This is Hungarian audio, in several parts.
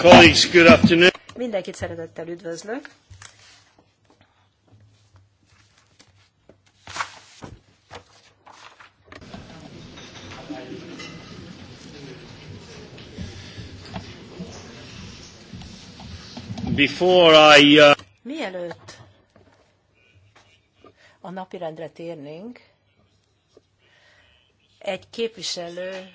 Colleagues, good afternoon. Mindenkit szeretettel üdvözlök. Before I, uh... Mielőtt a napirendre térnénk, egy képviselő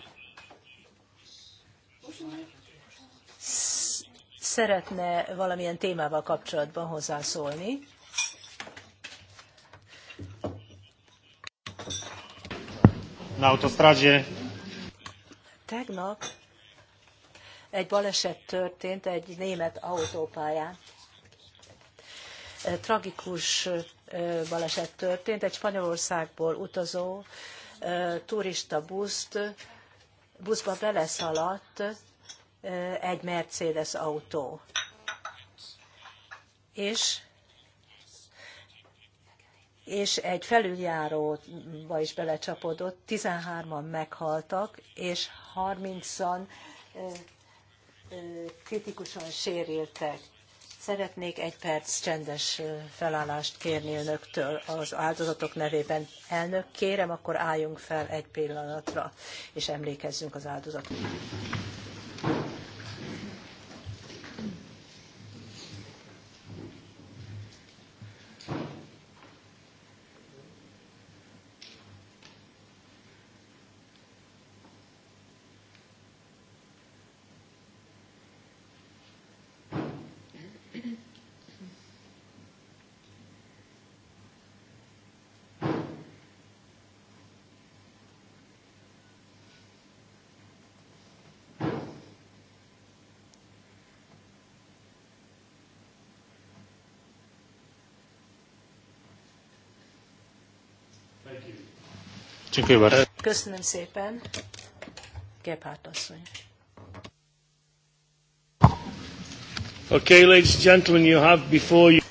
szeretne valamilyen témával kapcsolatban hozzászólni. Na autostradzie. Tegnap egy baleset történt egy német autópályán. Tragikus baleset történt. Egy Spanyolországból utazó turista buszt, buszba beleszaladt, Eh, egy Mercedes autó. És és egy felüljáróba is belecsapodott. 13-an meghaltak, és 30-an eh, eh, kritikusan sérültek. Szeretnék egy perc csendes felállást kérni önöktől az áldozatok nevében. Elnök, kérem, akkor álljunk fel egy pillanatra, és emlékezzünk az áldozatokra. Köszönöm szépen. Gebhardt asszony. Okay, ladies and gentlemen, you have before you...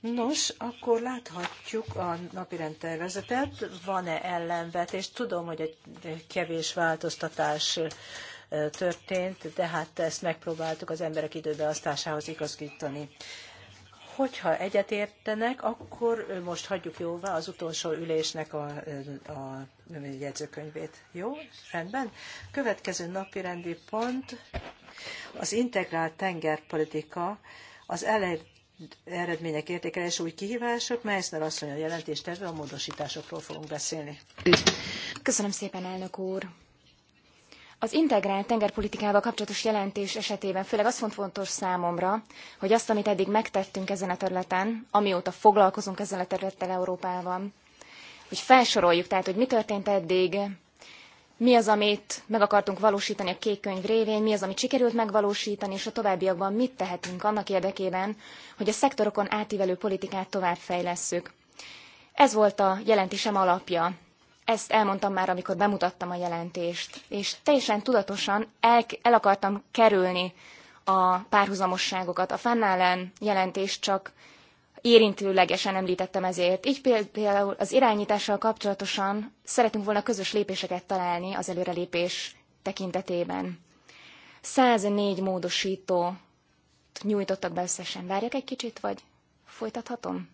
Nos, akkor láthatjuk a napirend tervezetet. Van-e ellenvetés? Tudom, hogy egy kevés változtatás történt, de hát ezt megpróbáltuk az emberek időbeosztásához igazítani. Hogyha egyetértenek, akkor most hagyjuk jóvá az utolsó ülésnek a, a jegyzőkönyvét. Jó? Rendben. Következő napi rendi pont az integrált tengerpolitika, az elejét eredmények értékelés új kihívások. Meissner asszony a jelentéstevő, a módosításokról fogunk beszélni. Köszönöm szépen, elnök úr! Az integrált tengerpolitikával kapcsolatos jelentés esetében főleg az font fontos számomra, hogy azt, amit eddig megtettünk ezen a területen, amióta foglalkozunk ezzel a területtel Európában, hogy felsoroljuk, tehát, hogy mi történt eddig, mi az, amit meg akartunk valósítani a kék könyv révén, mi az, amit sikerült megvalósítani, és a továbbiakban mit tehetünk annak érdekében, hogy a szektorokon átívelő politikát továbbfejlesszük. Ez volt a jelentésem alapja. Ezt elmondtam már, amikor bemutattam a jelentést, és teljesen tudatosan el, el akartam kerülni a párhuzamosságokat. A fennállán jelentést csak érintőlegesen említettem ezért. Így például az irányítással kapcsolatosan szeretünk volna közös lépéseket találni az előrelépés tekintetében. 104 módosító nyújtottak be összesen. Várjak egy kicsit, vagy folytathatom?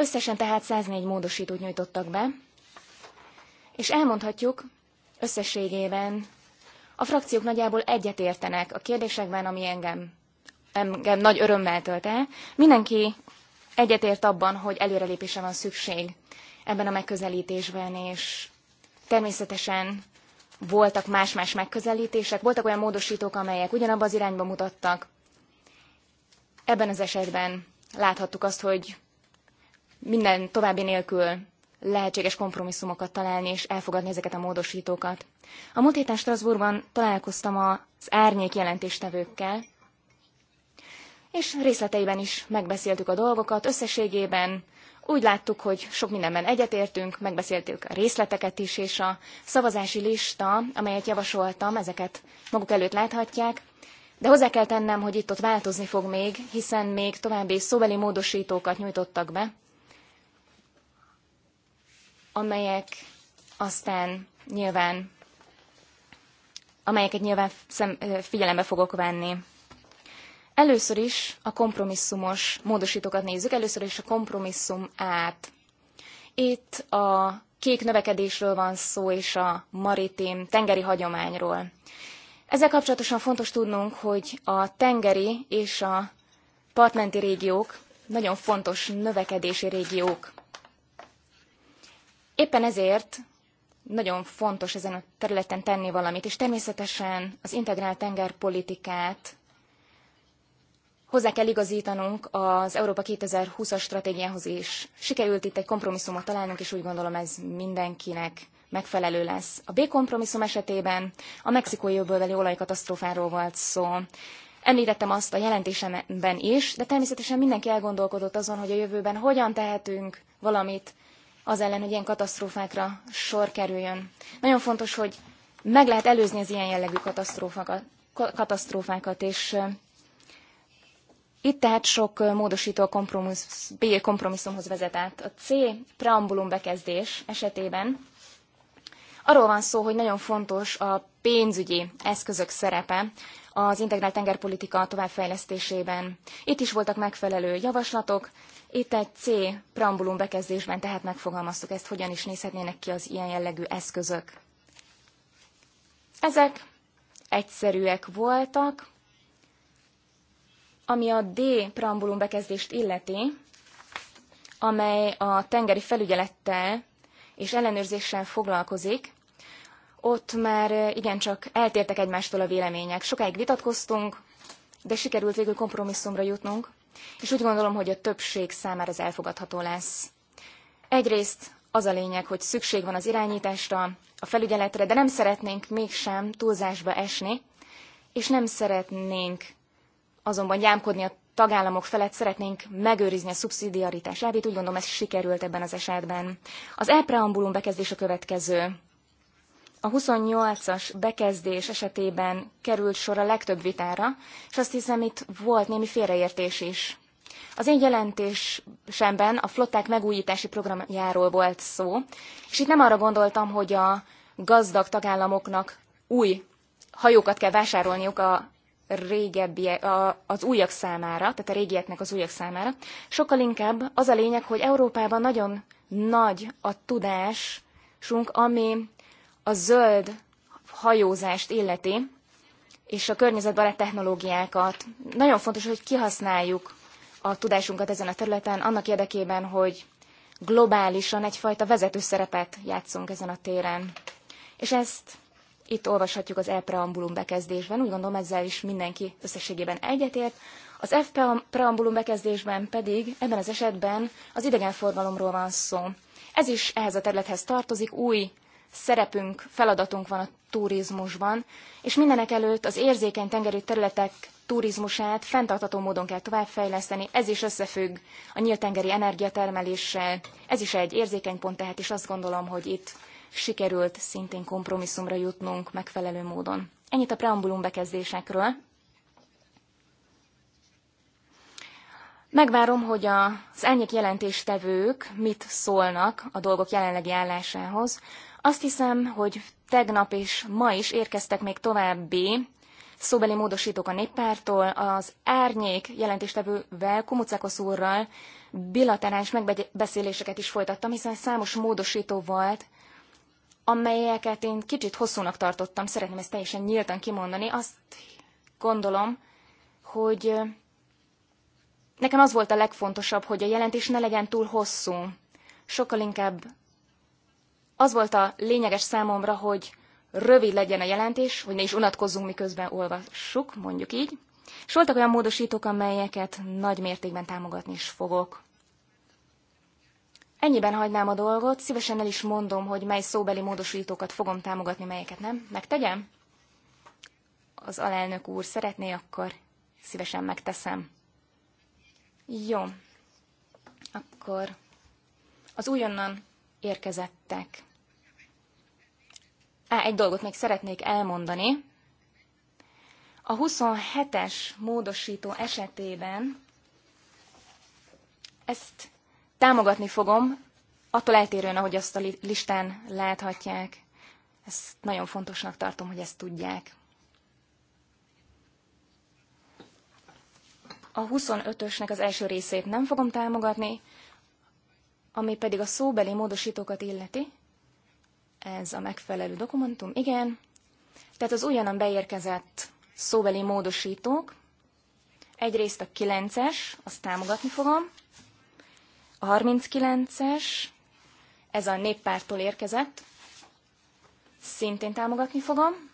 Összesen tehát 104 módosítót nyújtottak be, és elmondhatjuk összességében, a frakciók nagyjából egyetértenek a kérdésekben, ami engem, engem nagy örömmel tölt el. Mindenki egyetért abban, hogy előrelépésre van szükség ebben a megközelítésben, és természetesen voltak más-más megközelítések, voltak olyan módosítók, amelyek ugyanabban az irányba mutattak. Ebben az esetben láthattuk azt, hogy minden további nélkül lehetséges kompromisszumokat találni és elfogadni ezeket a módosítókat. A múlt héten Strasbourgban találkoztam az árnyék jelentéstevőkkel, és részleteiben is megbeszéltük a dolgokat. Összességében úgy láttuk, hogy sok mindenben egyetértünk, megbeszéltük a részleteket is, és a szavazási lista, amelyet javasoltam, ezeket maguk előtt láthatják. De hozzá kell tennem, hogy itt ott változni fog még, hiszen még további szóbeli módosítókat nyújtottak be, amelyek aztán nyilván, amelyeket nyilván szem, figyelembe fogok venni. Először is a kompromisszumos módosítókat nézzük, először is a kompromisszum át. Itt a kék növekedésről van szó, és a maritim tengeri hagyományról. Ezzel kapcsolatosan fontos tudnunk, hogy a tengeri és a partmenti régiók nagyon fontos növekedési régiók Éppen ezért nagyon fontos ezen a területen tenni valamit, és természetesen az integrált tengerpolitikát hozzá kell igazítanunk az Európa 2020-as stratégiához is. Sikerült itt egy kompromisszumot találnunk, és úgy gondolom ez mindenkinek megfelelő lesz. A B-kompromisszum esetében a mexikói jövőbeli olajkatasztrófáról volt szó. Említettem azt a jelentésemben is, de természetesen mindenki elgondolkodott azon, hogy a jövőben hogyan tehetünk valamit az ellen, hogy ilyen katasztrófákra sor kerüljön. Nagyon fontos, hogy meg lehet előzni az ilyen jellegű katasztrófákat, és itt tehát sok módosító kompromissz, B kompromisszumhoz vezet át. A C preambulum bekezdés esetében arról van szó, hogy nagyon fontos a pénzügyi eszközök szerepe az integrált tengerpolitika továbbfejlesztésében. Itt is voltak megfelelő javaslatok, itt egy C preambulum bekezdésben tehát megfogalmaztuk ezt, hogyan is nézhetnének ki az ilyen jellegű eszközök. Ezek egyszerűek voltak. Ami a D preambulum bekezdést illeti, amely a tengeri felügyelettel és ellenőrzéssel foglalkozik, ott már eh, igencsak eltértek egymástól a vélemények. Sokáig vitatkoztunk, de sikerült végül kompromisszumra jutnunk és úgy gondolom, hogy a többség számára ez elfogadható lesz. Egyrészt az a lényeg, hogy szükség van az irányításra, a felügyeletre, de nem szeretnénk mégsem túlzásba esni, és nem szeretnénk azonban gyámkodni a tagállamok felett, szeretnénk megőrizni a szubszidiaritás elvét, úgy gondolom ez sikerült ebben az esetben. Az e-preambulum bekezdés a következő a 28-as bekezdés esetében került sor a legtöbb vitára, és azt hiszem itt volt némi félreértés is. Az én jelentésemben a flották megújítási programjáról volt szó, és itt nem arra gondoltam, hogy a gazdag tagállamoknak új hajókat kell vásárolniuk a régebbi, a, az újak számára, tehát a régieknek az újak számára. Sokkal inkább az a lényeg, hogy Európában nagyon nagy a tudásunk, ami a zöld hajózást illeti, és a környezetbarát technológiákat. Nagyon fontos, hogy kihasználjuk a tudásunkat ezen a területen, annak érdekében, hogy globálisan egyfajta vezető szerepet játszunk ezen a téren. És ezt itt olvashatjuk az e-preambulum bekezdésben, úgy gondolom ezzel is mindenki összességében egyetért. Az e preambulum bekezdésben pedig ebben az esetben az idegenforgalomról van szó. Ez is ehhez a területhez tartozik, új szerepünk, feladatunk van a turizmusban, és mindenek előtt az érzékeny tengeri területek turizmusát fenntartható módon kell továbbfejleszteni, ez is összefügg a nyílt tengeri energiatermeléssel, ez is egy érzékeny pont, tehát is azt gondolom, hogy itt sikerült szintén kompromisszumra jutnunk megfelelő módon. Ennyit a preambulum bekezdésekről. Megvárom, hogy az elnyék jelentéstevők mit szólnak a dolgok jelenlegi állásához. Azt hiszem, hogy tegnap és ma is érkeztek még további szóbeli módosítók a néppártól, az árnyék jelentéstevővel, Kumucakos úrral bilaterális megbeszéléseket is folytattam, hiszen számos módosító volt, amelyeket én kicsit hosszúnak tartottam, szeretném ezt teljesen nyíltan kimondani. Azt gondolom, hogy Nekem az volt a legfontosabb, hogy a jelentés ne legyen túl hosszú. Sokkal inkább az volt a lényeges számomra, hogy rövid legyen a jelentés, hogy ne is unatkozzunk, miközben olvassuk, mondjuk így. És voltak olyan módosítók, amelyeket nagy mértékben támogatni is fogok. Ennyiben hagynám a dolgot, szívesen el is mondom, hogy mely szóbeli módosítókat fogom támogatni, melyeket nem. Megtegyem? Az alelnök úr szeretné, akkor szívesen megteszem. Jó. Akkor az újonnan érkezettek. Á, egy dolgot még szeretnék elmondani. A 27-es módosító esetében ezt támogatni fogom, attól eltérően, ahogy azt a listán láthatják. Ezt nagyon fontosnak tartom, hogy ezt tudják. A 25-ösnek az első részét nem fogom támogatni, ami pedig a szóbeli módosítókat illeti. Ez a megfelelő dokumentum, igen. Tehát az újonnan beérkezett szóbeli módosítók, egyrészt a 9-es, azt támogatni fogom, a 39-es, ez a néppártól érkezett, szintén támogatni fogom,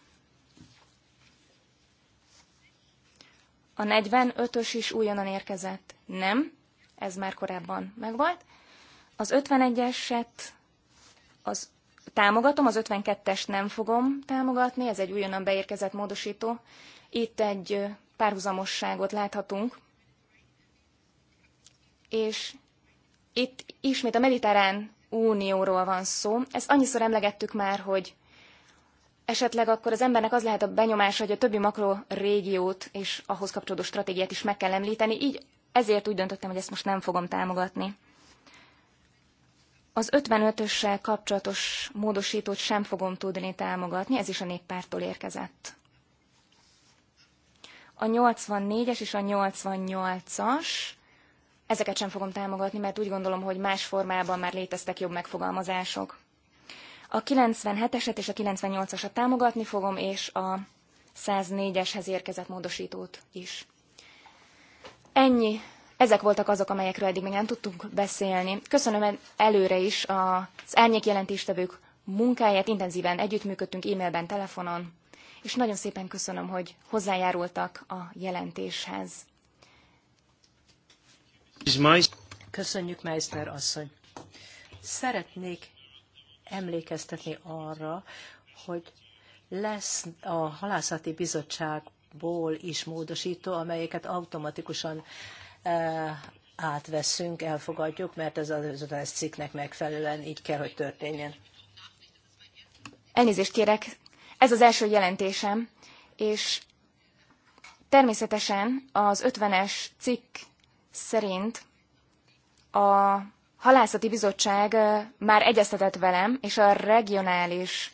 A 45-ös is újonnan érkezett. Nem, ez már korábban megvolt. Az 51-eset az támogatom, az 52-est nem fogom támogatni, ez egy újonnan beérkezett módosító. Itt egy párhuzamosságot láthatunk, és itt ismét a mediterrán unióról van szó. Ezt annyiszor emlegettük már, hogy esetleg akkor az embernek az lehet a benyomása, hogy a többi makrorégiót és ahhoz kapcsolódó stratégiát is meg kell említeni, így ezért úgy döntöttem, hogy ezt most nem fogom támogatni. Az 55-össel kapcsolatos módosítót sem fogom tudni támogatni, ez is a néppártól érkezett. A 84-es és a 88-as, ezeket sem fogom támogatni, mert úgy gondolom, hogy más formában már léteztek jobb megfogalmazások. A 97-eset és a 98-asat támogatni fogom, és a 104-eshez érkezett módosítót is. Ennyi. Ezek voltak azok, amelyekről eddig még nem tudtunk beszélni. Köszönöm előre is az árnyék jelentéstevők munkáját, intenzíven együttműködtünk e-mailben, telefonon, és nagyon szépen köszönöm, hogy hozzájárultak a jelentéshez. Köszönjük, Meissner asszony. Szeretnék emlékeztetni arra, hogy lesz a halászati bizottságból is módosító, amelyeket automatikusan e, átveszünk, elfogadjuk, mert ez az 50 cikknek megfelelően így kell, hogy történjen. Elnézést kérek, ez az első jelentésem, és természetesen az 50-es cikk szerint a halászati bizottság már egyeztetett velem, és a regionális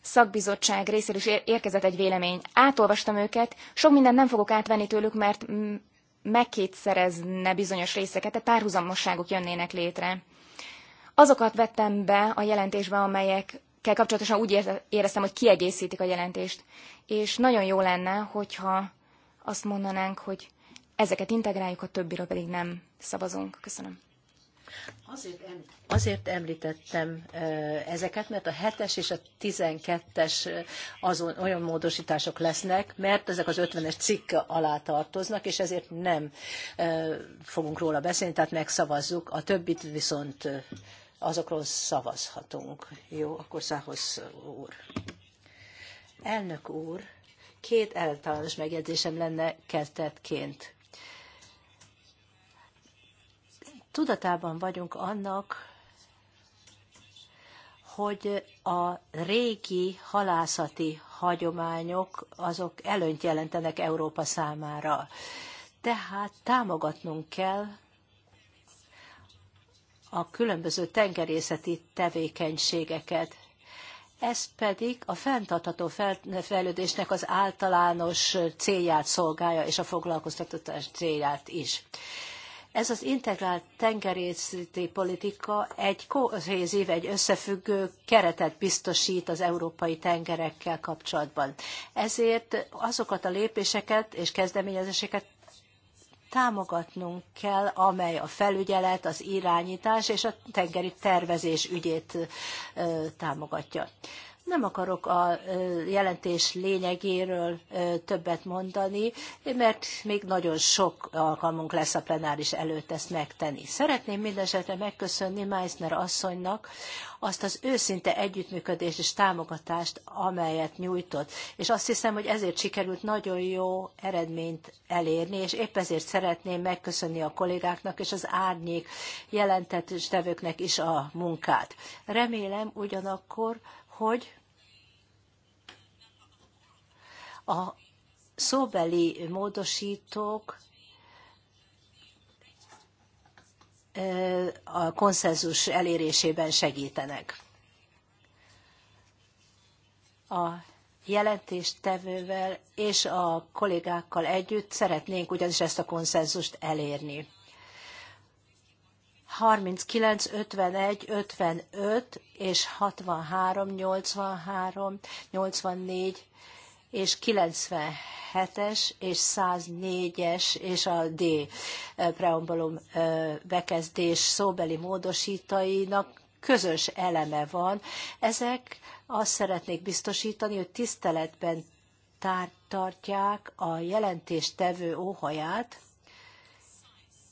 szakbizottság részéről is érkezett egy vélemény. Átolvastam őket, sok mindent nem fogok átvenni tőlük, mert megkétszerezne bizonyos részeket, tehát párhuzamosságok jönnének létre. Azokat vettem be a jelentésbe, amelyekkel kapcsolatosan úgy éreztem, hogy kiegészítik a jelentést. És nagyon jó lenne, hogyha azt mondanánk, hogy ezeket integráljuk, a többiről pedig nem szavazunk. Köszönöm. Azért említettem ezeket, mert a 7-es és a 12-es azon olyan módosítások lesznek, mert ezek az 50-es cikk alá tartoznak, és ezért nem fogunk róla beszélni, tehát megszavazzuk, a többit viszont azokról szavazhatunk. Jó, akkor Szához úr. Elnök úr, két eltalános megjegyzésem lenne kezdetként Tudatában vagyunk annak, hogy a régi halászati hagyományok azok előnyt jelentenek Európa számára. Tehát támogatnunk kell a különböző tengerészeti tevékenységeket. Ez pedig a fenntartható fejlődésnek az általános célját szolgálja, és a foglalkoztatás célját is. Ez az integrált tengerészeti politika egy kohézív, egy összefüggő keretet biztosít az európai tengerekkel kapcsolatban. Ezért azokat a lépéseket és kezdeményezéseket támogatnunk kell, amely a felügyelet, az irányítás és a tengeri tervezés ügyét támogatja. Nem akarok a jelentés lényegéről többet mondani, mert még nagyon sok alkalmunk lesz a plenáris előtt ezt megtenni. Szeretném mindesetre megköszönni Meissner asszonynak azt az őszinte együttműködést és támogatást, amelyet nyújtott. És azt hiszem, hogy ezért sikerült nagyon jó eredményt elérni, és épp ezért szeretném megköszönni a kollégáknak és az árnyék jelentetéstevőknek is a munkát. Remélem ugyanakkor, hogy A szóbeli módosítók a konszenzus elérésében segítenek. A jelentéstevővel és a kollégákkal együtt szeretnénk ugyanis ezt a konszenzust elérni. 39, 51, 55 és 63, 83, 84 és 97-es és 104-es és a D eh, preambulum eh, bekezdés szóbeli módosítainak közös eleme van. Ezek azt szeretnék biztosítani, hogy tiszteletben tartják a jelentéstevő óhaját,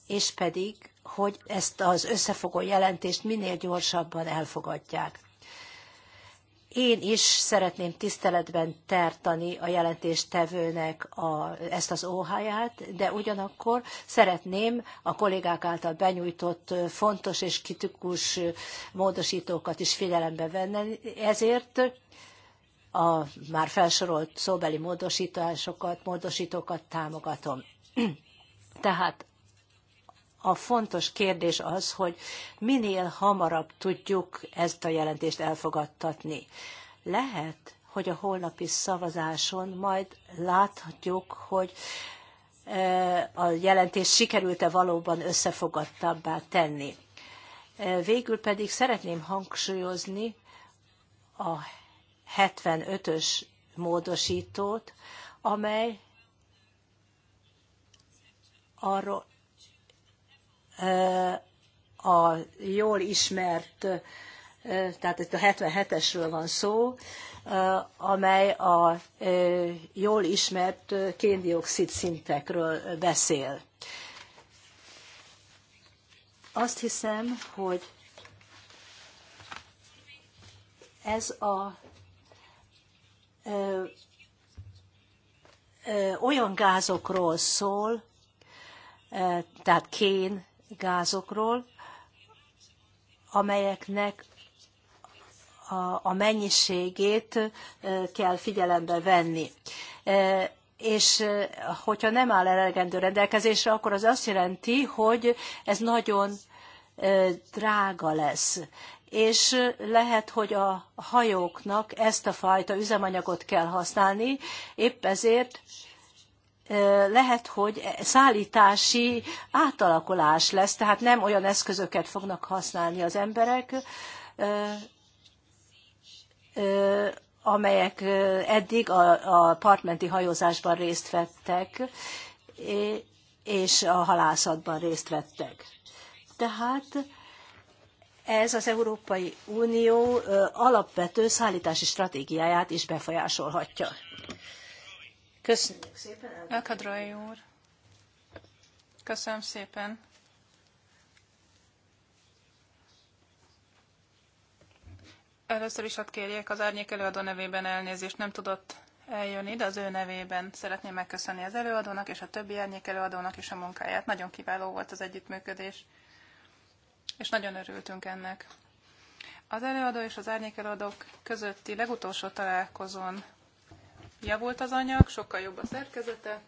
és pedig, hogy ezt az összefogó jelentést minél gyorsabban elfogadják. Én is szeretném tiszteletben tartani a jelentéstevőnek a, ezt az óháját, de ugyanakkor szeretném a kollégák által benyújtott fontos és kritikus módosítókat is figyelembe venni. Ezért a már felsorolt szóbeli módosításokat, módosítókat támogatom. Tehát a fontos kérdés az, hogy minél hamarabb tudjuk ezt a jelentést elfogadtatni. Lehet, hogy a holnapi szavazáson majd láthatjuk, hogy e, a jelentés sikerült-e valóban összefogadtabbá tenni. E, végül pedig szeretném hangsúlyozni a 75-ös módosítót, amely arról a jól ismert, tehát itt a 77-esről van szó, amely a jól ismert kéndioxid szintekről beszél. Azt hiszem, hogy ez a ö, ö, olyan gázokról szól, ö, tehát kén, gázokról, amelyeknek a mennyiségét kell figyelembe venni. És hogyha nem áll elegendő rendelkezésre, akkor az azt jelenti, hogy ez nagyon drága lesz. És lehet, hogy a hajóknak ezt a fajta üzemanyagot kell használni, épp ezért lehet, hogy szállítási átalakulás lesz, tehát nem olyan eszközöket fognak használni az emberek, amelyek eddig a, a partmenti hajózásban részt vettek, és a halászatban részt vettek. Tehát ez az Európai Unió alapvető szállítási stratégiáját is befolyásolhatja. Köszönjük szépen. Elkadrai úr. Köszönöm szépen. Először is ott kérjék az árnyék előadó nevében elnézést, nem tudott eljönni, de az ő nevében szeretném megköszönni az előadónak és a többi árnyék előadónak is a munkáját. Nagyon kiváló volt az együttműködés, és nagyon örültünk ennek. Az előadó és az árnyék előadók közötti legutolsó találkozón javult az anyag, sokkal jobb a szerkezete.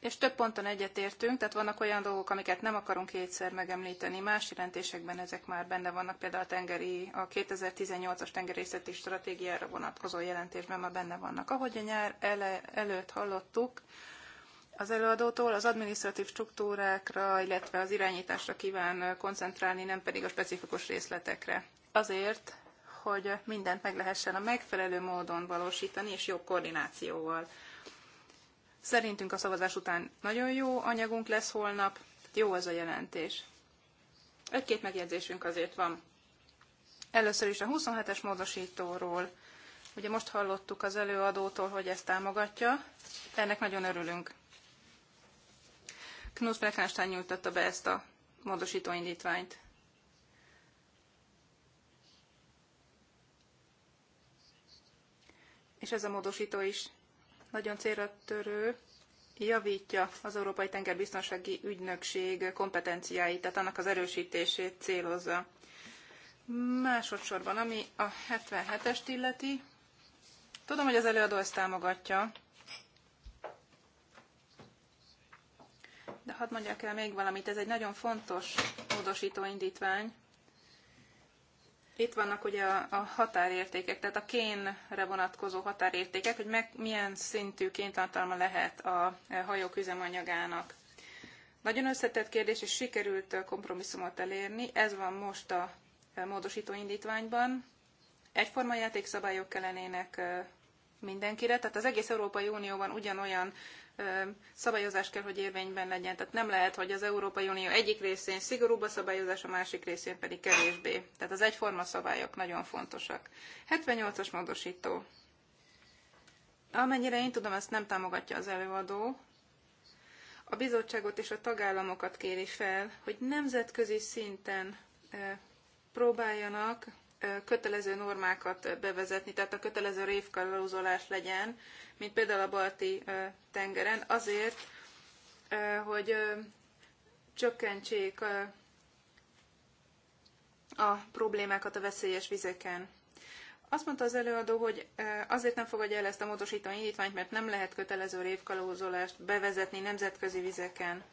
És több ponton egyetértünk, tehát vannak olyan dolgok, amiket nem akarunk kétszer megemlíteni, más jelentésekben ezek már benne vannak, például a, tengeri, a 2018-as tengerészeti stratégiára vonatkozó jelentésben már benne vannak. Ahogy a nyár ele, előtt hallottuk, az előadótól, az administratív struktúrákra, illetve az irányításra kíván koncentrálni, nem pedig a specifikus részletekre. Azért, hogy mindent meg lehessen a megfelelő módon valósítani, és jobb koordinációval. Szerintünk a szavazás után nagyon jó anyagunk lesz holnap, jó ez a jelentés. Egy-két megjegyzésünk azért van. Először is a 27-es módosítóról. Ugye most hallottuk az előadótól, hogy ezt támogatja, ennek nagyon örülünk. Knut Fleckenstein nyújtotta be ezt a módosító indítványt. És ez a módosító is nagyon célra törő, javítja az Európai Tengerbiztonsági Ügynökség kompetenciáit, tehát annak az erősítését célozza. Másodszorban, ami a 77-est illeti, tudom, hogy az előadó ezt támogatja, hadd mondjak el még valamit, ez egy nagyon fontos módosító indítvány. Itt vannak ugye a, a határértékek, tehát a kénre vonatkozó határértékek, hogy meg, milyen szintű kéntartalma lehet a hajók üzemanyagának. Nagyon összetett kérdés, és sikerült kompromisszumot elérni. Ez van most a módosító indítványban. Egyforma játékszabályok kellenének mindenkire, tehát az egész Európai Unióban ugyanolyan szabályozás kell, hogy érvényben legyen. Tehát nem lehet, hogy az Európai Unió egyik részén szigorúbb a szabályozás, a másik részén pedig kevésbé. Tehát az egyforma szabályok nagyon fontosak. 78-as módosító. Amennyire én tudom, ezt nem támogatja az előadó. A bizottságot és a tagállamokat kéri fel, hogy nemzetközi szinten próbáljanak kötelező normákat bevezetni, tehát a kötelező révkalózolás legyen, mint például a balti tengeren, azért, hogy csökkentsék a problémákat a veszélyes vizeken. Azt mondta az előadó, hogy azért nem fogadja el ezt a módosító indítványt, mert nem lehet kötelező révkalózolást bevezetni nemzetközi vizeken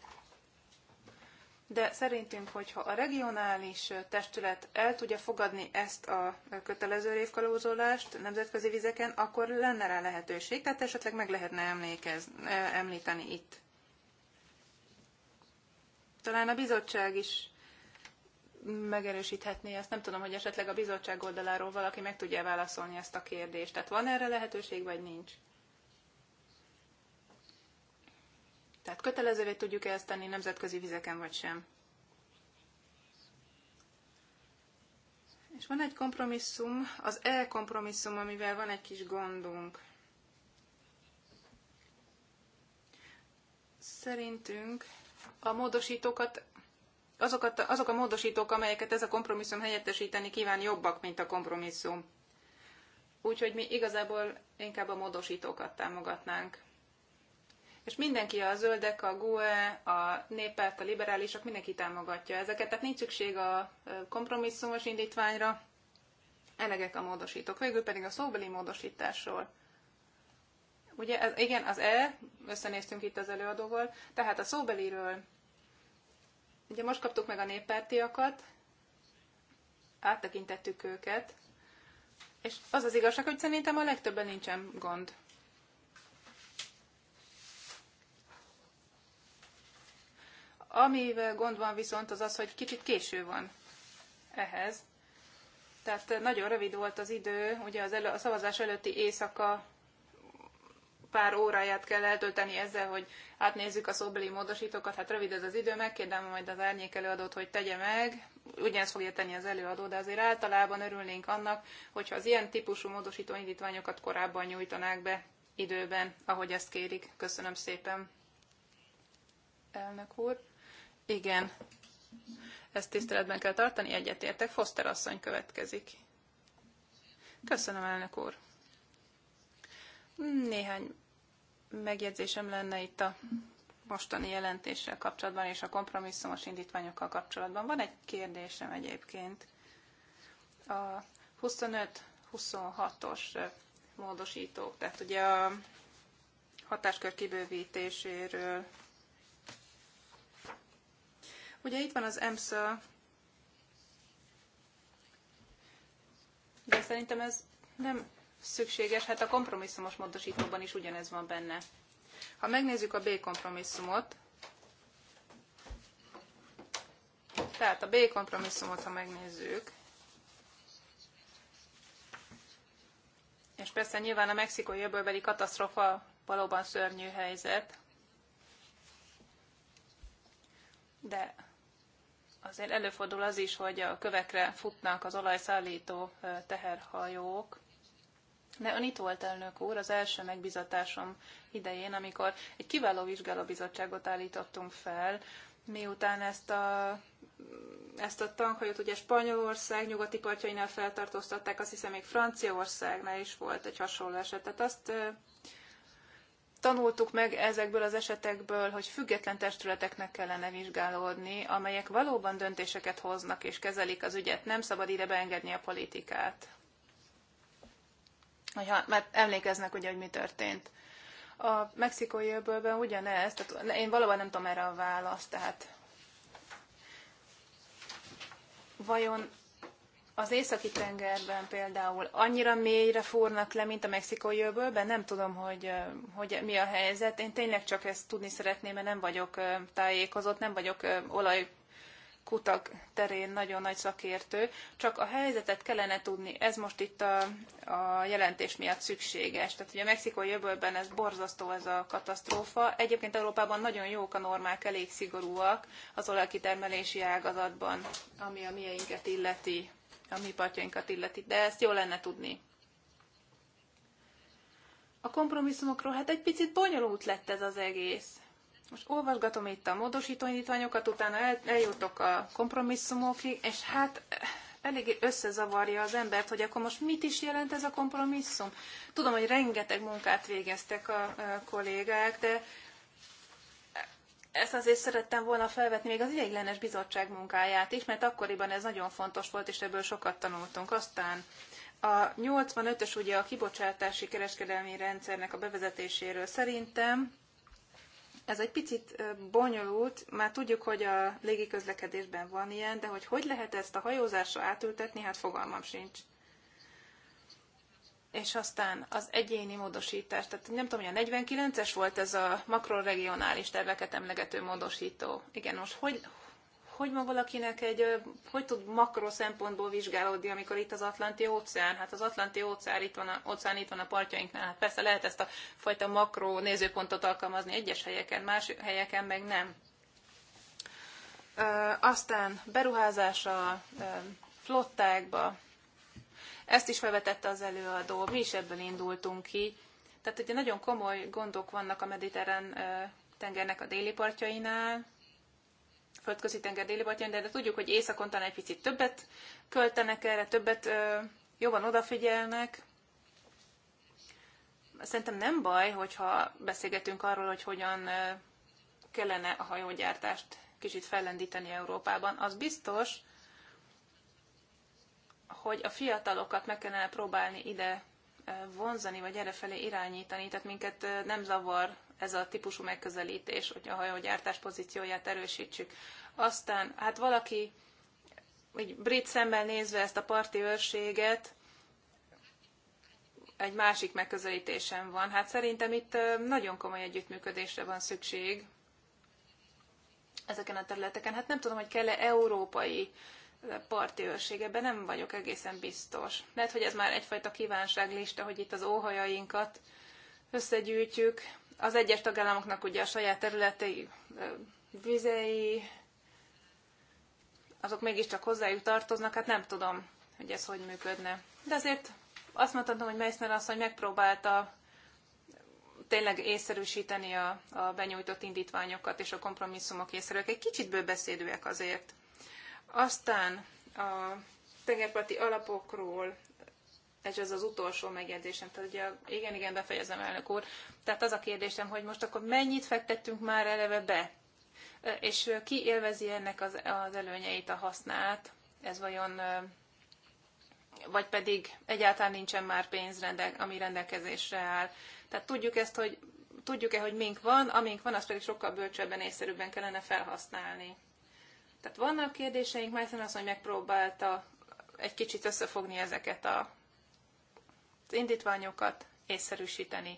de szerintünk, hogyha a regionális testület el tudja fogadni ezt a kötelező révkalózolást nemzetközi vizeken, akkor lenne rá lehetőség, tehát esetleg meg lehetne emlékez, említeni itt. Talán a bizottság is megerősíthetné ezt. Nem tudom, hogy esetleg a bizottság oldaláról valaki meg tudja válaszolni ezt a kérdést. Tehát van erre lehetőség, vagy nincs? Tehát kötelezővé tudjuk-e ezt tenni nemzetközi vizeken, vagy sem? És van egy kompromisszum, az e-kompromisszum, amivel van egy kis gondunk. Szerintünk a módosítókat, azokat, azok a módosítók, amelyeket ez a kompromisszum helyettesíteni kíván, jobbak, mint a kompromisszum. Úgyhogy mi igazából inkább a módosítókat támogatnánk és mindenki, a zöldek, a GUE, a néppárt, a liberálisok, mindenki támogatja ezeket, tehát nincs szükség a kompromisszumos indítványra, elegek a módosítók. Végül pedig a szóbeli módosításról. Ugye, ez, igen, az E, összenéztünk itt az előadóval, tehát a szóbeliről, ugye most kaptuk meg a néppártiakat, áttekintettük őket, és az az igazság, hogy szerintem a legtöbben nincsen gond Amivel gond van viszont az az, hogy kicsit késő van ehhez. Tehát eh, nagyon rövid volt az idő, ugye az elő, a szavazás előtti éjszaka pár óráját kell eltölteni ezzel, hogy átnézzük a szóbeli módosítókat, hát rövid ez az idő, megkérdem majd az árnyék előadót, hogy tegye meg, ugyanezt fogja tenni az előadó, de azért általában örülnénk annak, hogyha az ilyen típusú módosító indítványokat korábban nyújtanák be időben, ahogy ezt kérik. Köszönöm szépen, elnök úr. Igen, ezt tiszteletben kell tartani, egyetértek. Foster asszony következik. Köszönöm, elnök úr. Néhány megjegyzésem lenne itt a mostani jelentéssel kapcsolatban és a kompromisszumos indítványokkal kapcsolatban. Van egy kérdésem egyébként. A 25-26-os módosítók, tehát ugye a hatáskör kibővítéséről Ugye itt van az EMSZ, de szerintem ez nem szükséges, hát a kompromisszumos módosítóban is ugyanez van benne. Ha megnézzük a B kompromisszumot, tehát a B kompromisszumot, ha megnézzük, és persze nyilván a mexikói öbölbeli katasztrofa valóban szörnyű helyzet, de azért előfordul az is, hogy a kövekre futnak az olajszállító teherhajók, de ön itt volt, elnök úr, az első megbizatásom idején, amikor egy kiváló vizsgálóbizottságot állítottunk fel, miután ezt a, ezt a tankhajót ugye Spanyolország nyugati partjainál feltartóztatták, azt hiszem még Franciaországnál is volt egy hasonló eset. Tehát azt tanultuk meg ezekből az esetekből, hogy független testületeknek kellene vizsgálódni, amelyek valóban döntéseket hoznak és kezelik az ügyet. Nem szabad ide beengedni a politikát. Hogyha, mert emlékeznek ugye, hogy mi történt. A mexikói öbölben ugyanez, tehát én valóban nem tudom erre a választ, tehát vajon az északi tengerben például annyira mélyre fúrnak le, mint a mexikói öbölben, nem tudom, hogy, hogy mi a helyzet. Én tényleg csak ezt tudni szeretném, mert nem vagyok tájékozott, nem vagyok olaj kutak terén nagyon nagy szakértő, csak a helyzetet kellene tudni. Ez most itt a, a jelentés miatt szükséges. Tehát, hogy a mexikói jövőben ez borzasztó ez a katasztrófa. Egyébként Európában nagyon jók a normák, elég szigorúak az olajkitermelési ágazatban, ami a mieinket illeti a mi partjainkat illeti, de ezt jó lenne tudni. A kompromisszumokról hát egy picit bonyolult lett ez az egész. Most olvasgatom itt a módosítóindítványokat, utána el, eljutok a kompromisszumokig, és hát eh, eléggé összezavarja az embert, hogy akkor most mit is jelent ez a kompromisszum. Tudom, hogy rengeteg munkát végeztek a eh, kollégák, de ezt azért szerettem volna felvetni még az ideiglenes bizottság munkáját is, mert akkoriban ez nagyon fontos volt, és ebből sokat tanultunk. Aztán a 85-ös ugye a kibocsátási kereskedelmi rendszernek a bevezetéséről szerintem ez egy picit bonyolult, már tudjuk, hogy a légiközlekedésben van ilyen, de hogy hogy lehet ezt a hajózásra átültetni, hát fogalmam sincs és aztán az egyéni módosítás, tehát nem tudom, hogy a 49-es volt ez a makroregionális terveket emlegető módosító. Igen, most hogy, hogy ma valakinek egy, hogy tud makro szempontból vizsgálódni, amikor itt az Atlanti óceán, hát az Atlanti óceán itt van a, óceán itt van a partjainknál, hát persze lehet ezt a fajta makro nézőpontot alkalmazni egyes helyeken, más helyeken meg nem. Ö, aztán beruházás a ö, flottákba, ezt is felvetette az előadó, mi is ebből indultunk ki. Tehát ugye nagyon komoly gondok vannak a mediterrán tengernek a déli partjainál, földközi tenger déli partjain, de, de tudjuk, hogy északon talán egy picit többet költenek erre, többet ö, jobban odafigyelnek. Szerintem nem baj, hogyha beszélgetünk arról, hogy hogyan ö, kellene a hajógyártást kicsit fellendíteni Európában. Az biztos, hogy a fiatalokat meg kellene próbálni ide eh, vonzani, vagy errefelé irányítani, tehát minket eh, nem zavar ez a típusú megközelítés, hogy a hajógyártás pozícióját erősítsük. Aztán, hát valaki, egy brit szemmel nézve ezt a parti őrséget, egy másik megközelítésem van. Hát szerintem itt eh, nagyon komoly együttműködésre van szükség ezeken a területeken. Hát nem tudom, hogy kell-e európai uh, parti őrségeben nem vagyok egészen biztos. Lehet, hogy ez már egyfajta kívánságlista, hogy itt az óhajainkat összegyűjtjük. Az egyes tagállamoknak ugye a saját területei, vizei, azok mégiscsak hozzájuk tartoznak, hát nem tudom, hogy ez hogy működne. De azért azt mondhatom, hogy Meissner hogy megpróbálta tényleg észszerűsíteni a, a benyújtott indítványokat és a kompromisszumok észszerűek. Egy kicsit bőbeszédőek azért. Aztán a tengerparti alapokról, ez az az utolsó megjegyzésem, tehát ugye, igen, igen, befejezem, elnök úr. Tehát az a kérdésem, hogy most akkor mennyit fektettünk már eleve be, és ki élvezi ennek az, az előnyeit, a hasznát, ez vajon, vagy pedig egyáltalán nincsen már pénz, rendel, ami rendelkezésre áll. Tehát tudjuk ezt, hogy tudjuk-e, hogy mink van, amink van, azt pedig sokkal bölcsőbben, észszerűbben kellene felhasználni. Tehát vannak kérdéseink, Májten azt, hogy megpróbálta egy kicsit összefogni ezeket a, az indítványokat, észszerűsíteni.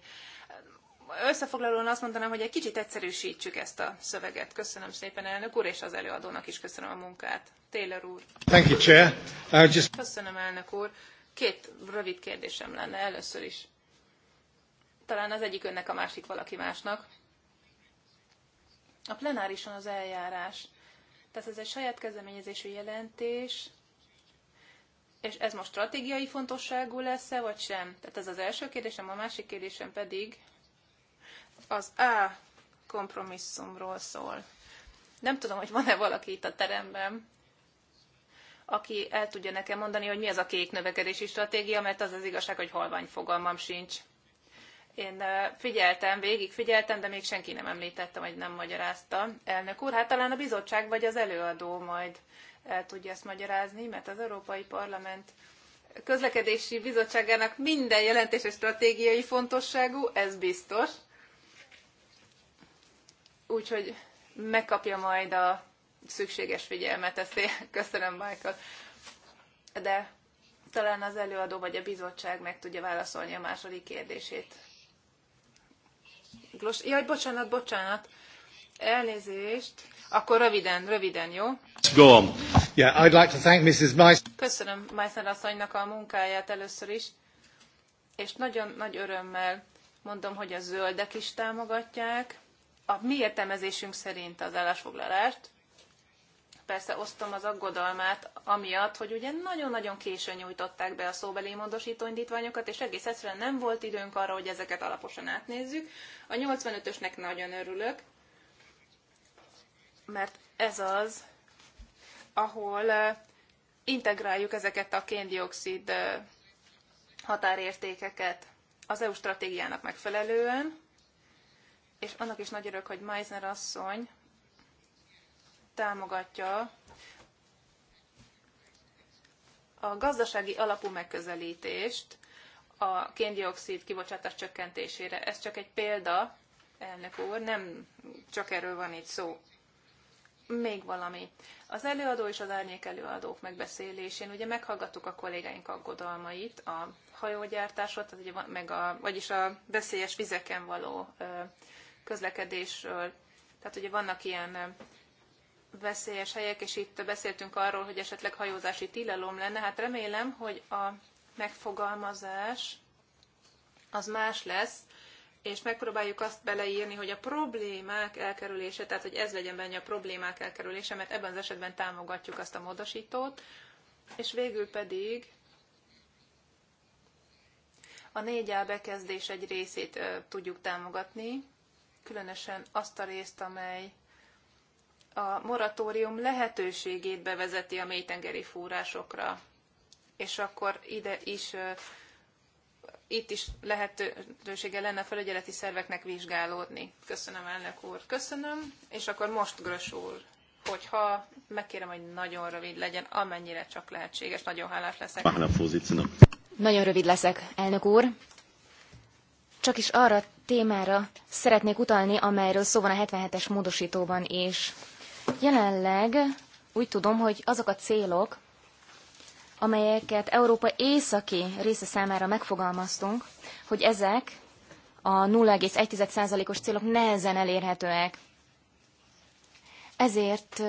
Összefoglalóan azt mondanám, hogy egy kicsit egyszerűsítsük ezt a szöveget. Köszönöm szépen, elnök úr, és az előadónak is köszönöm a munkát. Taylor úr. Thank you, Chair. just... Köszönöm, elnök úr. Két rövid kérdésem lenne először is. Talán az egyik önnek, a másik valaki másnak. A plenárison az eljárás tehát ez egy saját kezdeményezésű jelentés, és ez most stratégiai fontosságú lesz-e, vagy sem? Tehát ez az első kérdésem, a másik kérdésem pedig az A kompromisszumról szól. Nem tudom, hogy van-e valaki itt a teremben, aki el tudja nekem mondani, hogy mi az a kék növekedési stratégia, mert az az igazság, hogy halvány fogalmam sincs. Én eh, figyeltem, végig figyeltem, de még senki nem említette, vagy nem magyarázta. Elnök úr, hát talán a bizottság vagy az előadó majd el eh, tudja ezt magyarázni, mert az Európai Parlament közlekedési bizottságának minden jelentése stratégiai fontosságú, ez biztos. Úgyhogy megkapja majd a szükséges figyelmet, ezt én köszönöm, Michael. De talán az előadó vagy a bizottság meg tudja válaszolni a második kérdését. Miklós. Jaj, bocsánat, bocsánat. Elnézést. Akkor röviden, röviden, jó? Go on. Yeah, I'd like to thank Mrs. Meiss. Köszönöm Meissner asszonynak a munkáját először is, és nagyon nagy örömmel mondom, hogy a zöldek is támogatják a mi értelmezésünk szerint az állásfoglalást, persze osztom az aggodalmát, amiatt, hogy ugye nagyon-nagyon későn nyújtották be a szóbeli módosító indítványokat, és egész egyszerűen nem volt időnk arra, hogy ezeket alaposan átnézzük. A 85-ösnek nagyon örülök, mert ez az, ahol integráljuk ezeket a kéndiokszid határértékeket az EU stratégiának megfelelően, és annak is nagy örök, hogy Meisner asszony támogatja a gazdasági alapú megközelítést a kéndiokszid kibocsátás csökkentésére. Ez csak egy példa, elnök úr, nem csak erről van itt szó. Még valami. Az előadó és az árnyék előadók megbeszélésén ugye meghallgattuk a kollégáink aggodalmait, a hajógyártásról, tehát ugye meg a, vagyis a veszélyes vizeken való közlekedésről. Tehát ugye vannak ilyen veszélyes helyek, és itt beszéltünk arról, hogy esetleg hajózási tilalom lenne. Hát remélem, hogy a megfogalmazás az más lesz, és megpróbáljuk azt beleírni, hogy a problémák elkerülése, tehát hogy ez legyen benne a problémák elkerülése, mert ebben az esetben támogatjuk azt a módosítót, és végül pedig a négy bekezdés egy részét ö, tudjuk támogatni, különösen azt a részt, amely a moratórium lehetőségét bevezeti a mélytengeri fúrásokra, és akkor ide is itt is lehetősége lenne a felügyeleti szerveknek vizsgálódni. Köszönöm, elnök úr. Köszönöm. És akkor most Grös úr, hogyha megkérem, hogy nagyon rövid legyen, amennyire csak lehetséges. Nagyon hálás leszek. Nagyon rövid leszek, elnök úr. Csak is arra témára szeretnék utalni, amelyről szó van a 77-es módosítóban, és Jelenleg úgy tudom, hogy azok a célok, amelyeket Európa északi része számára megfogalmaztunk, hogy ezek a 0,1%-os célok nehezen elérhetőek. Ezért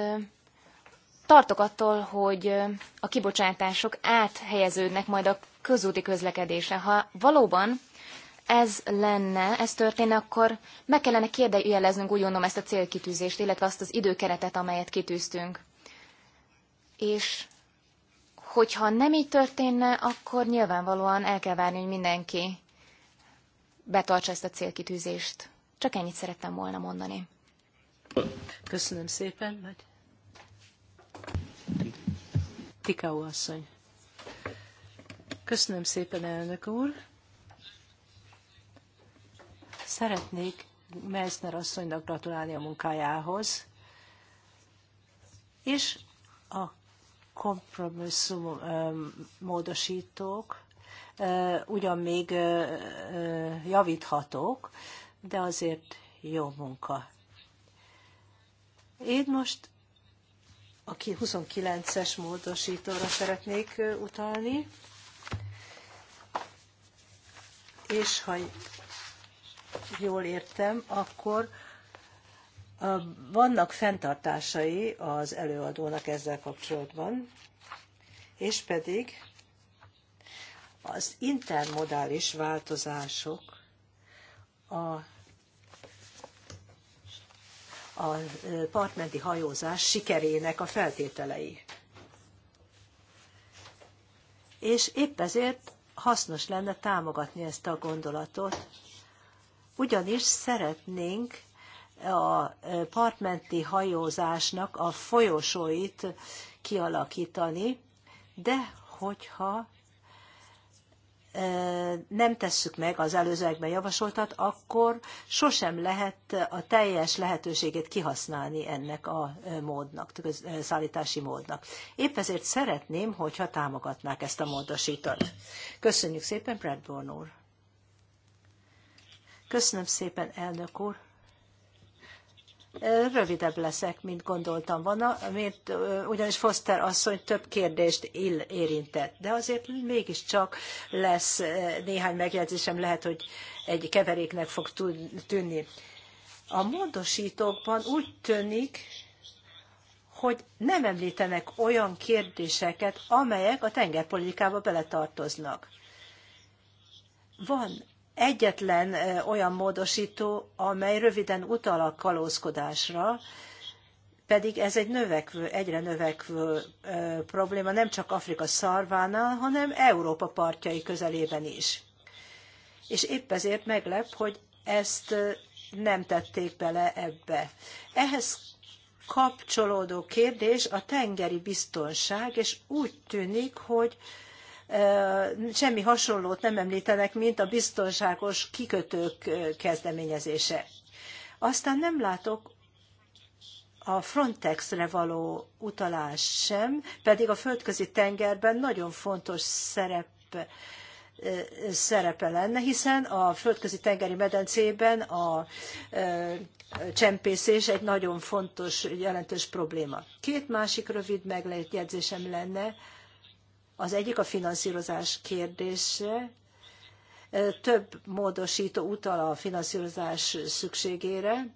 tartok attól, hogy a kibocsátások áthelyeződnek majd a közúti közlekedésre. Ha valóban ez lenne, ez történne, akkor meg kellene kérdőjeleznünk újonnan ezt a célkitűzést, illetve azt az időkeretet, amelyet kitűztünk. És hogyha nem így történne, akkor nyilvánvalóan el kell várni, hogy mindenki betartsa ezt a célkitűzést. Csak ennyit szerettem volna mondani. Köszönöm szépen. Vagy... Tikau asszony. Köszönöm szépen, elnök úr. Szeretnék Meissner asszonynak gratulálni a munkájához, és a kompromisszum módosítók ugyan még javíthatók, de azért jó munka. Én most a 29-es módosítóra szeretnék utalni, és ha jól értem, akkor vannak fenntartásai az előadónak ezzel kapcsolatban, és pedig az intermodális változások a, a partmenti hajózás sikerének a feltételei. És épp ezért hasznos lenne támogatni ezt a gondolatot, ugyanis szeretnénk a e, partmenti hajózásnak a folyosóit kialakítani, de hogyha e, nem tesszük meg az előzőekben javasoltat, akkor sosem lehet a teljes lehetőségét kihasználni ennek a e, módnak, szállítási módnak. Épp ezért szeretném, hogyha támogatnák ezt a módosítat. Köszönjük szépen, Bradborn úr! Köszönöm szépen, elnök úr. Rövidebb leszek, mint gondoltam volna, mert ugyanis Foster asszony több kérdést ill érintett, de azért mégiscsak lesz néhány megjegyzésem, lehet, hogy egy keveréknek fog tűnni. A módosítókban úgy tűnik, hogy nem említenek olyan kérdéseket, amelyek a tengerpolitikába beletartoznak. Van egyetlen olyan módosító, amely röviden utal a kalózkodásra, pedig ez egy növekvő, egyre növekvő probléma nem csak Afrika szarvánál, hanem Európa partjai közelében is. És épp ezért meglep, hogy ezt nem tették bele ebbe. Ehhez kapcsolódó kérdés a tengeri biztonság, és úgy tűnik, hogy semmi hasonlót nem említenek, mint a biztonságos kikötők kezdeményezése. Aztán nem látok a Frontexre való utalás sem, pedig a földközi tengerben nagyon fontos szerep szerepe lenne, hiszen a földközi tengeri medencében a csempészés egy nagyon fontos, jelentős probléma. Két másik rövid megjegyzésem lenne az egyik a finanszírozás kérdése. Több módosító utal a finanszírozás szükségére,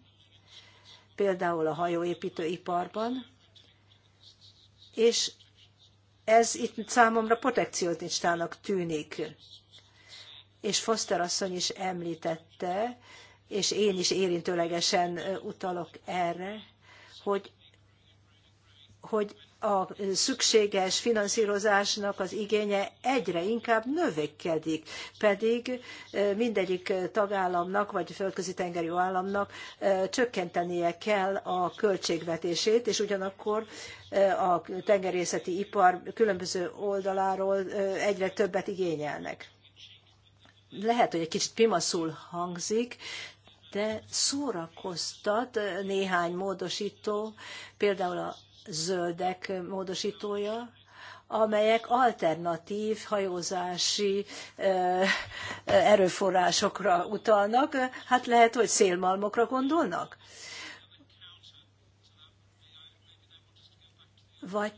például a hajóépítőiparban, és ez itt számomra protekcionistának tűnik. És Foster asszony is említette, és én is érintőlegesen utalok erre, hogy, hogy a szükséges finanszírozásnak az igénye egyre inkább növekedik, pedig mindegyik tagállamnak, vagy földközi tengeri államnak csökkentenie kell a költségvetését, és ugyanakkor a tengerészeti ipar különböző oldaláról egyre többet igényelnek. Lehet, hogy egy kicsit pimaszul hangzik, de szórakoztat néhány módosító, például a zöldek módosítója, amelyek alternatív hajózási erőforrásokra utalnak, hát lehet, hogy szélmalmokra gondolnak. Vagy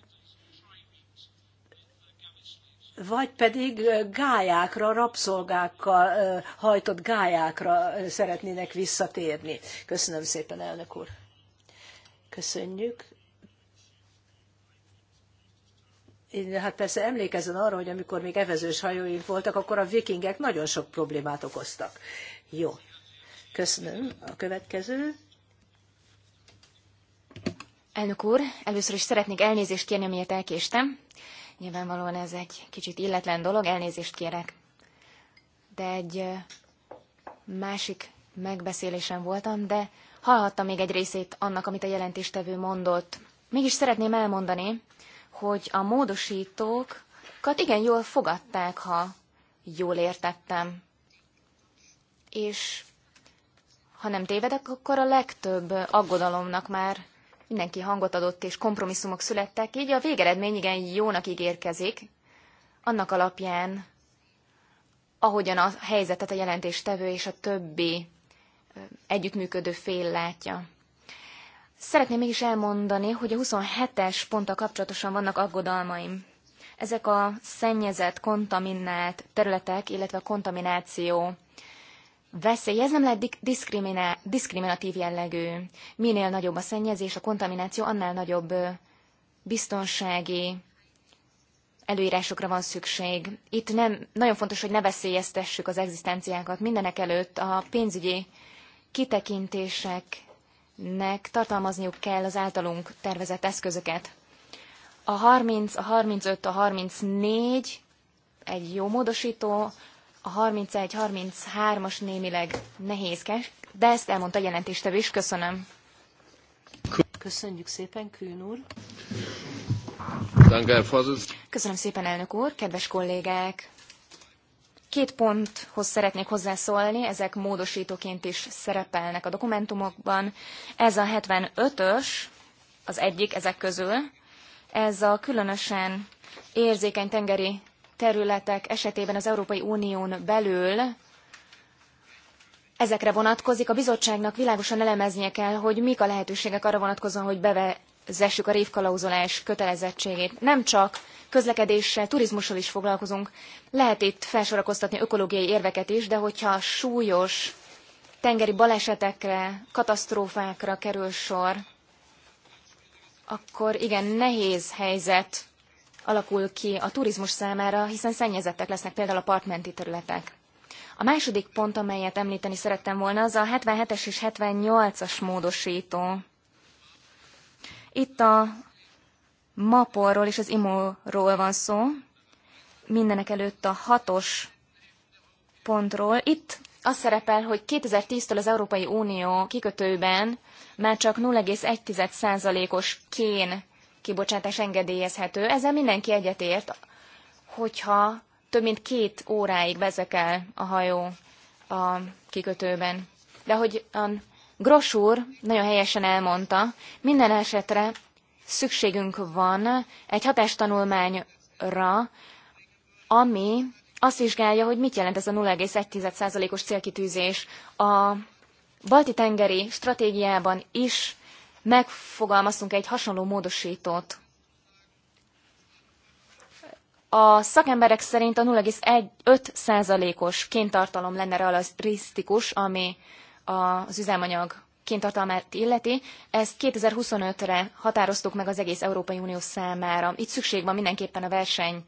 vagy pedig gályákra, rabszolgákkal hajtott gályákra szeretnének visszatérni. Köszönöm szépen, elnök úr. Köszönjük. hát persze emlékezzen arra, hogy amikor még evezős hajóink voltak, akkor a vikingek nagyon sok problémát okoztak. Jó. Köszönöm. A következő. Elnök úr, először is szeretnék elnézést kérni, amiért elkéstem. Nyilvánvalóan ez egy kicsit illetlen dolog, elnézést kérek. De egy másik megbeszélésen voltam, de hallhattam még egy részét annak, amit a jelentéstevő mondott. Mégis szeretném elmondani, hogy a módosítókat igen jól fogadták, ha jól értettem. És ha nem tévedek, akkor a legtöbb aggodalomnak már mindenki hangot adott, és kompromisszumok születtek, így a végeredmény igen jónak ígérkezik, annak alapján, ahogyan a helyzetet a jelentéstevő és a többi együttműködő fél látja. Szeretném mégis elmondani, hogy a 27-es ponttal kapcsolatosan vannak aggodalmaim. Ezek a szennyezett, kontaminált területek, illetve a kontamináció veszély, ez nem lehet diszkriminatív jellegű. Minél nagyobb a szennyezés, a kontamináció, annál nagyobb biztonsági előírásokra van szükség. Itt nem, nagyon fontos, hogy ne veszélyeztessük az egzisztenciákat. Mindenek előtt a pénzügyi kitekintések nek tartalmazniuk kell az általunk tervezett eszközöket. A 30, a 35, a 34 egy jó módosító, a 31-33-as némileg nehézkes, de ezt elmondta a jelentéstevő is, köszönöm. Köszönjük szépen, Kühn úr. Köszönöm szépen, elnök úr, kedves kollégák! Két ponthoz szeretnék hozzászólni, ezek módosítóként is szerepelnek a dokumentumokban. Ez a 75-ös, az egyik ezek közül, ez a különösen érzékeny tengeri területek esetében az Európai Unión belül ezekre vonatkozik. A bizottságnak világosan elemeznie kell, hogy mik a lehetőségek arra vonatkozóan, hogy beve, vezessük a révkalauzolás kötelezettségét. Nem csak közlekedéssel, turizmussal is foglalkozunk. Lehet itt felsorakoztatni ökológiai érveket is, de hogyha súlyos tengeri balesetekre, katasztrófákra kerül sor, akkor igen, nehéz helyzet alakul ki a turizmus számára, hiszen szennyezettek lesznek például a partmenti területek. A második pont, amelyet említeni szerettem volna, az a 77-es és 78-as módosító. Itt a maporról ról és az imóról ról van szó, mindenek előtt a hatos pontról. Itt az szerepel, hogy 2010-től az Európai Unió kikötőben már csak 0,1%-os kén kibocsátás engedélyezhető. Ezzel mindenki egyetért, hogyha több mint két óráig vezekel a hajó a kikötőben. De hogy Gros úr nagyon helyesen elmondta, minden esetre szükségünk van egy hatástanulmányra, ami azt vizsgálja, hogy mit jelent ez a 0,1%-os célkitűzés. A Balti-tengeri stratégiában is megfogalmaztunk egy hasonló módosítót. A szakemberek szerint a 0,5%-os kéntartalom lenne realisztikus, ami az üzemanyag kéntartalmát illeti, ezt 2025-re határoztuk meg az egész Európai Unió számára. Itt szükség van mindenképpen a verseny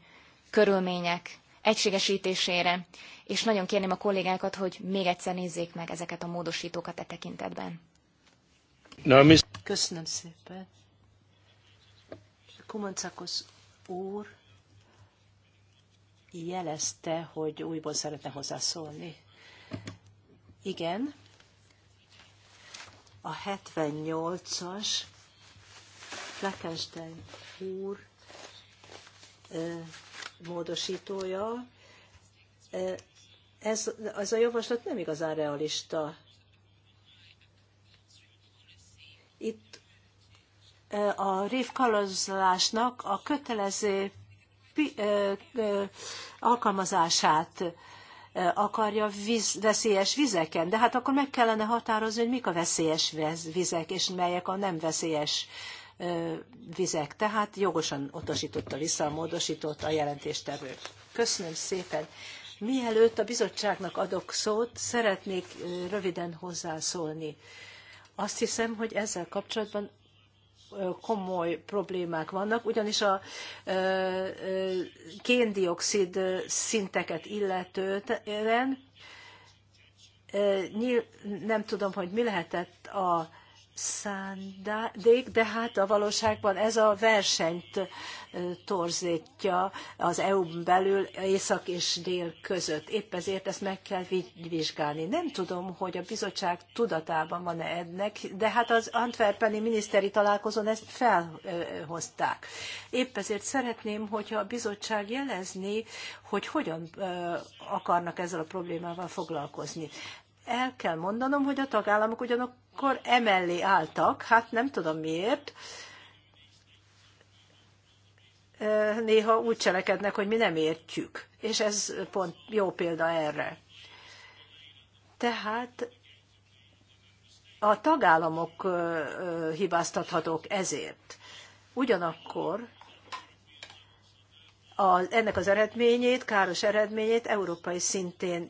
körülmények egységesítésére, és nagyon kérném a kollégákat, hogy még egyszer nézzék meg ezeket a módosítókat e tekintetben. Köszönöm szépen. Kumancakos úr jelezte, hogy újból szeretne hozzászólni. Igen a 78-as Fleckenstein úr módosítója. Ez, ez a javaslat nem igazán realista. Itt a révkalozlásnak a kötelező alkalmazását Eh, akarja víz, veszélyes vizeken, de hát akkor meg kellene határozni, hogy mik a veszélyes vizek, és melyek a nem veszélyes eh, vizek. Tehát jogosan utasította vissza a módosított a jelentéstevő. Köszönöm szépen. Mielőtt a bizottságnak adok szót, szeretnék eh, röviden hozzászólni. Azt hiszem, hogy ezzel kapcsolatban komoly problémák vannak, ugyanis a géndioxid szinteket illetően nem tudom, hogy mi lehetett a szándék, de hát a valóságban ez a versenyt torzítja az EU-n belül észak és dél között. Épp ezért ezt meg kell vizsgálni. Nem tudom, hogy a bizottság tudatában van-e ennek, de hát az Antwerpeni miniszteri találkozón ezt felhozták. Épp ezért szeretném, hogyha a bizottság jelezni, hogy hogyan akarnak ezzel a problémával foglalkozni el kell mondanom, hogy a tagállamok ugyanakkor emellé álltak, hát nem tudom miért. Néha úgy cselekednek, hogy mi nem értjük, és ez pont jó példa erre. Tehát a tagállamok hibáztathatók ezért. Ugyanakkor a, ennek az eredményét, káros eredményét európai szintén,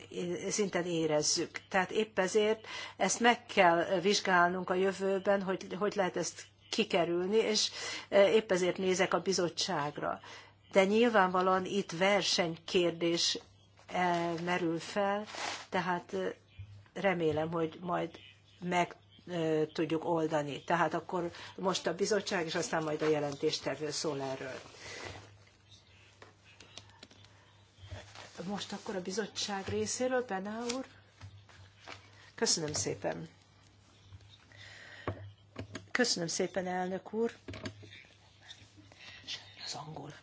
szinten érezzük. Tehát épp ezért ezt meg kell vizsgálnunk a jövőben, hogy hogy lehet ezt kikerülni, és e, épp ezért nézek a bizottságra. De nyilvánvalóan itt versenykérdés e, merül fel, tehát e, remélem, hogy majd meg tudjuk oldani. Tehát akkor most a bizottság, és aztán majd a jelentéstevő szól erről. Most akkor a bizottság részéről, Bená úr. Köszönöm szépen. Köszönöm szépen, elnök úr. Az angol.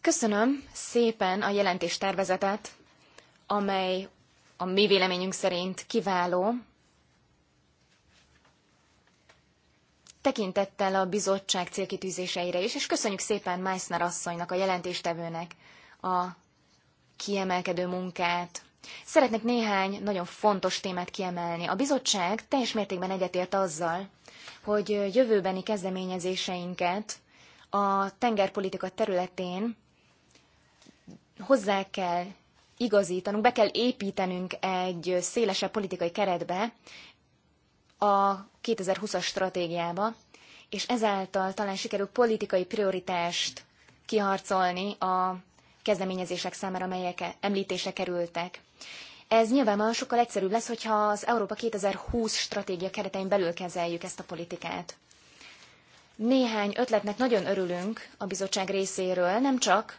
Köszönöm szépen a jelentéstervezetet, amely a mi véleményünk szerint kiváló, tekintettel a bizottság célkitűzéseire is, és köszönjük szépen Meissner asszonynak, a jelentéstevőnek a kiemelkedő munkát. Szeretnék néhány nagyon fontos témát kiemelni. A bizottság teljes mértékben egyetért azzal, hogy jövőbeni kezdeményezéseinket a tengerpolitika területén hozzá kell igazítanunk, be kell építenünk egy szélesebb politikai keretbe, a 2020-as stratégiába, és ezáltal talán sikerül politikai prioritást kiharcolni a kezdeményezések számára, amelyek említése kerültek. Ez nyilvánvalóan sokkal egyszerűbb lesz, hogyha az Európa 2020 stratégia keretein belül kezeljük ezt a politikát. Néhány ötletnek nagyon örülünk a bizottság részéről, nem csak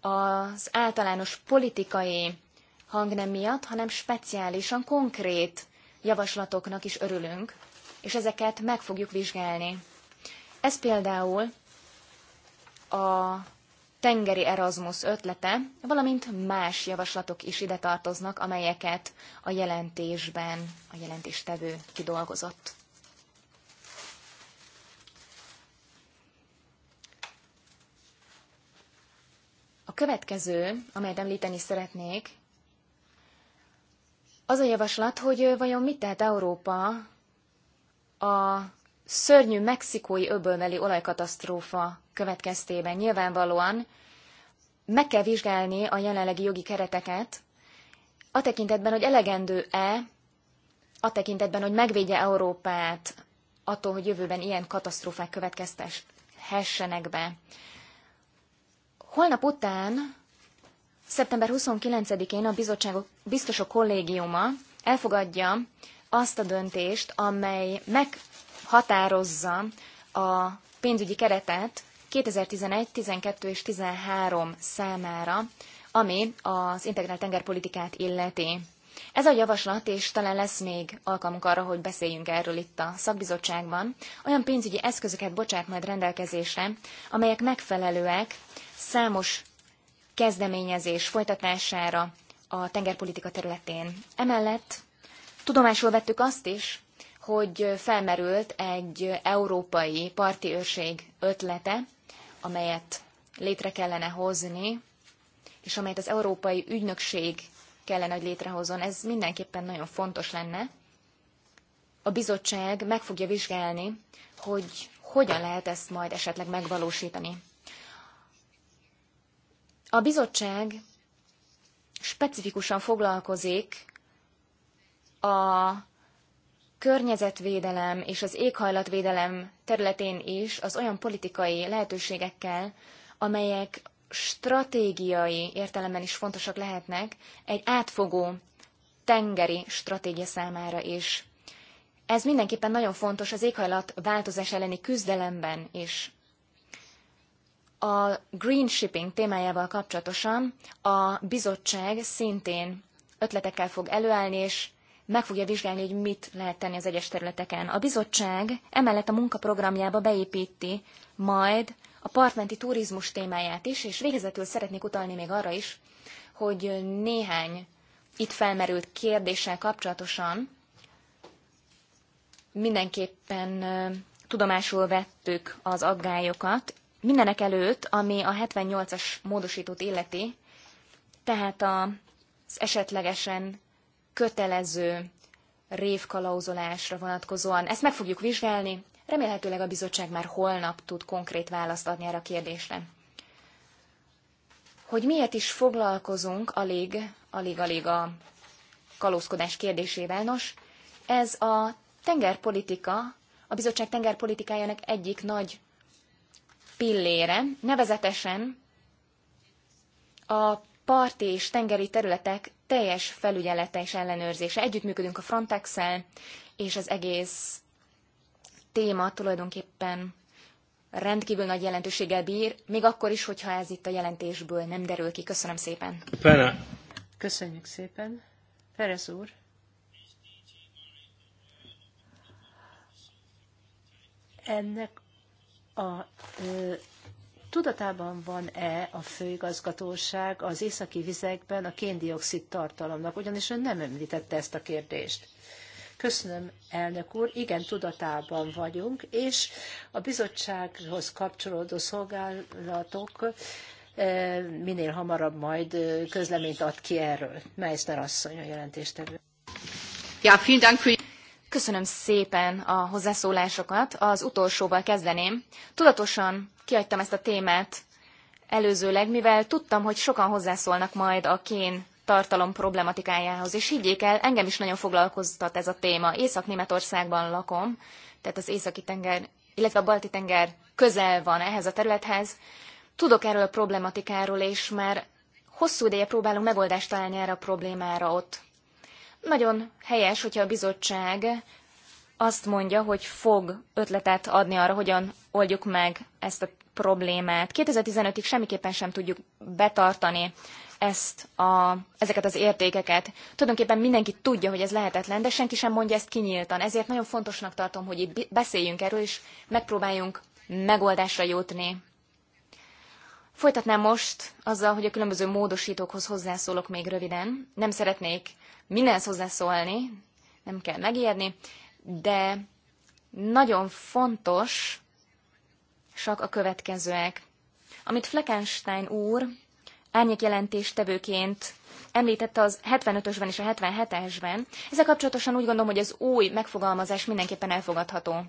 az általános politikai hangnem miatt, hanem speciálisan konkrét javaslatoknak is örülünk, és ezeket meg fogjuk vizsgálni. Ez például a tengeri Erasmus ötlete, valamint más javaslatok is ide tartoznak, amelyeket a jelentésben a jelentéstevő kidolgozott. A következő, amelyet említeni szeretnék, az a javaslat, hogy vajon mit tehet Európa a szörnyű mexikói öbölbeli olajkatasztrófa következtében. Nyilvánvalóan meg kell vizsgálni a jelenlegi jogi kereteket, a tekintetben, hogy elegendő-e, a tekintetben, hogy megvédje Európát attól, hogy jövőben ilyen katasztrófák következtessenek be. Holnap után Szeptember 29-én a bizottságok, biztosok kollégiuma elfogadja azt a döntést, amely meghatározza a pénzügyi keretet 2011, 12 és 13 számára, ami az integrált tengerpolitikát illeti. Ez a javaslat, és talán lesz még alkalmunk arra, hogy beszéljünk erről itt a szakbizottságban, olyan pénzügyi eszközöket bocsát majd rendelkezésre, amelyek megfelelőek számos kezdeményezés folytatására a tengerpolitika területén. Emellett tudomásul vettük azt is, hogy felmerült egy európai parti őrség ötlete, amelyet létre kellene hozni, és amelyet az európai ügynökség kellene, hogy létrehozzon. Ez mindenképpen nagyon fontos lenne. A bizottság meg fogja vizsgálni, hogy hogyan lehet ezt majd esetleg megvalósítani. A bizottság specifikusan foglalkozik a környezetvédelem és az éghajlatvédelem területén is az olyan politikai lehetőségekkel, amelyek stratégiai értelemben is fontosak lehetnek egy átfogó tengeri stratégia számára is. Ez mindenképpen nagyon fontos az éghajlat változás elleni küzdelemben is. A green shipping témájával kapcsolatosan a bizottság szintén ötletekkel fog előállni, és meg fogja vizsgálni, hogy mit lehet tenni az egyes területeken. A bizottság emellett a munkaprogramjába beépíti majd a partmenti turizmus témáját is, és végezetül szeretnék utalni még arra is, hogy néhány itt felmerült kérdéssel kapcsolatosan mindenképpen tudomásul vettük az aggályokat, mindenek előtt, ami a 78-as módosítót illeti, tehát az esetlegesen kötelező révkalauzolásra vonatkozóan. Ezt meg fogjuk vizsgálni, remélhetőleg a bizottság már holnap tud konkrét választ adni erre a kérdésre. Hogy miért is foglalkozunk alig, alig-alig a kalózkodás kérdésével, nos, ez a tengerpolitika, a bizottság tengerpolitikájának egyik nagy pillére, nevezetesen a parti és tengeri területek teljes felügyelete és ellenőrzése. Együttműködünk a frontex és az egész téma tulajdonképpen rendkívül nagy jelentőséggel bír, még akkor is, hogyha ez itt a jelentésből nem derül ki. Köszönöm szépen. Pena. Köszönjük szépen. Perez úr. Ennek a ö, tudatában van-e a főigazgatóság az északi vizekben a kéndioxid tartalomnak, ugyanis ön nem említette ezt a kérdést. Köszönöm, elnök úr, igen, tudatában vagyunk, és a bizottsághoz kapcsolódó szolgálatok minél hamarabb majd közleményt ad ki erről. Meissner asszony a jelentéstevő. Ja, vielen Dank für Köszönöm szépen a hozzászólásokat. Az utolsóval kezdeném. Tudatosan kiadtam ezt a témát előzőleg, mivel tudtam, hogy sokan hozzászólnak majd a kén tartalom problematikájához. És higgyék el, engem is nagyon foglalkoztat ez a téma. Észak-Németországban lakom, tehát az északi tenger, illetve a balti tenger közel van ehhez a területhez. Tudok erről a problematikáról, és már hosszú ideje próbálunk megoldást találni erre a problémára ott. Nagyon helyes, hogyha a bizottság azt mondja, hogy fog ötletet adni arra, hogyan oldjuk meg ezt a problémát. 2015-ig semmiképpen sem tudjuk betartani ezt a, ezeket az értékeket. Tulajdonképpen mindenki tudja, hogy ez lehetetlen, de senki sem mondja ezt kinyíltan. Ezért nagyon fontosnak tartom, hogy itt beszéljünk erről, és megpróbáljunk megoldásra jutni. Folytatnám most azzal, hogy a különböző módosítókhoz hozzászólok még röviden. Nem szeretnék mindenhez hozzászólni, nem kell megijedni, de nagyon fontos csak a következőek. Amit Fleckenstein úr árnyékjelentéstevőként említette az 75-ösben és a 77-esben, ezzel kapcsolatosan úgy gondolom, hogy az új megfogalmazás mindenképpen elfogadható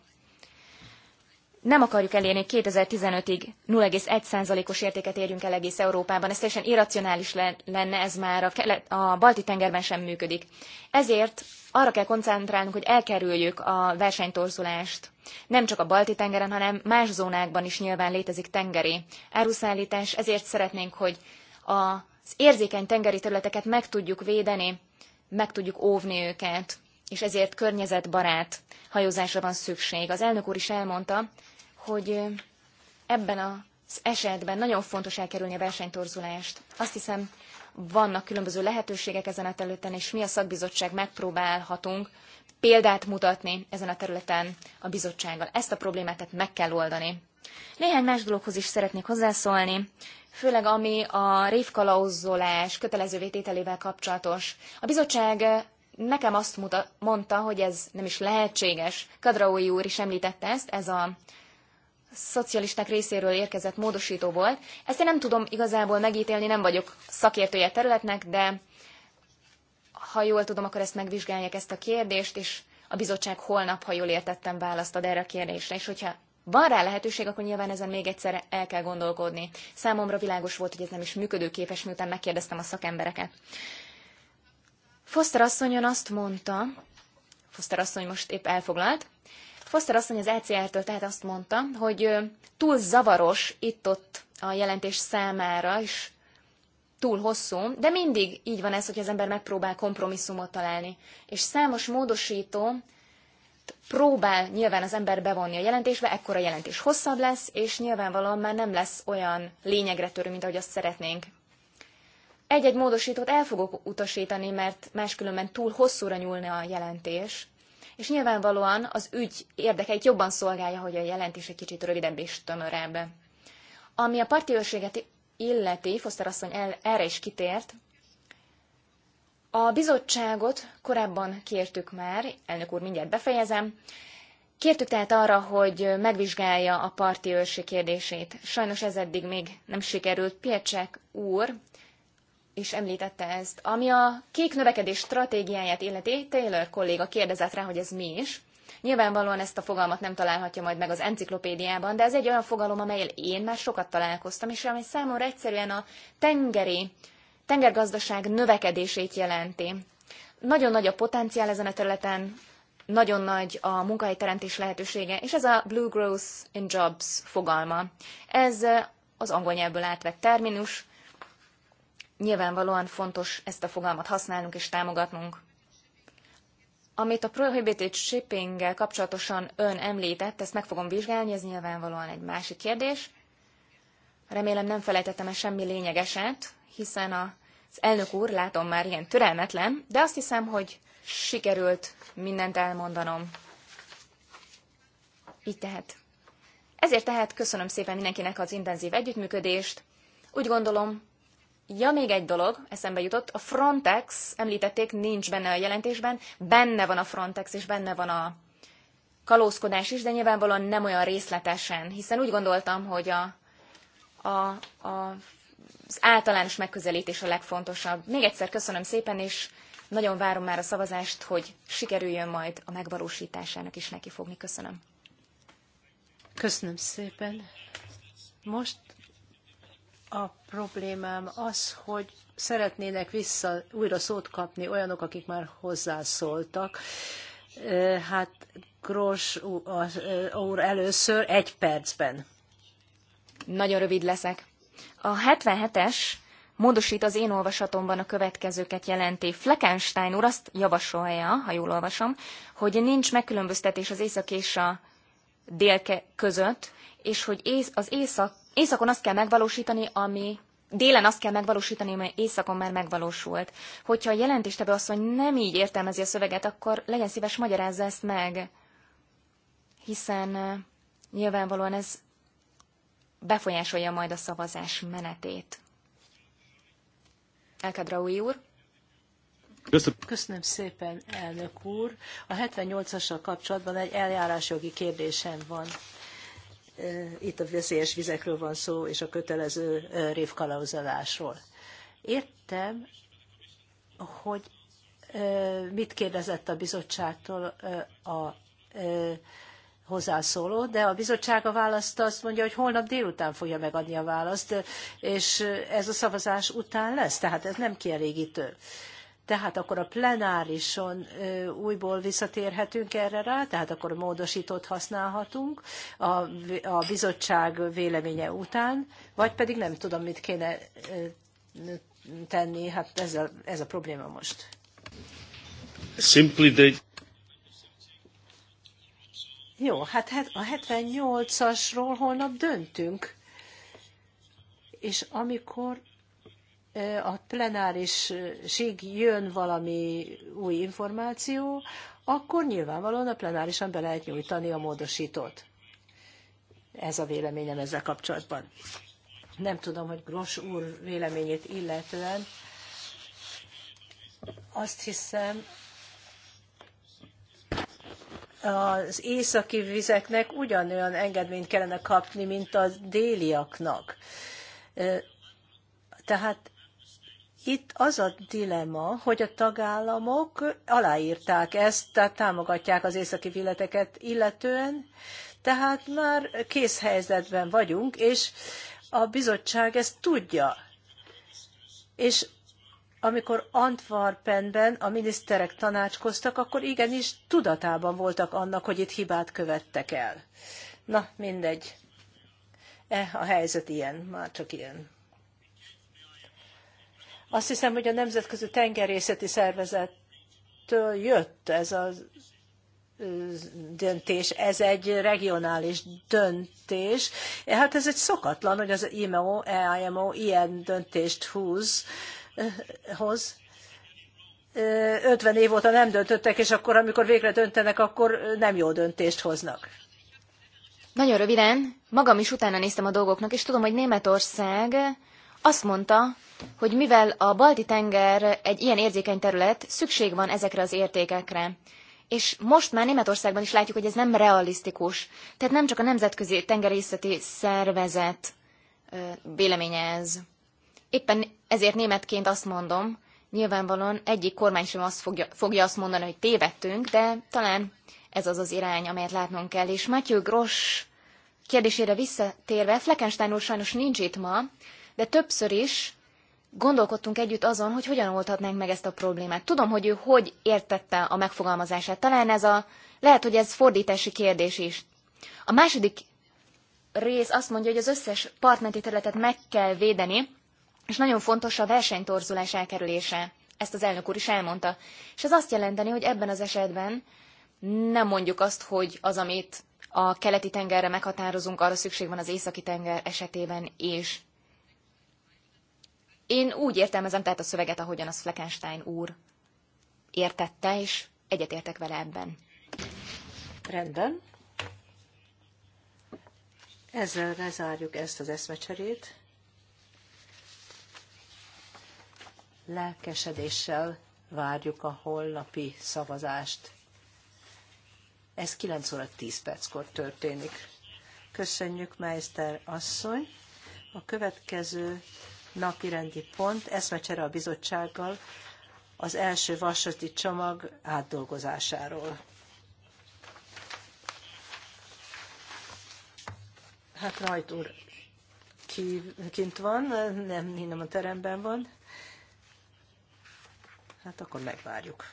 nem akarjuk elérni 2015-ig 0,1%-os értéket érjünk el egész Európában. Ez teljesen irracionális lenne, ez már a, kelet, a balti tengerben sem működik. Ezért arra kell koncentrálnunk, hogy elkerüljük a versenytorzulást. Nem csak a balti tengeren, hanem más zónákban is nyilván létezik tengeri áruszállítás, ezért szeretnénk, hogy az érzékeny tengeri területeket meg tudjuk védeni, meg tudjuk óvni őket és ezért környezetbarát hajózásra van szükség. Az elnök úr is elmondta, hogy ebben az esetben nagyon fontos elkerülni a versenytorzulást. Azt hiszem, vannak különböző lehetőségek ezen a területen, és mi a szakbizottság megpróbálhatunk példát mutatni ezen a területen a bizottsággal. Ezt a problémát tehát meg kell oldani. Néhány más dologhoz is szeretnék hozzászólni, főleg ami a révkalauzolás kötelező vétételével kapcsolatos. A bizottság nekem azt muta, mondta, hogy ez nem is lehetséges. Kadraói úr is említette ezt, ez a szocialisták részéről érkezett módosító volt. Ezt én nem tudom igazából megítélni, nem vagyok szakértője a területnek, de ha jól tudom, akkor ezt megvizsgálják ezt a kérdést, és a bizottság holnap, ha jól értettem, választ ad erre a kérdésre. És hogyha van rá lehetőség, akkor nyilván ezen még egyszer el kell gondolkodni. Számomra világos volt, hogy ez nem is működőképes, miután megkérdeztem a szakembereket. Foster asszonyon azt mondta, Foster asszony most épp elfoglalt, Foster mondja, az ECR-től tehát azt mondta, hogy túl zavaros itt-ott a jelentés számára, és túl hosszú, de mindig így van ez, hogy az ember megpróbál kompromisszumot találni. És számos módosító próbál nyilván az ember bevonni a jelentésbe, ekkor a jelentés hosszabb lesz, és nyilvánvalóan már nem lesz olyan lényegre törő, mint ahogy azt szeretnénk. Egy-egy módosítót el fogok utasítani, mert máskülönben túl hosszúra nyúlna a jelentés, és nyilvánvalóan az ügy érdekeit jobban szolgálja, hogy a jelentés egy kicsit rövidebb és tömörebb. Ami a őrséget illeti, Foster asszony el, erre is kitért, a bizottságot korábban kértük már, elnök úr, mindjárt befejezem, kértük tehát arra, hogy megvizsgálja a parti őrség kérdését. Sajnos ez eddig még nem sikerült. Piecsek úr is említette ezt. Ami a kék növekedés stratégiáját illeti, Taylor kolléga kérdezett rá, hogy ez mi is. Nyilvánvalóan ezt a fogalmat nem találhatja majd meg az enciklopédiában, de ez egy olyan fogalom, amelyel én már sokat találkoztam, és ami számomra egyszerűen a tengeri, tengergazdaság növekedését jelenti. Nagyon nagy a potenciál ezen a területen, nagyon nagy a munkahelyteremtés lehetősége, és ez a Blue Growth in Jobs fogalma. Ez eh, az angol nyelvből átvett terminus, nyilvánvalóan fontos ezt a fogalmat használnunk és támogatnunk. Amit a prohibited shipping-gel kapcsolatosan ön említett, ezt meg fogom vizsgálni, ez nyilvánvalóan egy másik kérdés. Remélem nem felejtettem el semmi lényegeset, hiszen az elnök úr, látom már ilyen türelmetlen, de azt hiszem, hogy sikerült mindent elmondanom. Így tehát. Ezért tehát köszönöm szépen mindenkinek az intenzív együttműködést. Úgy gondolom, Ja, még egy dolog eszembe jutott, a Frontex, említették, nincs benne a jelentésben, benne van a Frontex, és benne van a kalózkodás is, de nyilvánvalóan nem olyan részletesen, hiszen úgy gondoltam, hogy a, a, a, az általános megközelítés a legfontosabb. Még egyszer köszönöm szépen, és nagyon várom már a szavazást, hogy sikerüljön majd a megvalósításának is neki fogni. Köszönöm. Köszönöm szépen. Most a problémám az, hogy szeretnének vissza újra szót kapni olyanok, akik már hozzászóltak. Hát Gros úr először egy percben. Nagyon rövid leszek. A 77-es módosít az én olvasatomban a következőket jelenti. Fleckenstein úr azt javasolja, ha jól olvasom, hogy nincs megkülönböztetés az észak és a dél között, és hogy az észak északon azt kell megvalósítani, ami délen azt kell megvalósítani, ami éjszakon már megvalósult. Hogyha a jelentéstevő asszony nem így értelmezi a szöveget, akkor legyen szíves, magyarázza ezt meg. Hiszen nyilvánvalóan ez befolyásolja majd a szavazás menetét. Elkedraui úr. Köszönöm. Köszönöm szépen, elnök úr. A 78-assal kapcsolatban egy eljárásjogi kérdésem van. Eh, itt a veszélyes vizekről van szó, és a kötelező eh, révkalauzolásról. Értem, hogy eh, mit kérdezett a bizottságtól a hozzászóló, de a bizottság a választ azt mondja, hogy holnap délután fogja megadni a választ, és ez a szavazás után lesz, tehát ez nem kielégítő. Tehát akkor a plenárison újból visszatérhetünk erre rá, tehát akkor módosítót használhatunk a, a bizottság véleménye után, vagy pedig nem tudom, mit kéne tenni, hát ez a, ez a probléma most. Simply the. Jó, hát a 78-asról holnap döntünk. És amikor a plenárisig jön valami új információ, akkor nyilvánvalóan a plenárisan be lehet nyújtani a módosítót. Ez a véleményem ezzel kapcsolatban. Nem tudom, hogy Gross úr véleményét illetően. Azt hiszem, az északi vizeknek ugyanolyan engedményt kellene kapni, mint a déliaknak. Tehát itt az a dilema, hogy a tagállamok aláírták ezt, tehát támogatják az északi villeteket illetően, tehát már kész helyzetben vagyunk, és a bizottság ezt tudja. És amikor Antwerpenben a miniszterek tanácskoztak, akkor igenis tudatában voltak annak, hogy itt hibát követtek el. Na, mindegy. E, a helyzet ilyen, már csak ilyen. Azt hiszem, hogy a Nemzetközi Tengerészeti Szervezettől jött ez a döntés, ez egy regionális döntés. Hát ez egy szokatlan, hogy az IMO, EIMO ilyen döntést húz, hoz. 50 év óta nem döntöttek, és akkor, amikor végre döntenek, akkor nem jó döntést hoznak. Nagyon röviden, magam is utána néztem a dolgoknak, és tudom, hogy Németország azt mondta, hogy mivel a Balti-tenger egy ilyen érzékeny terület, szükség van ezekre az értékekre. És most már Németországban is látjuk, hogy ez nem realisztikus. Tehát nem csak a Nemzetközi Tengerészeti Szervezet véleménye ez. Éppen ezért németként azt mondom, nyilvánvalóan egyik kormány sem azt fogja, fogja azt mondani, hogy tévedtünk, de talán ez az az irány, amelyet látnunk kell. És Matthew Gross kérdésére visszatérve, Fleckenstein úr sajnos nincs itt ma, de többször is gondolkodtunk együtt azon, hogy hogyan oldhatnánk meg ezt a problémát. Tudom, hogy ő hogy értette a megfogalmazását. Talán ez a, lehet, hogy ez fordítási kérdés is. A második rész azt mondja, hogy az összes partneri területet meg kell védeni, és nagyon fontos a versenytorzulás elkerülése. Ezt az elnök úr is elmondta. És ez azt jelenteni, hogy ebben az esetben nem mondjuk azt, hogy az, amit a keleti tengerre meghatározunk, arra szükség van az északi tenger esetében is. Én úgy értelmezem tehát a szöveget, ahogyan az Fleckenstein úr értette, és egyetértek vele ebben. Rendben. Ezzel lezárjuk ezt az eszmecserét. Lelkesedéssel várjuk a holnapi szavazást. Ez 9 óra 10 perckor történik. Köszönjük, Meister asszony. A következő napirendi pont, eszmecsere a bizottsággal az első vasúti csomag átdolgozásáról. Hát Rajt úr kint van, nem, nem a teremben van. Hát akkor megvárjuk.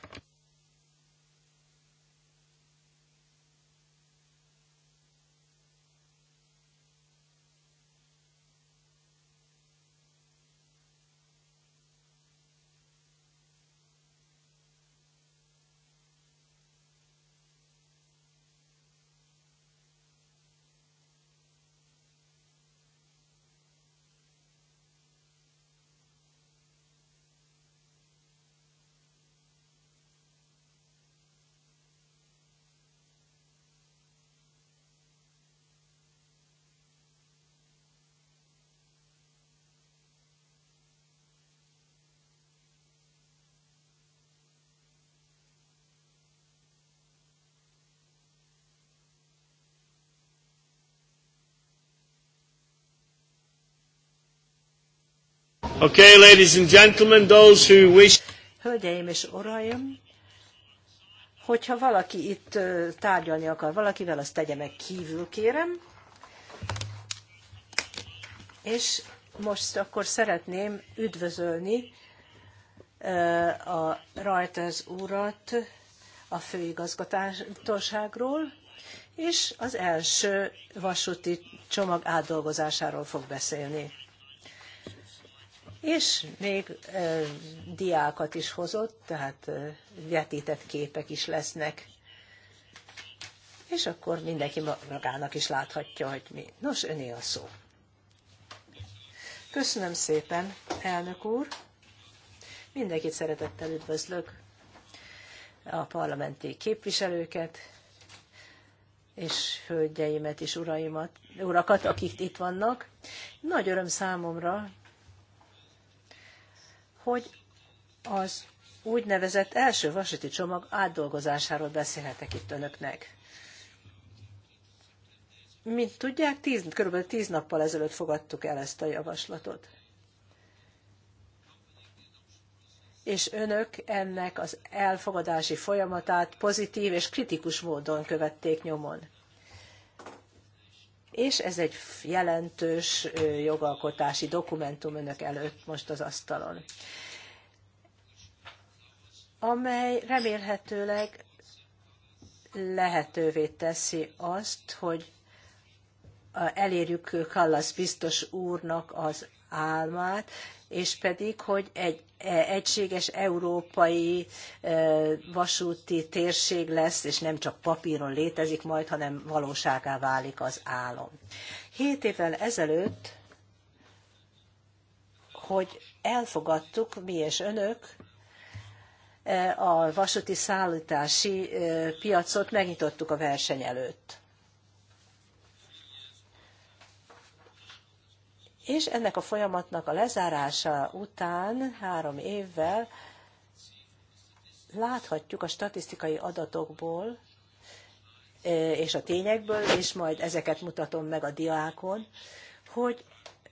Okay, ladies and gentlemen, those who wish... Hölgyeim és uraim, hogyha valaki itt tárgyalni akar valakivel, azt tegye meg kívül, kérem. És most akkor szeretném üdvözölni a Reuters úrat a főigazgatóságról, és az első vasúti csomag átdolgozásáról fog beszélni. És még ö, diákat is hozott, tehát ö, vetített képek is lesznek. És akkor mindenki magának is láthatja, hogy mi. Nos, öné a szó. Köszönöm szépen, elnök úr. Mindenkit szeretettel üdvözlök, a parlamenti képviselőket, és hölgyeimet és uraimat, urakat, akik itt vannak. Nagy öröm számomra, hogy az úgynevezett első vasúti csomag átdolgozásáról beszélhetek itt önöknek. Mint tudják, tíz, kb. tíz nappal ezelőtt fogadtuk el ezt a javaslatot. És önök ennek az elfogadási folyamatát pozitív és kritikus módon követték nyomon és ez egy jelentős jogalkotási dokumentum önök előtt most az asztalon, amely remélhetőleg lehetővé teszi azt, hogy elérjük Kallas biztos úrnak az álmát, és pedig, hogy egy e, egységes európai e, vasúti térség lesz, és nem csak papíron létezik majd, hanem valóságá válik az álom. Hét évvel ezelőtt, hogy elfogadtuk mi és önök, e, a vasúti szállítási piacot megnyitottuk a verseny előtt. és ennek a folyamatnak a lezárása után három évvel láthatjuk a statisztikai adatokból e, és a tényekből, és majd ezeket mutatom meg a diákon, hogy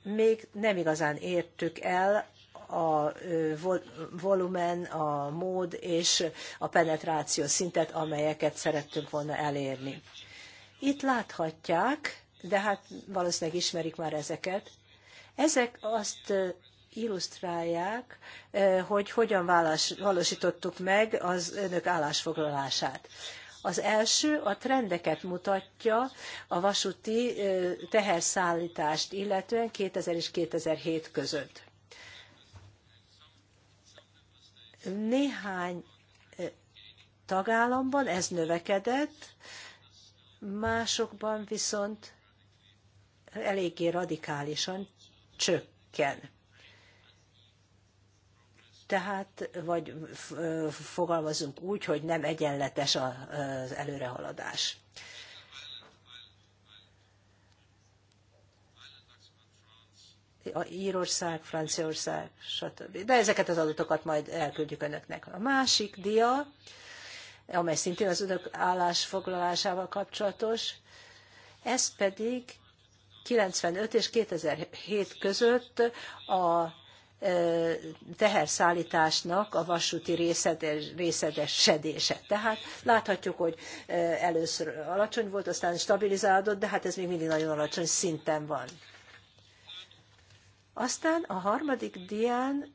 még nem igazán értük el a e, volumen, a mód és a penetráció szintet, amelyeket szerettünk volna elérni. Itt láthatják, de hát valószínűleg ismerik már ezeket, ezek azt illusztrálják, hogy hogyan valósítottuk meg az önök állásfoglalását. Az első a trendeket mutatja a vasúti teherszállítást, illetően 2000 és 2007 között. Néhány tagállamban ez növekedett, másokban viszont eléggé radikálisan csökken. Tehát, vagy fogalmazunk úgy, hogy nem egyenletes az előrehaladás. A Írország, Franciaország, stb. De ezeket az adatokat majd elküldjük önöknek. A másik dia, amely szintén az önök állásfoglalásával kapcsolatos, ez pedig 95 és 2007 között a teherszállításnak a vasúti részedes, részedesedése. Tehát láthatjuk, hogy először alacsony volt, aztán stabilizálódott, de hát ez még mindig nagyon alacsony szinten van. Aztán a harmadik dián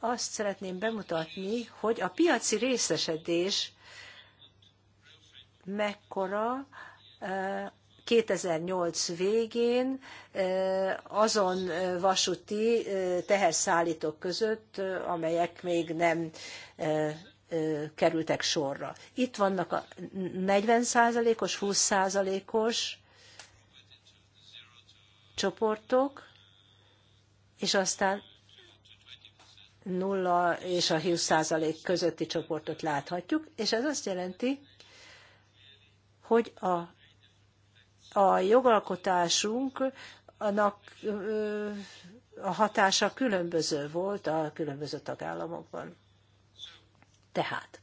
azt szeretném bemutatni, hogy a piaci részesedés mekkora 2008 végén azon vasúti teherszállítók között, amelyek még nem kerültek sorra. Itt vannak a 40%-os, 20%-os csoportok, és aztán nulla és a 20% közötti csoportot láthatjuk, és ez azt jelenti, hogy a a jogalkotásunknak a hatása különböző volt a különböző tagállamokban. Tehát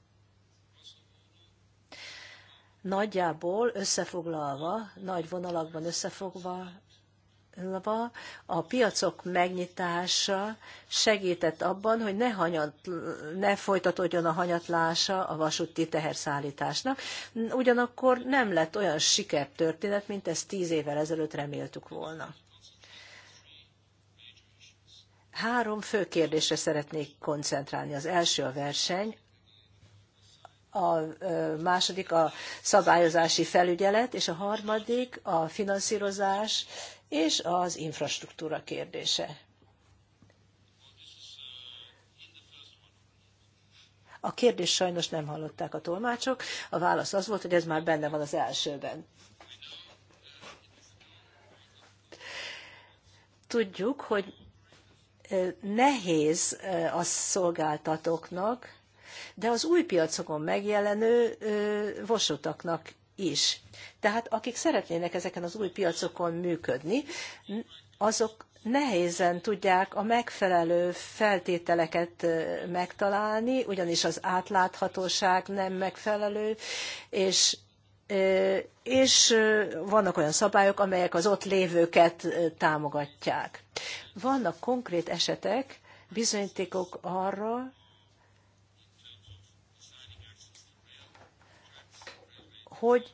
nagyjából összefoglalva, nagy vonalakban összefogva, Lava a piacok megnyitása segített abban, hogy ne, hanyat, ne folytatódjon a hanyatlása a vasúti teherszállításnak. Ugyanakkor nem lett olyan sikertörténet, mint ezt tíz évvel ezelőtt reméltük volna. Három fő kérdésre szeretnék koncentrálni. Az első a verseny, a második a szabályozási felügyelet, és a harmadik a finanszírozás és az infrastruktúra kérdése. A kérdés sajnos nem hallották a tolmácsok. A válasz az volt, hogy ez már benne van az elsőben. Tudjuk, hogy nehéz a szolgáltatóknak, de az új piacokon megjelenő vosutaknak is. Tehát akik szeretnének ezeken az új piacokon működni, azok nehézen tudják a megfelelő feltételeket megtalálni, ugyanis az átláthatóság nem megfelelő, és és vannak olyan szabályok, amelyek az ott lévőket támogatják. Vannak konkrét esetek, bizonyítékok arra, hogy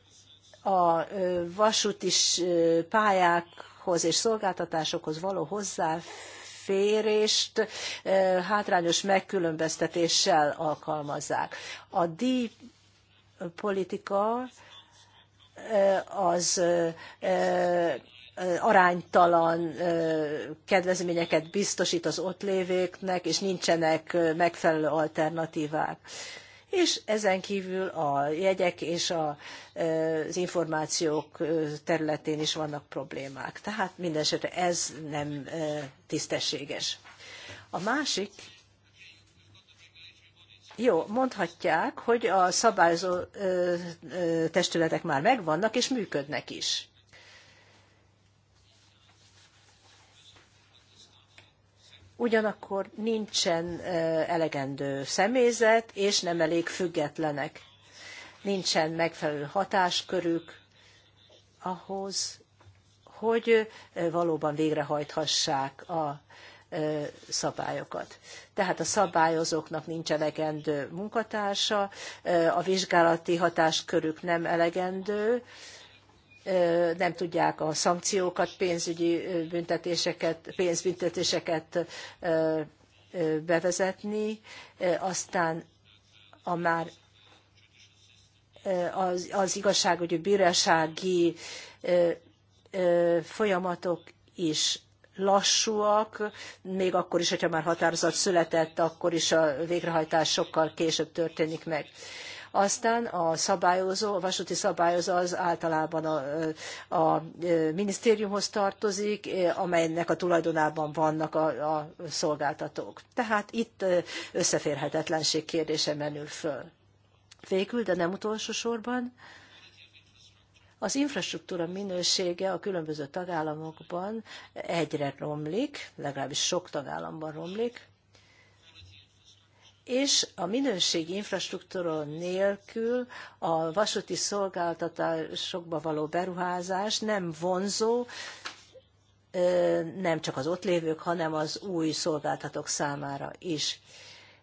a vasúti pályákhoz és szolgáltatásokhoz való hozzáférést hátrányos megkülönböztetéssel alkalmazzák. A díjpolitika az aránytalan kedvezményeket biztosít az ott lévőknek, és nincsenek megfelelő alternatívák és ezen kívül a jegyek és a, e, az információk e, területén is vannak problémák. Tehát mindesetre ez nem e, tisztességes. A másik jó, mondhatják, hogy a szabályozó testületek már megvannak és működnek is. ugyanakkor nincsen elegendő személyzet, és nem elég függetlenek. Nincsen megfelelő hatáskörük ahhoz, hogy valóban végrehajthassák a szabályokat. Tehát a szabályozóknak nincs elegendő munkatársa, a vizsgálati hatáskörük nem elegendő, nem tudják a szankciókat, pénzügyi büntetéseket, pénzbüntetéseket bevezetni, aztán a már az, az igazságügyi bírósági folyamatok is lassúak, még akkor is, hogyha már határozat született, akkor is a végrehajtás sokkal később történik meg. Aztán a szabályozó, a vasúti szabályozó az általában a, a minisztériumhoz tartozik, amelynek a tulajdonában vannak a, a szolgáltatók. Tehát itt összeférhetetlenség kérdése menül föl. Végül, de nem utolsó sorban, az infrastruktúra minősége a különböző tagállamokban egyre romlik, legalábbis sok tagállamban romlik, és a minőségi infrastruktúra nélkül a vasúti szolgáltatásokba való beruházás nem vonzó, nem csak az ott lévők, hanem az új szolgáltatók számára is.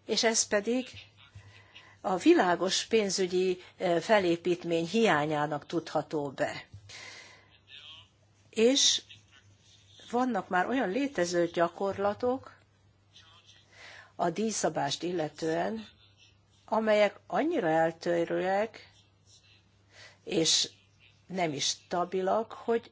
És ez pedig a világos pénzügyi felépítmény hiányának tudható be. És vannak már olyan létező gyakorlatok, a díjszabást illetően, amelyek annyira eltörőek és nem is stabilak, hogy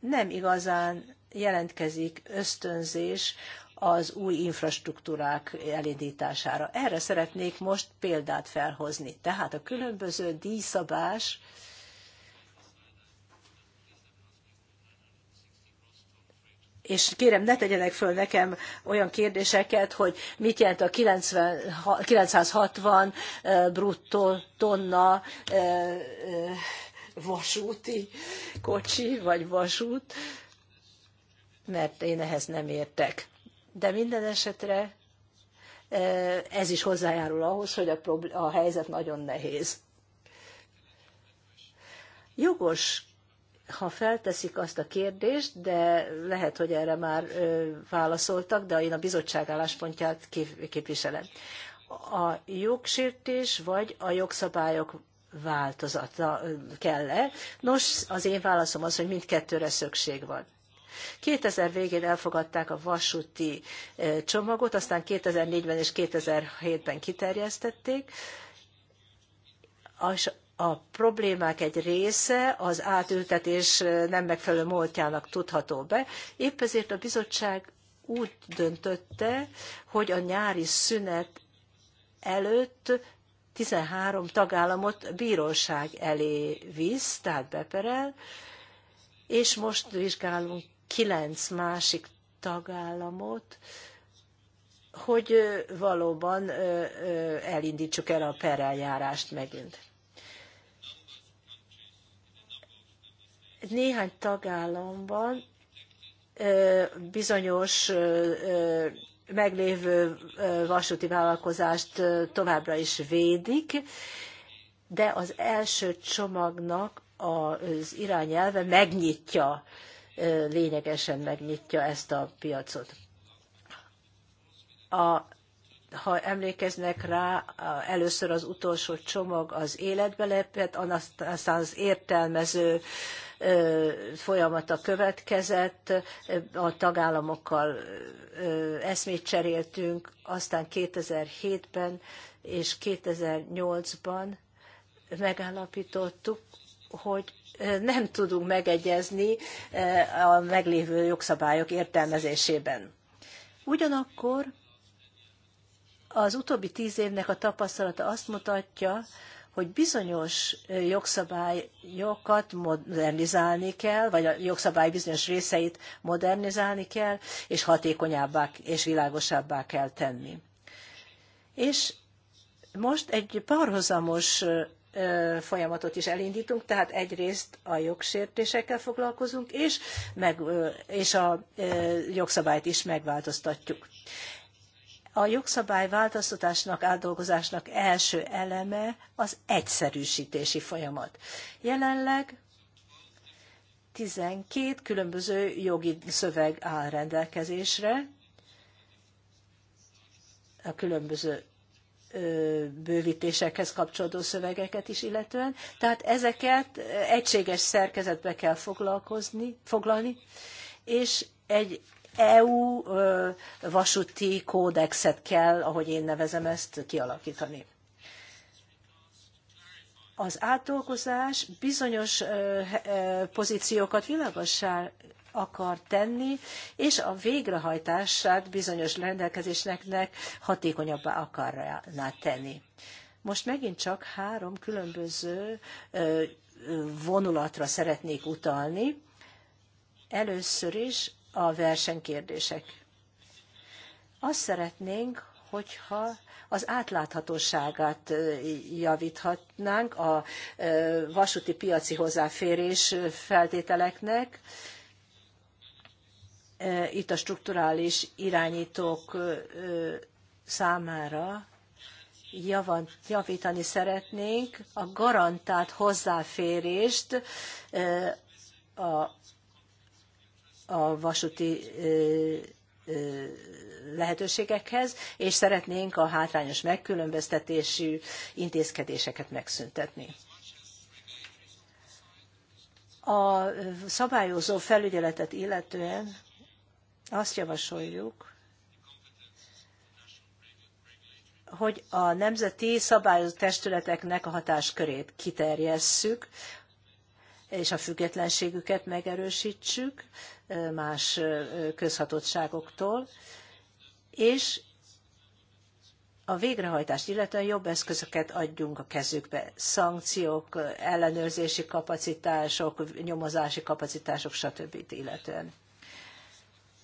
nem igazán jelentkezik ösztönzés az új infrastruktúrák elindítására. Erre szeretnék most példát felhozni. Tehát a különböző díjszabás és kérem, ne tegyenek föl nekem olyan kérdéseket, hogy mit jelent a 90, 960 bruttó tonna vasúti kocsi, vagy vasút, mert én ehhez nem értek. De minden esetre ez is hozzájárul ahhoz, hogy a, a helyzet nagyon nehéz. Jogos ha felteszik azt a kérdést, de lehet, hogy erre már válaszoltak, de én a bizottság álláspontját képviselem. A jogsértés vagy a jogszabályok változata kell-e? Nos, az én válaszom az, hogy mindkettőre szükség van. 2000 végén elfogadták a vasúti csomagot, aztán 2004-ben és 2007-ben kiterjesztették, és a problémák egy része az átültetés nem megfelelő módjának tudható be. Épp ezért a bizottság úgy döntötte, hogy a nyári szünet előtt 13 tagállamot bíróság elé visz, tehát beperel, és most vizsgálunk 9 másik tagállamot, hogy valóban elindítsuk el a pereljárást megint. Néhány tagállamban bizonyos meglévő vasúti vállalkozást továbbra is védik, de az első csomagnak az irányelve megnyitja, lényegesen megnyitja ezt a piacot. A, ha emlékeznek rá, először az utolsó csomag az életbe lépett, aztán az értelmező folyamata következett, a tagállamokkal eszmét cseréltünk, aztán 2007-ben és 2008-ban megállapítottuk, hogy nem tudunk megegyezni a meglévő jogszabályok értelmezésében. Ugyanakkor az utóbbi tíz évnek a tapasztalata azt mutatja, hogy bizonyos jogszabályokat modernizálni kell, vagy a jogszabály bizonyos részeit modernizálni kell, és hatékonyabbá és világosabbá kell tenni. És most egy párhuzamos folyamatot is elindítunk, tehát egyrészt a jogsértésekkel foglalkozunk, és, meg, és a jogszabályt is megváltoztatjuk. A jogszabály változtatásnak, átdolgozásnak első eleme az egyszerűsítési folyamat. Jelenleg 12 különböző jogi szöveg áll rendelkezésre, a különböző bővítésekhez kapcsolódó szövegeket is illetően. Tehát ezeket egységes szerkezetbe kell foglalkozni, foglalni, és egy EU vasúti kódexet kell, ahogy én nevezem ezt, kialakítani. Az átdolgozás bizonyos pozíciókat világossá akar tenni, és a végrehajtását bizonyos rendelkezésnek hatékonyabbá akarná tenni. Most megint csak három különböző vonulatra szeretnék utalni. Először is a versenykérdések. Azt szeretnénk, hogyha az átláthatóságát javíthatnánk a vasúti piaci hozzáférés feltételeknek, itt a strukturális irányítók számára javítani szeretnénk a garantált hozzáférést a a vasúti lehetőségekhez, és szeretnénk a hátrányos megkülönböztetésű intézkedéseket megszüntetni. A szabályozó felügyeletet illetően azt javasoljuk, hogy a nemzeti szabályozó testületeknek a hatáskörét kiterjesszük és a függetlenségüket megerősítsük más közhatottságoktól, és a végrehajtást illetően jobb eszközöket adjunk a kezükbe. Szankciók, ellenőrzési kapacitások, nyomozási kapacitások, stb. illetően.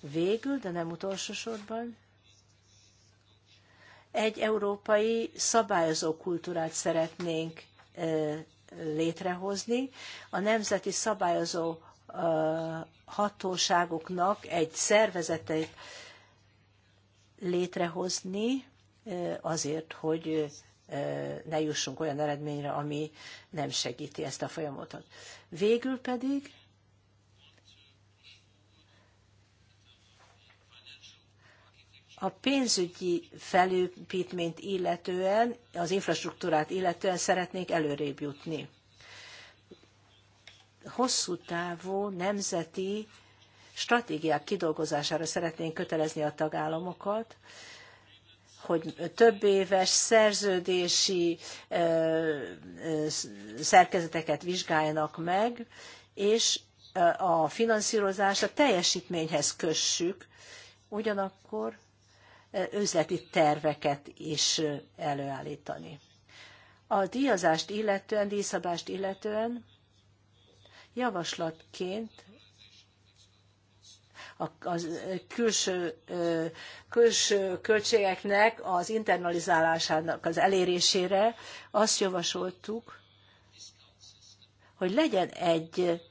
Végül, de nem utolsó sorban, egy európai szabályozó kultúrát szeretnénk létrehozni. A nemzeti szabályozó hatóságoknak egy szervezetet létrehozni azért, hogy ne jussunk olyan eredményre, ami nem segíti ezt a folyamatot. Végül pedig A pénzügyi felépítményt illetően, az infrastruktúrát illetően szeretnénk előrébb jutni. Hosszú távú nemzeti stratégiák kidolgozására szeretnénk kötelezni a tagállamokat, hogy több éves szerződési szerkezeteket vizsgáljanak meg, és a finanszírozást a teljesítményhez kössük, ugyanakkor üzleti terveket is előállítani. A díjazást illetően, díjszabást illetően javaslatként a, külső, külső költségeknek az internalizálásának az elérésére azt javasoltuk, hogy legyen egy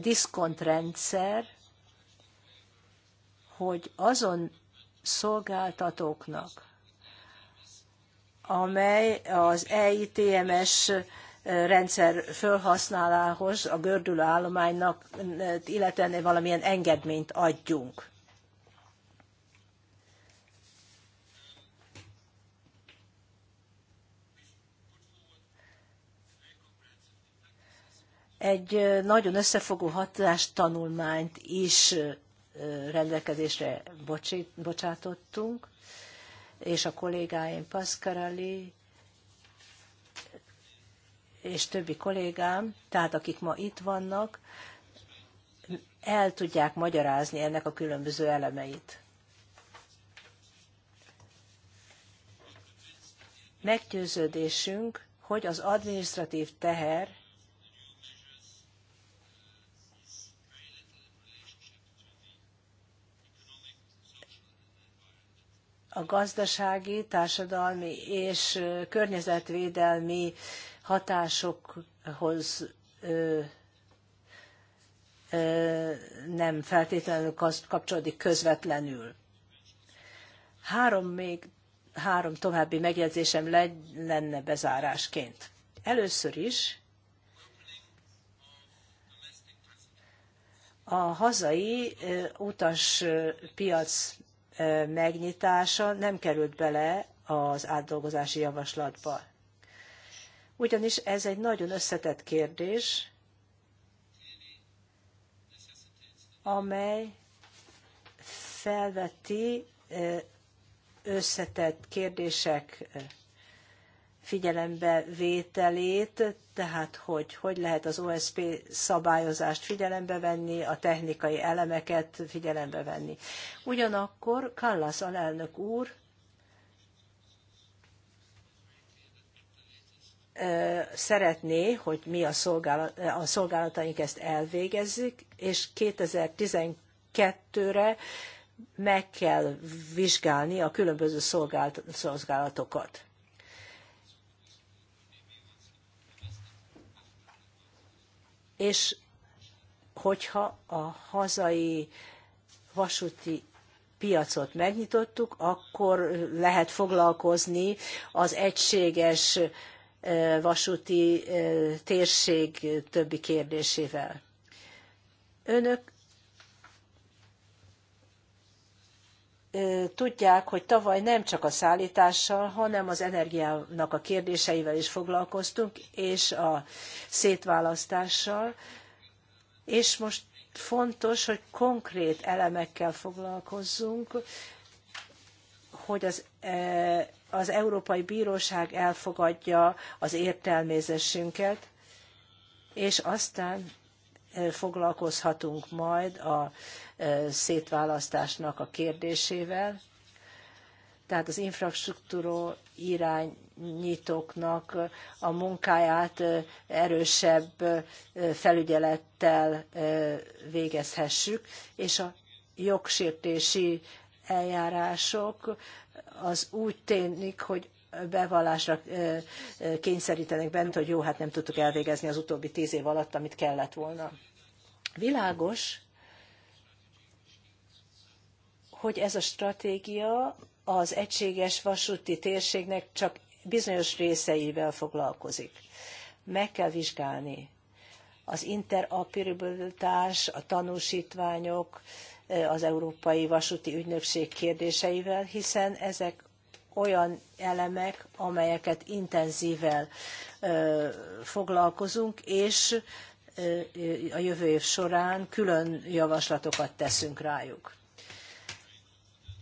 diszkontrendszer, hogy azon szolgáltatóknak, amely az EITMS rendszer felhasználához a gördülő állománynak illetve valamilyen engedményt adjunk. Egy nagyon összefogó tanulmányt is rendelkezésre bocsátottunk, és a kollégáim Pascarali és többi kollégám, tehát akik ma itt vannak, el tudják magyarázni ennek a különböző elemeit. Meggyőződésünk, hogy az administratív teher a gazdasági, társadalmi és környezetvédelmi hatásokhoz nem feltétlenül kapcsolódik közvetlenül. Három még három további megjegyzésem lenne bezárásként. Először is a hazai utas piac megnyitása nem került bele az átdolgozási javaslatba. Ugyanis ez egy nagyon összetett kérdés, amely felveti összetett kérdések figyelembe vételét, tehát hogy, hogy lehet az OSP szabályozást figyelembe venni, a technikai elemeket figyelembe venni. Ugyanakkor Kallas alelnök úr szeretné, hogy mi a, szolgálat, a szolgálataink ezt elvégezzük, és 2012-re meg kell vizsgálni a különböző szolgálatokat. és hogyha a hazai vasúti piacot megnyitottuk, akkor lehet foglalkozni az egységes vasúti térség többi kérdésével. Önök tudják, hogy tavaly nem csak a szállítással, hanem az energiának a kérdéseivel is foglalkoztunk, és a szétválasztással, és most fontos, hogy konkrét elemekkel foglalkozzunk, hogy az, e, az Európai Bíróság elfogadja az értelmezésünket, és aztán e, foglalkozhatunk majd a szétválasztásnak a kérdésével, tehát az infrastruktúró irányítóknak a munkáját erősebb felügyelettel végezhessük, és a jogsértési eljárások az úgy ténylik, hogy bevallásra kényszerítenek bent, hogy jó, hát nem tudtuk elvégezni az utóbbi tíz év alatt, amit kellett volna. Világos, hogy ez a stratégia az egységes vasúti térségnek csak bizonyos részeivel foglalkozik. Meg kell vizsgálni az interoperabilitás, a tanúsítványok, eh, az Európai Vasúti Ügynökség kérdéseivel, hiszen ezek olyan elemek, amelyeket intenzível eh, foglalkozunk, és eh, a jövő év során külön javaslatokat teszünk rájuk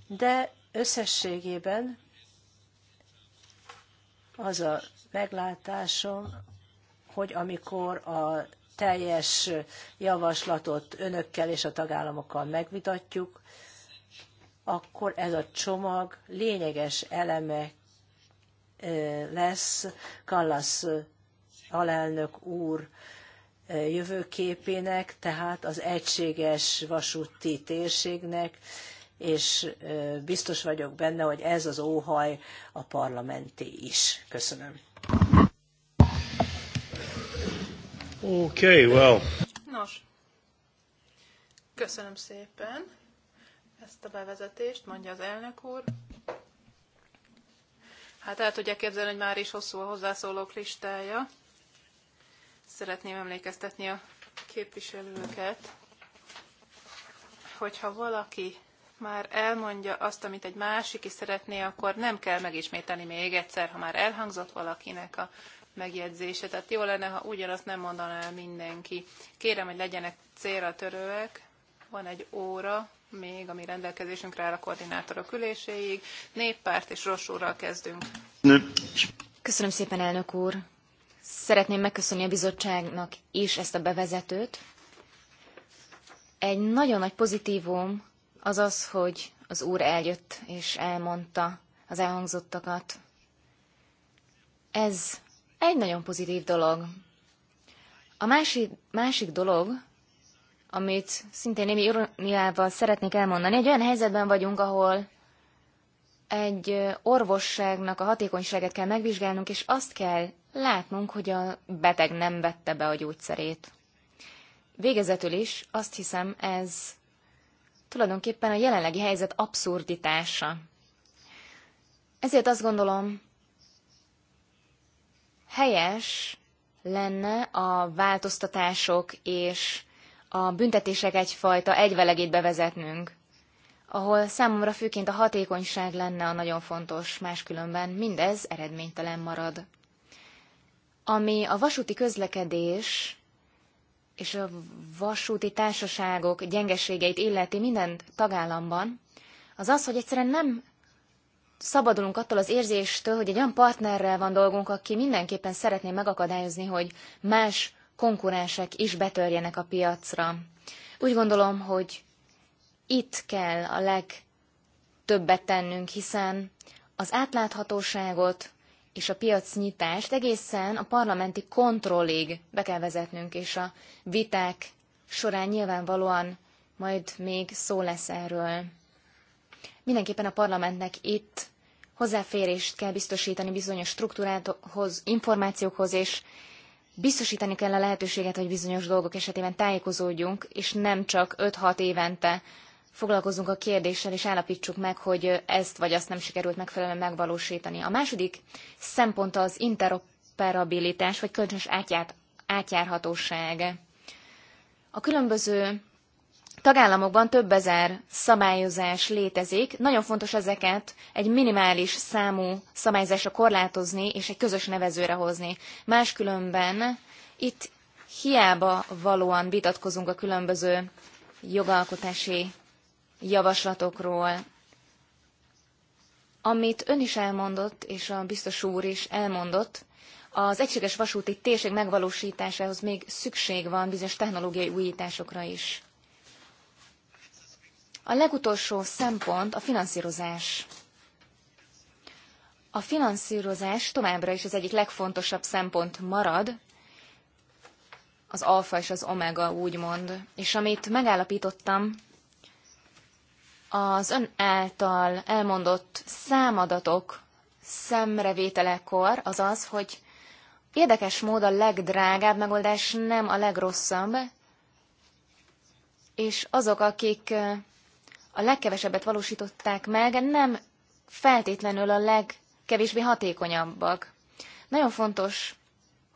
de összességében az a meglátásom, hogy amikor a teljes javaslatot önökkel és a tagállamokkal megvitatjuk, akkor ez a csomag lényeges eleme lesz Kallas alelnök úr jövőképének, tehát az egységes vasúti térségnek, és biztos vagyok benne, hogy ez az óhaj a parlamenti is. Köszönöm. Okay, well. Nos, köszönöm szépen ezt a bevezetést, mondja az elnök úr. Hát el tudják képzelni, hogy már is hosszú a hozzászólók listája. Szeretném emlékeztetni a képviselőket, hogyha valaki már elmondja azt, amit egy másik is szeretné, akkor nem kell megismételni még egyszer, ha már elhangzott valakinek a megjegyzése. Tehát jó lenne, ha ugyanazt nem mondaná el mindenki. Kérem, hogy legyenek célra törőek. Van egy óra még, ami rendelkezésünkre áll a koordinátorok üléséig. Néppárt és Ross kezdünk. Köszönöm szépen, elnök úr. Szeretném megköszönni a bizottságnak is ezt a bevezetőt. Egy nagyon nagy pozitívum az az, hogy az Úr eljött és elmondta az elhangzottakat. Ez egy nagyon pozitív dolog. A másik, másik dolog, amit szintén némi ironiával szeretnék elmondani, egy olyan helyzetben vagyunk, ahol egy orvosságnak a hatékonyságát kell megvizsgálnunk, és azt kell látnunk, hogy a beteg nem vette be a gyógyszerét. Végezetül is azt hiszem, ez tulajdonképpen a jelenlegi helyzet abszurditása. Ezért azt gondolom, helyes lenne a változtatások és a büntetések egyfajta egyvelegét bevezetnünk, ahol számomra főként a hatékonyság lenne a nagyon fontos, máskülönben mindez eredménytelen marad. Ami a vasúti közlekedés és a vasúti társaságok gyengeségeit illeti minden tagállamban, az az, hogy egyszerűen nem szabadulunk attól az érzéstől, hogy egy olyan partnerrel van dolgunk, aki mindenképpen szeretné megakadályozni, hogy más konkurensek is betörjenek a piacra. Úgy gondolom, hogy itt kell a legtöbbet tennünk, hiszen az átláthatóságot, és a piacnyitást egészen a parlamenti kontrollig be kell vezetnünk, és a viták során nyilvánvalóan majd még szó lesz erről. Mindenképpen a parlamentnek itt hozzáférést kell biztosítani bizonyos struktúrákhoz, információkhoz, és biztosítani kell a lehetőséget, hogy bizonyos dolgok esetében tájékozódjunk, és nem csak 5-6 évente foglalkozunk a kérdéssel, és állapítsuk meg, hogy ezt vagy azt nem sikerült megfelelően megvalósítani. A második szempont az interoperabilitás, vagy kölcsönös átját, átjárhatóság. A különböző tagállamokban több ezer szabályozás létezik, nagyon fontos ezeket egy minimális számú szabályozásra korlátozni és egy közös nevezőre hozni. Máskülönben itt hiába valóan vitatkozunk a különböző jogalkotási javaslatokról. Amit ön is elmondott, és a biztos úr is elmondott, az egységes vasúti térség megvalósításához még szükség van bizonyos technológiai újításokra is. A legutolsó szempont a finanszírozás. A finanszírozás továbbra is az egyik legfontosabb szempont marad, az alfa és az omega úgymond, és amit megállapítottam az ön által elmondott számadatok szemrevételekor az az, hogy érdekes mód a legdrágább megoldás nem a legrosszabb, és azok, akik a legkevesebbet valósították meg, nem feltétlenül a legkevésbé hatékonyabbak. Nagyon fontos,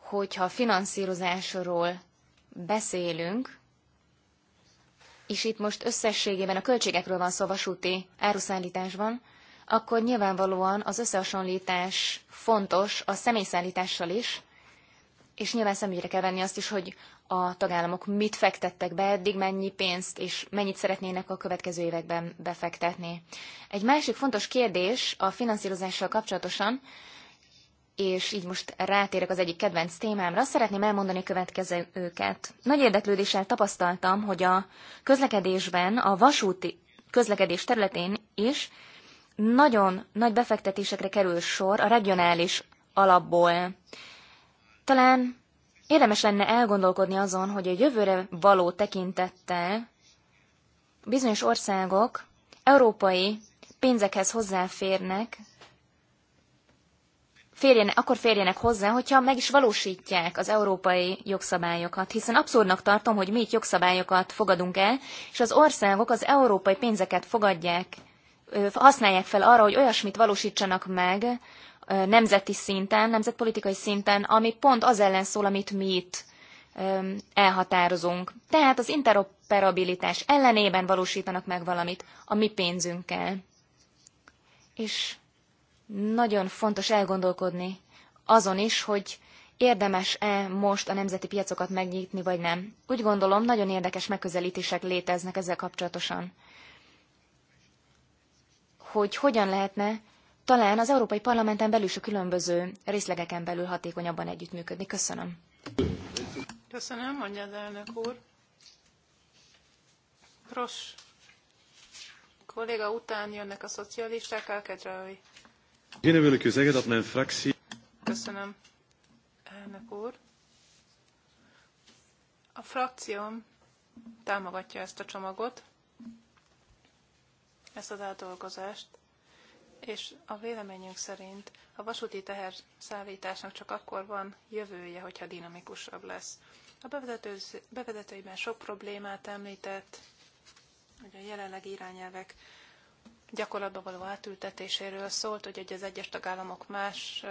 hogyha finanszírozásról beszélünk, és itt most összességében a költségekről van szó vasúti áruszállításban, akkor nyilvánvalóan az összehasonlítás fontos a személyszállítással is, és nyilván szemügyre kell venni azt is, hogy a tagállamok mit fektettek be eddig, mennyi pénzt és mennyit szeretnének a következő években befektetni. Egy másik fontos kérdés a finanszírozással kapcsolatosan, és így most rátérek az egyik kedvenc témámra, szeretném elmondani a következőket. Nagy érdeklődéssel tapasztaltam, hogy a közlekedésben, a vasúti közlekedés területén is nagyon nagy befektetésekre kerül sor a regionális alapból. Talán érdemes lenne elgondolkodni azon, hogy a jövőre való tekintettel bizonyos országok európai pénzekhez hozzáférnek, férjenek, akkor férjenek hozzá, hogyha meg is valósítják az európai jogszabályokat, hiszen abszurdnak tartom, hogy mi itt jogszabályokat fogadunk el, és az országok az európai pénzeket fogadják, használják fel arra, hogy olyasmit valósítsanak meg nemzeti szinten, nemzetpolitikai szinten, ami pont az ellen szól, amit mi itt elhatározunk. Tehát az interoperabilitás ellenében valósítanak meg valamit a mi pénzünkkel. És nagyon fontos elgondolkodni azon is, hogy érdemes-e most a nemzeti piacokat megnyitni, vagy nem. Úgy gondolom, nagyon érdekes megközelítések léteznek ezzel kapcsolatosan. Hogy hogyan lehetne talán az Európai Parlamenten belül is a különböző részlegeken belül hatékonyabban együttműködni. Köszönöm. Köszönöm, mondja az elnök úr. Gross kolléga után jönnek a szocialisták, Alkedraui Köszönöm, elnök úr. A frakcióm támogatja ezt a csomagot, ezt az átdolgozást, és a véleményünk szerint a vasúti teherszállításnak csak akkor van jövője, hogyha dinamikusabb lesz. A bevezető, bevezetőiben sok problémát említett, hogy a jelenlegi irányelvek gyakorlatba való átültetéséről szólt, hogy az egyes tagállamok más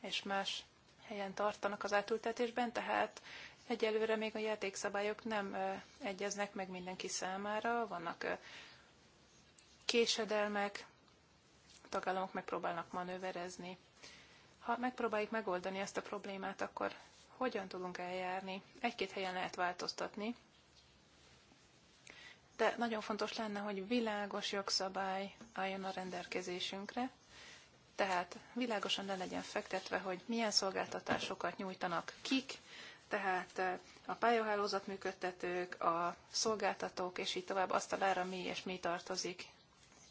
és más helyen tartanak az átültetésben, tehát egyelőre még a játékszabályok nem egyeznek meg mindenki számára, vannak késedelmek, a tagállamok megpróbálnak manőverezni. Ha megpróbáljuk megoldani ezt a problémát, akkor hogyan tudunk eljárni? Egy-két helyen lehet változtatni, de nagyon fontos lenne, hogy világos jogszabály álljon a rendelkezésünkre, tehát világosan le legyen fektetve, hogy milyen szolgáltatásokat nyújtanak kik, tehát eh, a pályahálózat működtetők, a szolgáltatók, és így tovább azt a lára mi és mi tartozik.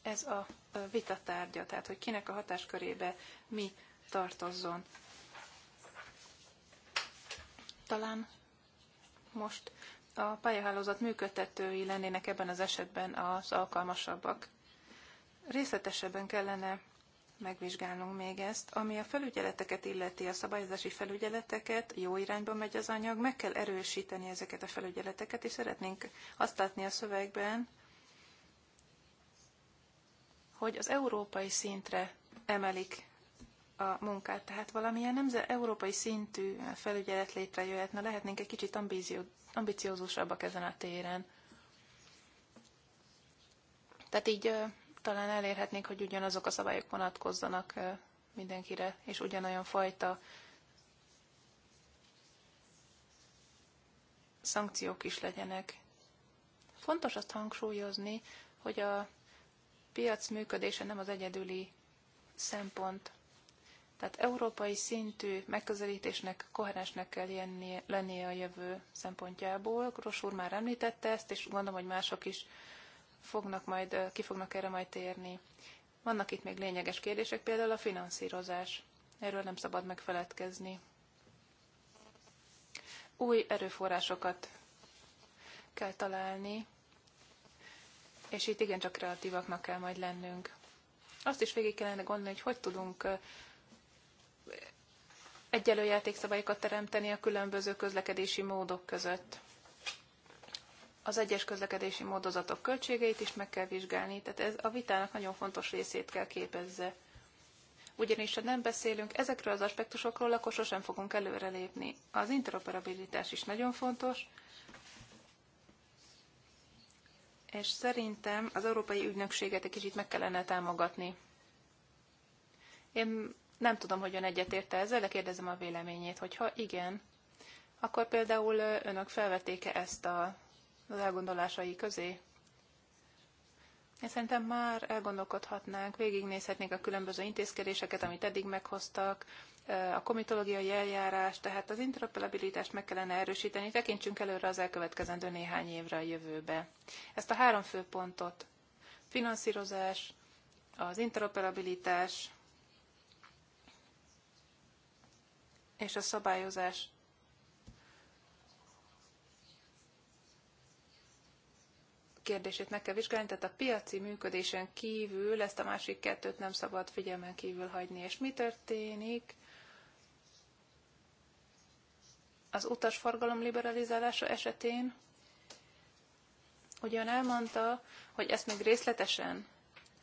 Ez a eh, vita tárgya, tehát hogy kinek a hatáskörébe mi tartozzon. Talán most a pályahálózat működtetői lennének ebben az esetben az alkalmasabbak. Részletesebben kellene megvizsgálnunk még ezt. Ami a felügyeleteket illeti, a szabályozási felügyeleteket, jó irányba megy az anyag, meg kell erősíteni ezeket a felügyeleteket, és szeretnénk azt látni a szövegben, hogy az európai szintre emelik a munkát. Tehát valamilyen nemzet európai szintű felügyelet létrejöhetne, lehetnénk egy kicsit ambizió, ambiciózusabbak ezen a téren. Tehát így talán elérhetnénk, hogy ugyanazok a szabályok vonatkozzanak ö, mindenkire, és ugyanolyan fajta szankciók is legyenek. Fontos azt hangsúlyozni, hogy a piac működése nem az egyedüli szempont tehát európai szintű megközelítésnek, koherensnek kell lennie, a jövő szempontjából. Gros úr már említette ezt, és gondolom, hogy mások is fognak majd, ki fognak erre majd térni. Vannak itt még lényeges kérdések, például a finanszírozás. Erről nem szabad megfeledkezni. Új erőforrásokat kell találni, és itt igencsak kreatívaknak kell majd lennünk. Azt is végig kellene gondolni, hogy hogy tudunk egyenlő játékszabályokat teremteni a különböző közlekedési módok között. Az egyes közlekedési módozatok költségeit is meg kell vizsgálni, tehát ez a vitának nagyon fontos részét kell képezze. Ugyanis, ha nem beszélünk ezekről az aspektusokról, akkor sosem fogunk előrelépni. Az interoperabilitás is nagyon fontos, és szerintem az Európai Ügynökséget egy kicsit meg kellene támogatni. Én nem tudom, hogy ön egyetérte ezzel, de kérdezem a véleményét, hogyha igen, akkor például önök felvetéke ezt a, az elgondolásai közé? Én szerintem már elgondolkodhatnánk, végignézhetnénk a különböző intézkedéseket, amit eddig meghoztak, a komitológiai eljárás, tehát az interoperabilitást meg kellene erősíteni, tekintsünk előre az elkövetkezendő néhány évre a jövőbe. Ezt a három fő pontot, finanszírozás, az interoperabilitás és a szabályozás kérdését meg kell vizsgálni, tehát a piaci működésen kívül ezt a másik kettőt nem szabad figyelmen kívül hagyni. És mi történik? Az utasforgalom liberalizálása esetén ugyan elmondta, hogy ezt még részletesen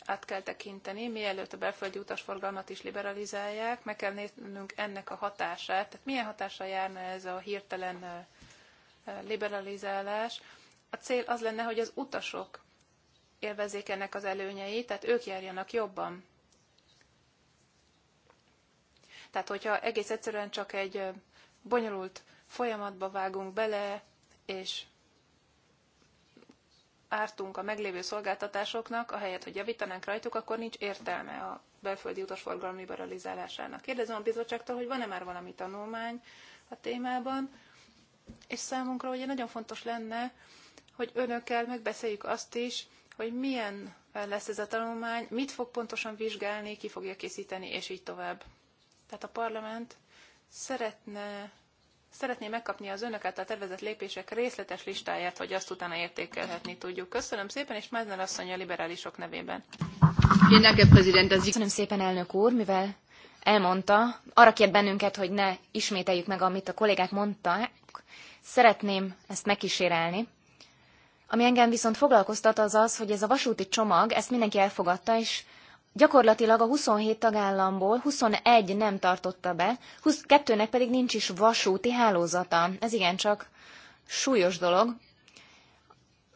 át kell tekinteni, mielőtt a belföldi utasforgalmat is liberalizálják, meg kell néznünk ennek a hatását, tehát milyen hatással járna ez a hirtelen liberalizálás. A cél az lenne, hogy az utasok élvezzék ennek az előnyeit, tehát ők járjanak jobban. Tehát, hogyha egész egyszerűen csak egy bonyolult folyamatba vágunk bele, és ártunk a meglévő szolgáltatásoknak, ahelyett, hogy javítanánk rajtuk, akkor nincs értelme a belföldi utasforgalom liberalizálásának. Kérdezem a bizottságtól, hogy van-e már valami tanulmány a témában, és számunkra ugye nagyon fontos lenne, hogy önökkel megbeszéljük azt is, hogy milyen lesz ez a tanulmány, mit fog pontosan vizsgálni, ki fogja készíteni, és így tovább. Tehát a parlament szeretne Szeretném megkapni az önöket a tervezett lépések részletes listáját, hogy azt utána értékelhetni tudjuk. Köszönöm szépen, és Mázner asszony a liberálisok nevében. Köszönöm szépen, elnök úr, mivel elmondta, arra kért bennünket, hogy ne ismételjük meg, amit a kollégák mondtak, szeretném ezt megkísérelni. Ami engem viszont foglalkoztat az az, hogy ez a vasúti csomag, ezt mindenki elfogadta, és gyakorlatilag a 27 tagállamból 21 nem tartotta be, 22-nek pedig nincs is vasúti hálózata. Ez igencsak súlyos dolog.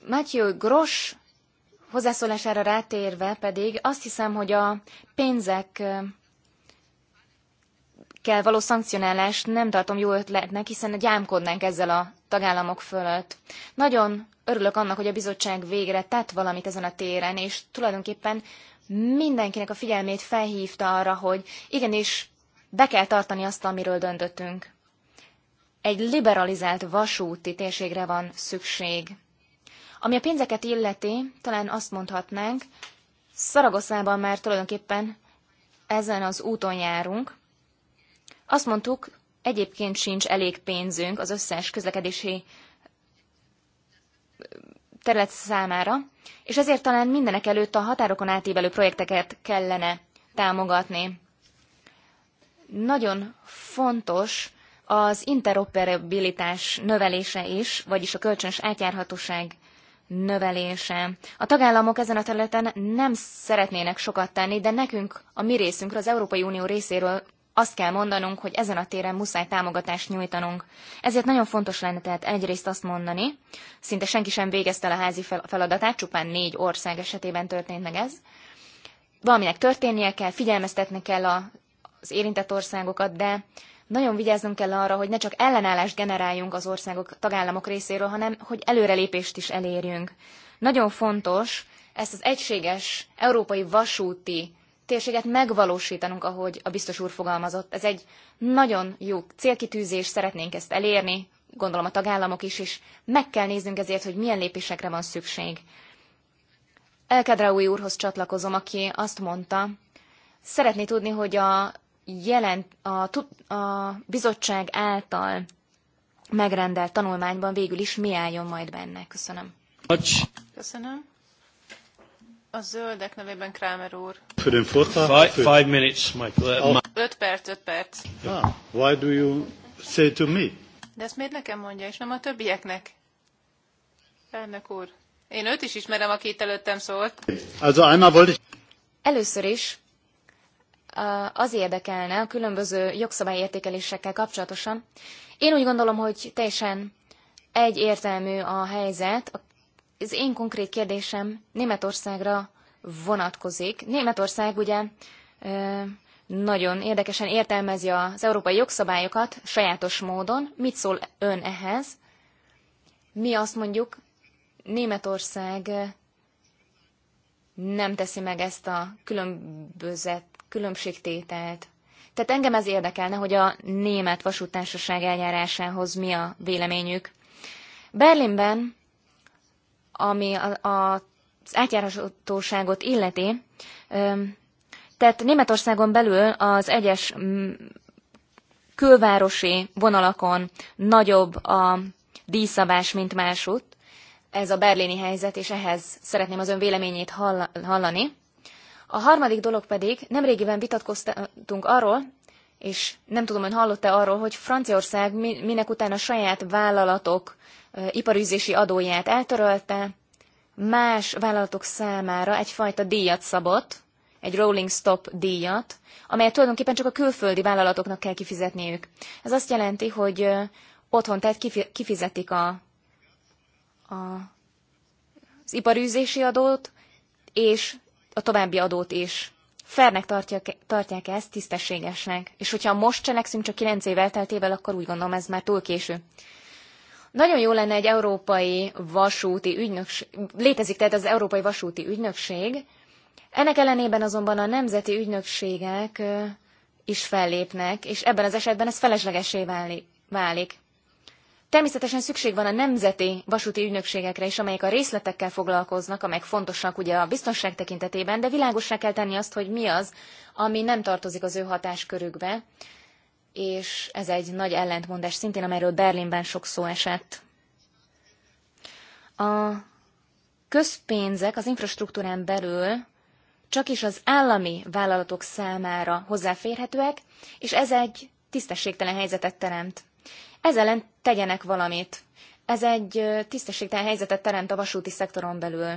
Matthew Gross hozzászólására rátérve pedig azt hiszem, hogy a pénzek kell való szankcionálást nem tartom jó ötletnek, hiszen gyámkodnánk ezzel a tagállamok fölött. Nagyon örülök annak, hogy a bizottság végre tett valamit ezen a téren, és tulajdonképpen mindenkinek a figyelmét felhívta arra, hogy igenis be kell tartani azt, amiről döntöttünk. Egy liberalizált vasúti térségre van szükség. Ami a pénzeket illeti, talán azt mondhatnánk, Szaragoszában már tulajdonképpen ezen az úton járunk. Azt mondtuk, egyébként sincs elég pénzünk az összes közlekedési terület számára, és ezért talán mindenek előtt a határokon átívelő projekteket kellene támogatni. Nagyon fontos az interoperabilitás növelése is, vagyis a kölcsönös átjárhatóság növelése. A tagállamok ezen a területen nem szeretnének sokat tenni, de nekünk a mi részünkről, az Európai Unió részéről azt kell mondanunk, hogy ezen a téren muszáj támogatást nyújtanunk. Ezért nagyon fontos lenne tehát egyrészt azt mondani, szinte senki sem végezte a házi feladatát, csupán négy ország esetében történt meg ez. Valaminek történnie kell, figyelmeztetni kell a, az érintett országokat, de nagyon vigyáznunk kell arra, hogy ne csak ellenállást generáljunk az országok, tagállamok részéről, hanem hogy előrelépést is elérjünk. Nagyon fontos ezt az egységes európai vasúti térséget megvalósítanunk, ahogy a biztos úr fogalmazott. Ez egy nagyon jó célkitűzés, szeretnénk ezt elérni, gondolom a tagállamok is, és meg kell néznünk ezért, hogy milyen lépésekre van szükség. Elkedraui úrhoz csatlakozom, aki azt mondta, szeretné tudni, hogy a, jelent, a, a bizottság által megrendelt tanulmányban végül is mi álljon majd benne. Köszönöm. Köszönöm. A zöldek nevében Kramer úr. Five, five minutes, Michael. Uh, öt perc, öt perc. Ah, why do you say to me? De ezt miért nekem mondja, és nem a többieknek? Elnök úr. Én őt is ismerem, aki itt előttem szólt. Also einmal wollte ich... Először is az érdekelne a különböző értékelésekkel kapcsolatosan. Én úgy gondolom, hogy teljesen egyértelmű a helyzet, a az én konkrét kérdésem Németországra vonatkozik. Németország ugye nagyon érdekesen értelmezi az európai jogszabályokat sajátos módon. Mit szól ön ehhez? Mi azt mondjuk, Németország nem teszi meg ezt a különbözet, különbségtételt. Tehát engem ez érdekelne, hogy a német vasútársaság eljárásához mi a véleményük. Berlinben ami a, a, az átjárhatóságot illeti, tehát Németországon belül az egyes külvárosi vonalakon nagyobb a díszabás mint másutt. Ez a berlini helyzet, és ehhez szeretném az ön véleményét hallani. A harmadik dolog pedig, nemrégiben vitatkoztunk arról, és nem tudom, hogy hallotta arról, hogy Franciaország minek után a saját vállalatok iparűzési adóját eltörölte, más vállalatok számára egyfajta díjat szabott, egy rolling stop díjat, amelyet tulajdonképpen csak a külföldi vállalatoknak kell kifizetniük. Ez azt jelenti, hogy otthon tehát kifizetik a, a, az iparűzési adót, és a további adót is. Fernek tartják, tartják ezt tisztességesnek, és hogyha most cselekszünk csak 9 év elteltével, akkor úgy gondolom ez már túl késő. Nagyon jó lenne egy európai vasúti ügynökség, létezik tehát az európai vasúti ügynökség, ennek ellenében azonban a nemzeti ügynökségek is fellépnek, és ebben az esetben ez feleslegesé válik. Természetesen szükség van a nemzeti vasúti ügynökségekre is, amelyek a részletekkel foglalkoznak, amelyek fontosak ugye a biztonság tekintetében, de világosra kell tenni azt, hogy mi az, ami nem tartozik az ő hatáskörükbe és ez egy nagy ellentmondás szintén, amelyről Berlinben sok szó esett. A közpénzek az infrastruktúrán belül csak is az állami vállalatok számára hozzáférhetőek, és ez egy tisztességtelen helyzetet teremt. Ez ellen tegyenek valamit. Ez egy tisztességtelen helyzetet teremt a vasúti szektoron belül.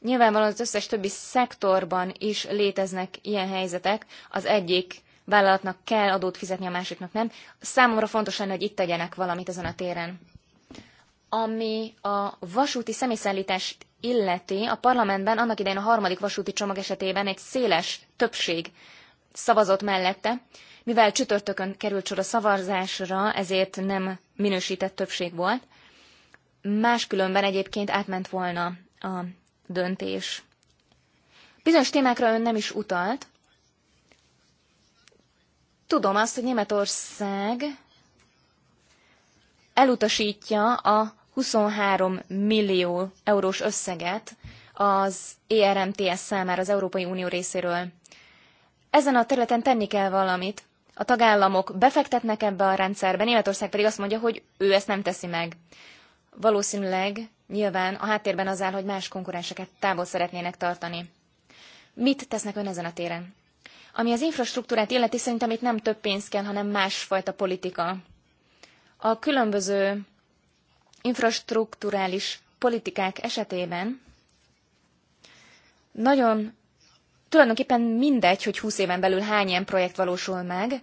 Nyilvánvalóan az összes többi szektorban is léteznek ilyen helyzetek. Az egyik vállalatnak kell adót fizetni, a másiknak nem. Számomra fontos lenne, hogy itt tegyenek valamit ezen a téren. Ami a vasúti személyszállítást illeti, a parlamentben annak idején a harmadik vasúti csomag esetében egy széles többség szavazott mellette, mivel csütörtökön került sor a szavazásra, ezért nem minősített többség volt. Máskülönben egyébként átment volna a döntés. Bizonyos témákra ön nem is utalt, Tudom azt, hogy Németország elutasítja a 23 millió eurós összeget az ERMTS számára az Európai Unió részéről. Ezen a területen tenni kell valamit. A tagállamok befektetnek ebbe a rendszerbe, Németország pedig azt mondja, hogy ő ezt nem teszi meg. Valószínűleg nyilván a háttérben az áll, hogy más konkurenseket távol szeretnének tartani. Mit tesznek ön ezen a téren? Ami az infrastruktúrát illeti, szerintem itt nem több pénz kell, hanem másfajta politika. A különböző infrastruktúrális politikák esetében nagyon tulajdonképpen mindegy, hogy 20 éven belül hány ilyen projekt valósul meg.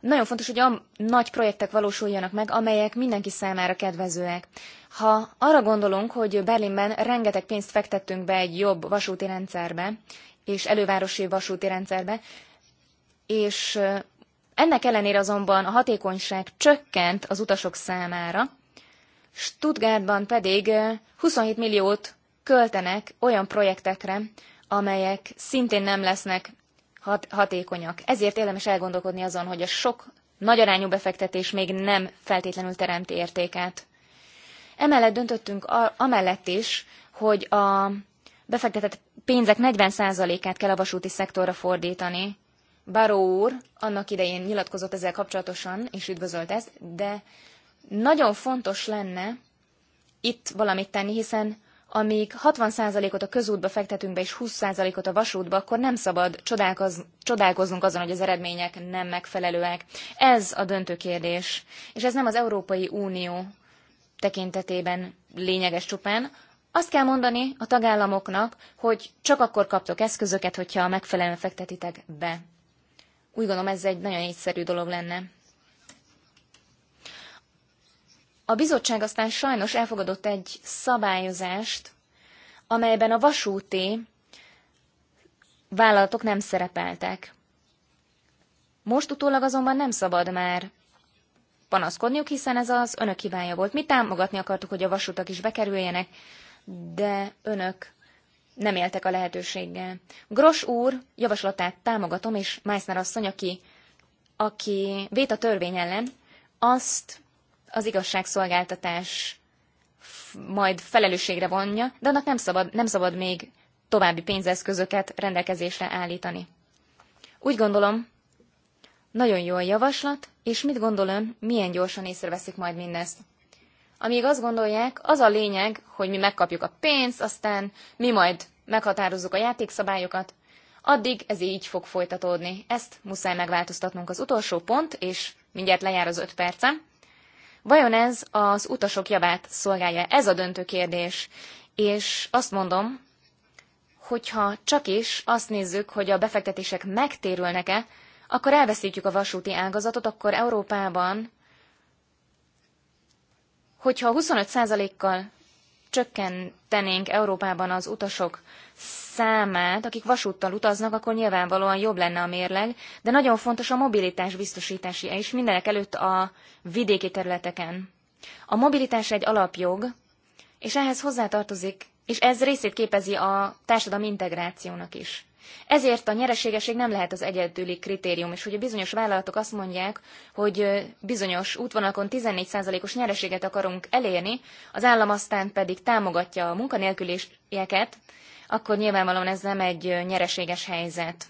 Nagyon fontos, hogy a nagy projektek valósuljanak meg, amelyek mindenki számára kedvezőek. Ha arra gondolunk, hogy Berlinben rengeteg pénzt fektettünk be egy jobb vasúti rendszerbe, és elővárosi vasúti rendszerbe, és ennek ellenére azonban a hatékonyság csökkent az utasok számára, Stuttgartban pedig 27 milliót költenek olyan projektekre, amelyek szintén nem lesznek hat- hatékonyak. Ezért érdemes elgondolkodni azon, hogy a sok nagyarányú befektetés még nem feltétlenül teremt értéket. Emellett döntöttünk a- amellett is, hogy a befektetett pénzek 40%-át kell a vasúti szektorra fordítani. Baró úr annak idején nyilatkozott ezzel kapcsolatosan, és üdvözölt ezt, de nagyon fontos lenne itt valamit tenni, hiszen amíg 60%-ot a közútba fektetünk be, és 20%-ot a vasútba, akkor nem szabad csodálkoz, csodálkoznunk azon, hogy az eredmények nem megfelelőek. Ez a döntő kérdés. És ez nem az Európai Unió tekintetében lényeges csupán, azt kell mondani a tagállamoknak, hogy csak akkor kaptok eszközöket, hogyha megfelelően fektetitek be. Úgy gondolom, ez egy nagyon egyszerű dolog lenne. A bizottság aztán sajnos elfogadott egy szabályozást, amelyben a vasúti vállalatok nem szerepeltek. Most utólag azonban nem szabad már panaszkodniuk, hiszen ez az önök hibája volt. Mi támogatni akartuk, hogy a vasutak is bekerüljenek, de önök nem éltek a lehetőséggel. Gros úr javaslatát támogatom, és Meissner asszony, aki, aki vét a törvény ellen, azt az igazságszolgáltatás majd felelősségre vonja, de annak nem szabad, nem szabad még további pénzeszközöket rendelkezésre állítani. Úgy gondolom, nagyon jó a javaslat, és mit gondol ön, milyen gyorsan észreveszik majd mindezt? amíg azt gondolják, az a lényeg, hogy mi megkapjuk a pénzt, aztán mi majd meghatározzuk a játékszabályokat, addig ez így fog folytatódni. Ezt muszáj megváltoztatnunk az utolsó pont, és mindjárt lejár az öt percem. Vajon ez az utasok javát szolgálja? Ez a döntő kérdés. És azt mondom, hogyha csak is azt nézzük, hogy a befektetések megtérülnek-e, akkor elveszítjük a vasúti ágazatot, akkor Európában hogyha 25%-kal csökkentenénk Európában az utasok számát, akik vasúttal utaznak, akkor nyilvánvalóan jobb lenne a mérleg, de nagyon fontos a mobilitás biztosítási és mindenek előtt a vidéki területeken. A mobilitás egy alapjog, és ehhez hozzátartozik, és ez részét képezi a társadalmi integrációnak is. Ezért a nyereségesség nem lehet az egyedüli kritérium, és hogy a bizonyos vállalatok azt mondják, hogy bizonyos útvonalakon 14%-os nyereséget akarunk elérni, az állam aztán pedig támogatja a munkanélkülieket, akkor nyilvánvalóan ez nem egy nyereséges helyzet.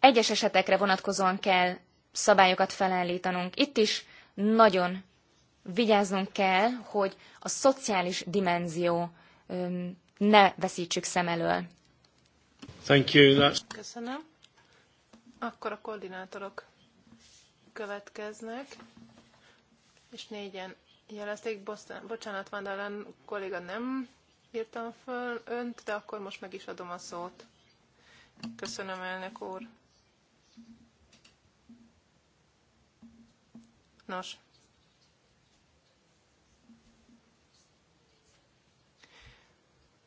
Egyes esetekre vonatkozóan kell szabályokat felállítanunk. Itt is nagyon vigyáznunk kell, hogy a szociális dimenzió ne veszítsük szem elől. Thank you. That's... Köszönöm. Akkor a koordinátorok következnek, és négyen jelezték. Bocsánat bocsánat, Vandalán kolléga nem írtam föl önt, de akkor most meg is adom a szót. Köszönöm, elnök úr. Nos,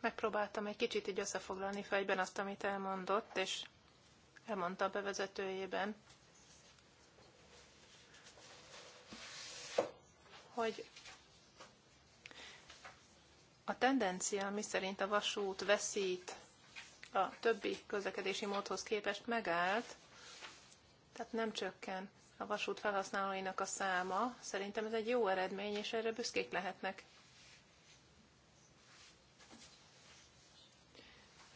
megpróbáltam egy kicsit így összefoglalni fejben azt, amit elmondott, és elmondta a bevezetőjében, hogy a tendencia, miszerint a vasút veszít a többi közlekedési módhoz képest megállt, tehát nem csökken a vasút felhasználóinak a száma. Szerintem ez egy jó eredmény, és erre büszkék lehetnek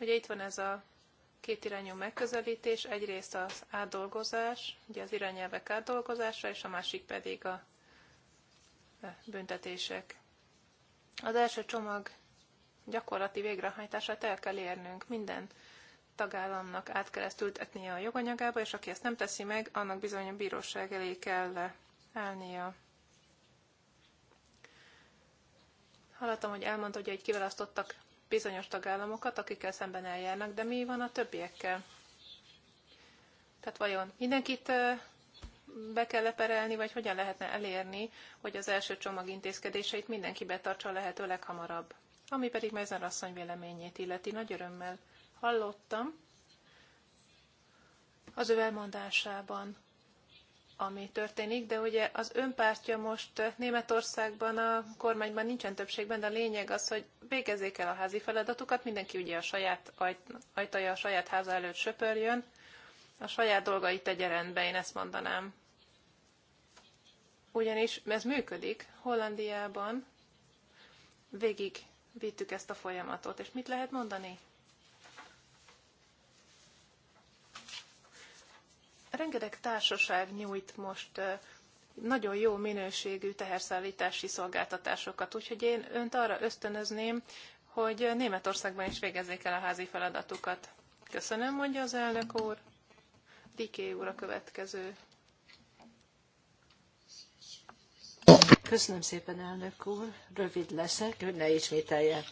Ugye itt van ez a két irányú megközelítés, egyrészt az átdolgozás, ugye az irányelvek átdolgozása, és a másik pedig a e, büntetések. Az első csomag gyakorlati végrehajtását el kell érnünk minden tagállamnak át kell ezt ültetnie a joganyagába, és aki ezt nem teszi meg, annak bizony a bíróság elé kell állnia. Hallottam, hogy elmondta, hogy egy kiválasztottak bizonyos tagállamokat, akikkel szemben eljárnak, de mi van a többiekkel? Tehát vajon mindenkit be kell leperelni, vagy hogyan lehetne elérni, hogy az első csomag intézkedéseit mindenki betartsa a lehető leghamarabb? Ami pedig Mezen asszony véleményét illeti, nagy örömmel hallottam az ő elmondásában, ami történik, de ugye az önpártja most eh, Németországban, a kormányban nincsen többségben, de a lényeg az, hogy végezzék el a házi feladatukat, mindenki ugye a saját ajtaja, a saját háza előtt söpörjön, a saját dolgait tegye rendbe, én ezt mondanám. Ugyanis ez működik. Hollandiában végig vittük ezt a folyamatot, és mit lehet mondani? Rengeteg társaság nyújt most nagyon jó minőségű teherszállítási szolgáltatásokat, úgyhogy én önt arra ösztönözném, hogy Németországban is végezzék el a házi feladatukat. Köszönöm, mondja az elnök úr. Diké úr a következő. Köszönöm szépen, elnök úr. Rövid leszek, hogy ne ismételje,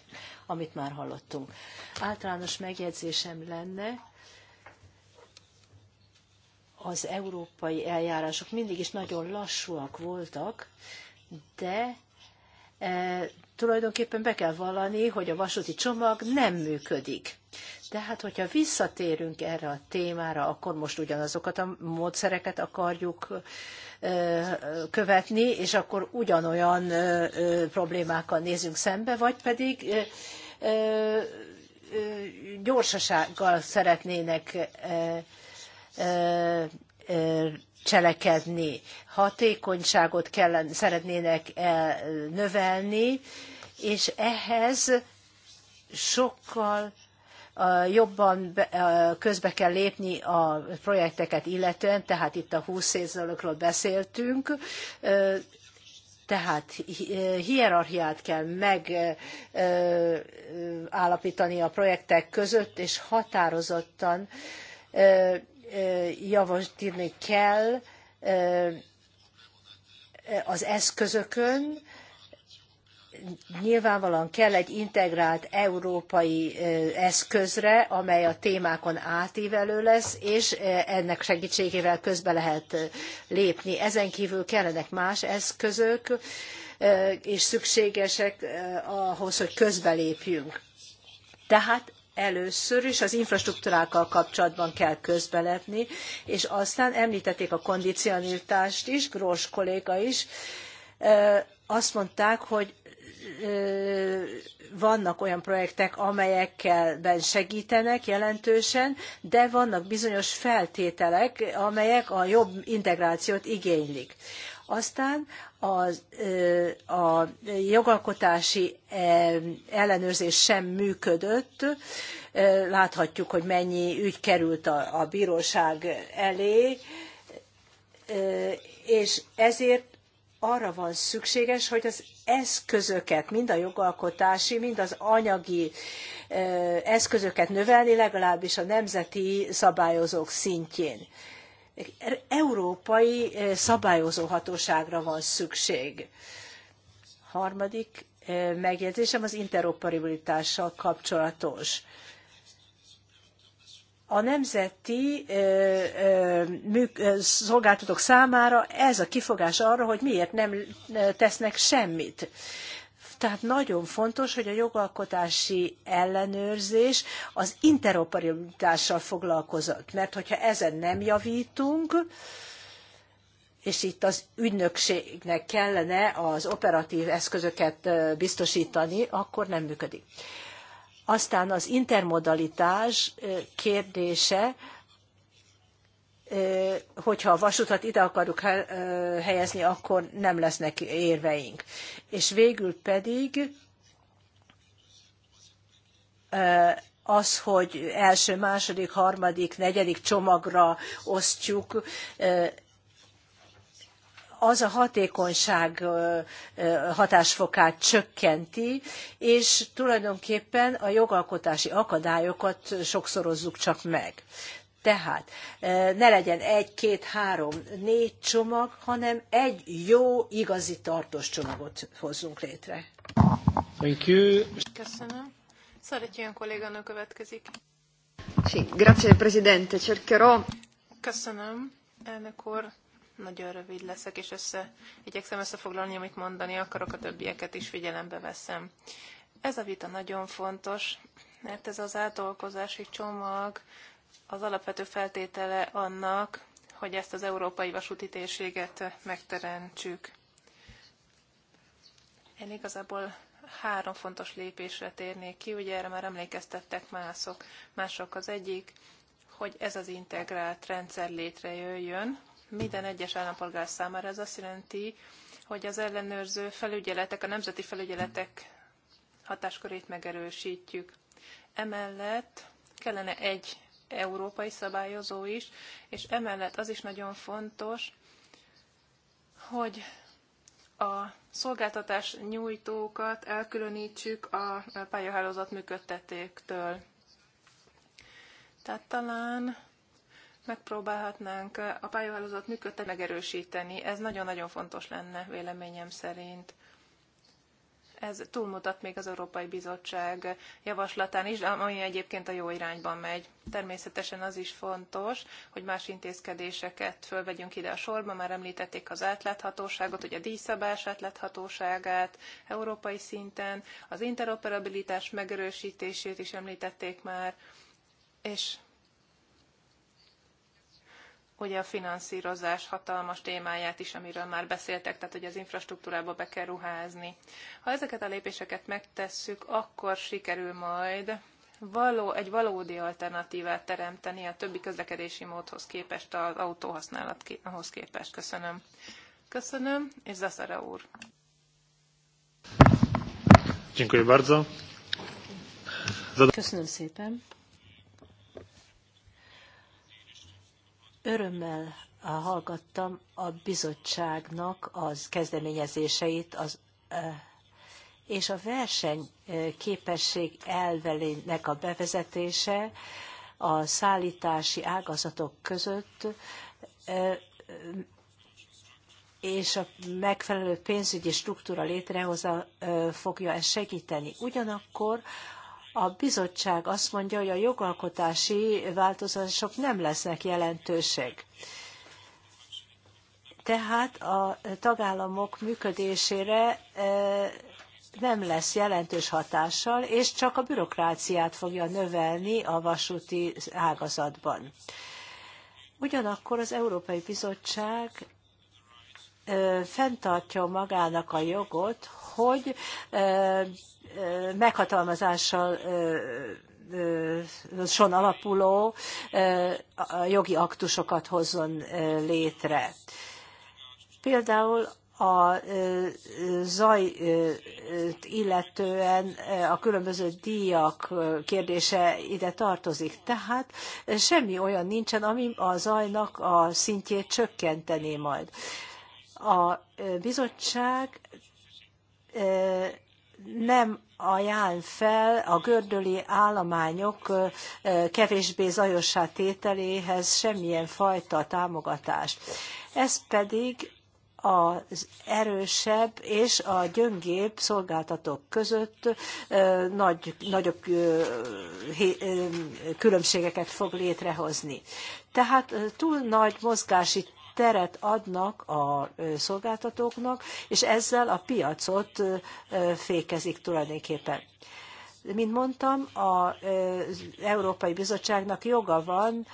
amit már hallottunk. Általános megjegyzésem lenne, az európai eljárások mindig is nagyon lassúak voltak, de e, tulajdonképpen be kell vallani, hogy a vasúti csomag nem működik. Tehát, hogyha visszatérünk erre a témára, akkor most ugyanazokat a módszereket akarjuk e, követni, és akkor ugyanolyan e, e, problémákkal nézünk szembe, vagy pedig gyorsasággal szeretnének cselekedni. Hatékonyságot kellene, szeretnének növelni, és ehhez sokkal jobban közbe kell lépni a projekteket illetően, tehát itt a 20%-ról beszéltünk, tehát hierarchiát kell megállapítani a projektek között, és határozottan javasítani kell az eszközökön, nyilvánvalóan kell egy integrált európai eszközre, amely a témákon átívelő lesz, és ennek segítségével közbe lehet lépni. Ezen kívül kellenek más eszközök, és szükségesek ahhoz, hogy közbelépjünk. Tehát először is az infrastruktúrákkal kapcsolatban kell közbelepni, és aztán említették a kondicionalitást is, Grós kolléga is, azt mondták, hogy vannak olyan projektek, amelyekkel segítenek jelentősen, de vannak bizonyos feltételek, amelyek a jobb integrációt igénylik. Aztán a, a jogalkotási ellenőrzés sem működött. Láthatjuk, hogy mennyi ügy került a, a bíróság elé, és ezért arra van szükséges, hogy az eszközöket, mind a jogalkotási, mind az anyagi eszközöket növelni, legalábbis a nemzeti szabályozók szintjén európai eh, szabályozó hatóságra van szükség. Harmadik eh, megjegyzésem az interoperabilitással kapcsolatos. A nemzeti eh, szolgáltatók számára ez a kifogás arra, hogy miért nem tesznek semmit tehát nagyon fontos, hogy a jogalkotási ellenőrzés az interoperabilitással foglalkozott, mert hogyha ezen nem javítunk, és itt az ügynökségnek kellene az operatív eszközöket biztosítani, akkor nem működik. Aztán az intermodalitás kérdése, hogyha a vasutat ide akarjuk helyezni, akkor nem lesznek érveink. És végül pedig az, hogy első, második, harmadik, negyedik csomagra osztjuk, az a hatékonyság hatásfokát csökkenti, és tulajdonképpen a jogalkotási akadályokat sokszorozzuk csak meg. Tehát e, ne legyen egy, két, három, négy csomag, hanem egy jó, igazi, tartós csomagot hozzunk létre. Thank you. Köszönöm. Szeretjön kolléganő következik. Sí, grazie, presidente. Cercherò. Köszönöm, elnök úr. Nagyon rövid leszek, és össze, igyekszem összefoglalni, amit mondani akarok, a többieket is figyelembe veszem. Ez a vita nagyon fontos, mert ez az átolkozási csomag, az alapvető feltétele annak, hogy ezt az európai vasúti térséget megteremtsük. Én igazából három fontos lépésre térnék ki, ugye erre már emlékeztettek mások. Mások az egyik, hogy ez az integrált rendszer létrejöjjön. Minden egyes állampolgár számára ez azt jelenti, hogy az ellenőrző felügyeletek, a nemzeti felügyeletek hatáskörét megerősítjük. Emellett kellene egy európai szabályozó is, és emellett az is nagyon fontos, hogy a szolgáltatás nyújtókat elkülönítsük a pályahálózat működtetéktől. Tehát talán megpróbálhatnánk a pályahálózat működtet megerősíteni. Ez nagyon-nagyon fontos lenne véleményem szerint ez túlmutat még az Európai Bizottság javaslatán is, ami egyébként a jó irányban megy. Természetesen az is fontos, hogy más intézkedéseket fölvegyünk ide a sorba, már említették az átláthatóságot, ugye a díjszabás átláthatóságát európai szinten, az interoperabilitás megerősítését is említették már, és ugye a finanszírozás hatalmas témáját is, amiről már beszéltek, tehát hogy az infrastruktúrába be kell ruházni. Ha ezeket a lépéseket megtesszük, akkor sikerül majd való, egy valódi alternatívát teremteni a többi közlekedési módhoz képest, az autóhasználathoz képest. Köszönöm. Köszönöm, és Zaszara úr. Köszönöm szépen. Örömmel hallgattam a bizottságnak az kezdeményezéseit, az, és a versenyképesség elvelének a bevezetése a szállítási ágazatok között és a megfelelő pénzügyi struktúra létrehozása fogja ezt segíteni. Ugyanakkor a bizottság azt mondja, hogy a jogalkotási változások nem lesznek jelentőség. Tehát a tagállamok működésére e, nem lesz jelentős hatással, és csak a bürokráciát fogja növelni a vasúti ágazatban. Ugyanakkor az Európai Bizottság e, fenntartja magának a jogot, hogy e, meghatalmazással son alapuló jogi aktusokat hozzon létre. Például a zaj illetően a különböző díjak kérdése ide tartozik. Tehát semmi olyan nincsen, ami a zajnak a szintjét csökkentené majd. A bizottság nem ajánl fel a gördöli állományok kevésbé zajossá tételéhez semmilyen fajta támogatást. Ez pedig az erősebb és a gyöngébb szolgáltatók között nagy, nagyobb különbségeket fog létrehozni. Tehát túl nagy mozgási teret adnak a szolgáltatóknak, és ezzel a piacot fékezik tulajdonképpen. Mint mondtam, az Európai Bizottságnak joga van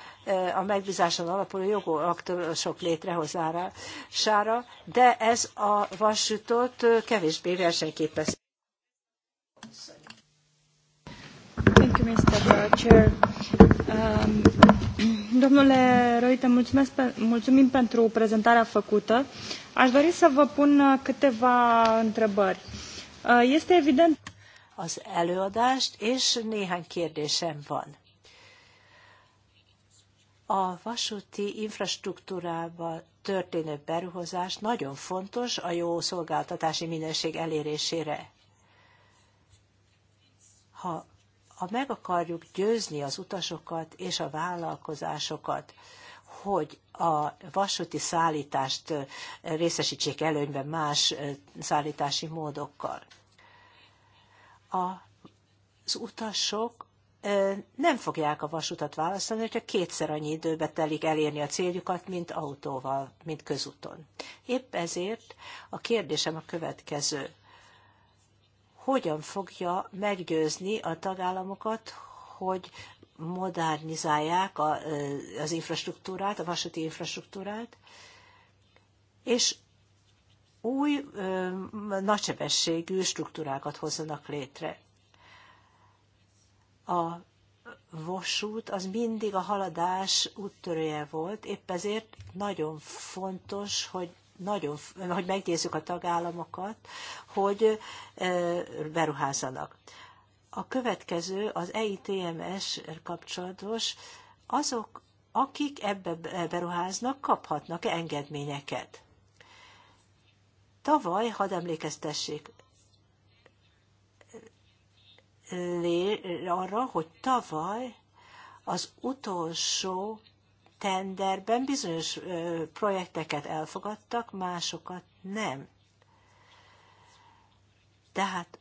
a megbízáson alapuló jogoktorosok létrehozására, de ez a vasütot kevésbé versenyképes. Thank you, Mr. Chair. Um, Domnule Roite, mulțumesc pe, mulțumim pentru prezentarea făcută. Aș dori să vă pun uh, câteva întrebări. Uh, este evident... Az előadást, és néhány kérdésem van. A vasúti infrastruktúrába történő beruházás nagyon fontos a jó szolgáltatási minőség elérésére. Ha ha meg akarjuk győzni az utasokat és a vállalkozásokat, hogy a vasúti szállítást részesítsék előnyben más szállítási módokkal. Az utasok nem fogják a vasutat választani, hogyha kétszer annyi időbe telik elérni a céljukat, mint autóval, mint közúton. Épp ezért a kérdésem a következő hogyan fogja meggyőzni a tagállamokat, hogy modernizálják a, az infrastruktúrát, a vasúti infrastruktúrát, és új ö, nagysebességű struktúrákat hozzanak létre. A vasút az mindig a haladás úttörője volt, épp ezért nagyon fontos, hogy nagyon, hogy megnézzük a tagállamokat, hogy beruházzanak. A következő az EITMS kapcsolatos, azok, akik ebbe beruháznak, kaphatnak -e engedményeket. Tavaly, hadd emlékeztessék arra, hogy tavaly az utolsó tenderben bizonyos projekteket elfogadtak, másokat nem. Tehát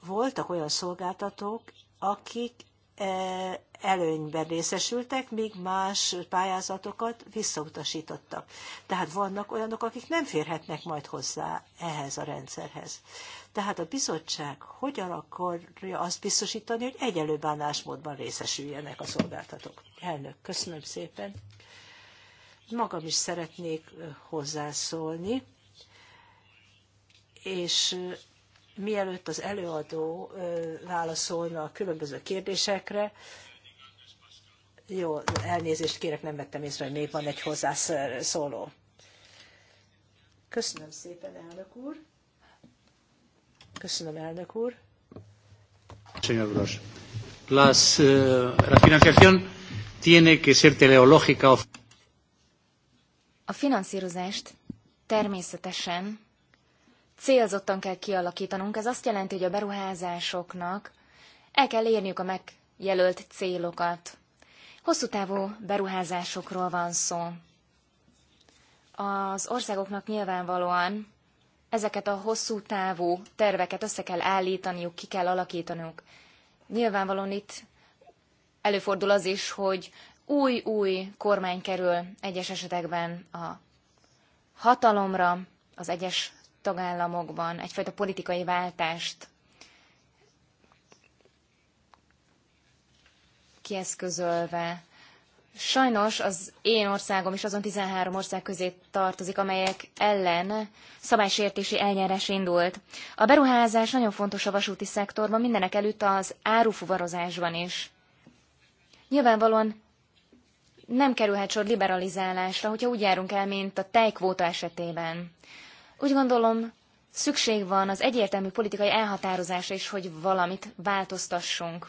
voltak olyan szolgáltatók, akik előnyben részesültek, míg más pályázatokat visszautasítottak. Tehát vannak olyanok, akik nem férhetnek majd hozzá ehhez a rendszerhez. Tehát a bizottság hogyan akarja azt biztosítani, hogy egyenlő bánásmódban részesüljenek a szolgáltatók? Elnök, köszönöm szépen. Magam is szeretnék hozzászólni, és mielőtt az előadó válaszolna a különböző kérdésekre, jó, elnézést kérek, nem vettem észre, hogy még van egy hozzászóló. Köszönöm szépen, elnök úr. Köszönöm, elnök úr. Señor Las, eh, la financiación tiene que ser teleológica. A finanszírozást természetesen célzottan kell kialakítanunk. Ez azt jelenti, hogy a beruházásoknak el kell érniük a megjelölt célokat. Hosszú távú beruházásokról van szó. Az országoknak nyilvánvalóan ezeket a hosszú távú terveket össze kell állítaniuk, ki kell alakítanunk. Nyilvánvalóan itt előfordul az is, hogy új-új kormány kerül egyes esetekben a hatalomra, az egyes tagállamokban egyfajta politikai váltást kieszközölve Sajnos az én országom is azon 13 ország közé tartozik, amelyek ellen szabálysértési eljárás indult. A beruházás nagyon fontos a vasúti szektorban, mindenek előtt az árufuvarozásban is. Nyilvánvalóan nem kerülhet sor liberalizálásra, hogyha úgy járunk el, mint a tejkvóta esetében. Úgy gondolom, szükség van az egyértelmű politikai elhatározásra is, hogy valamit változtassunk.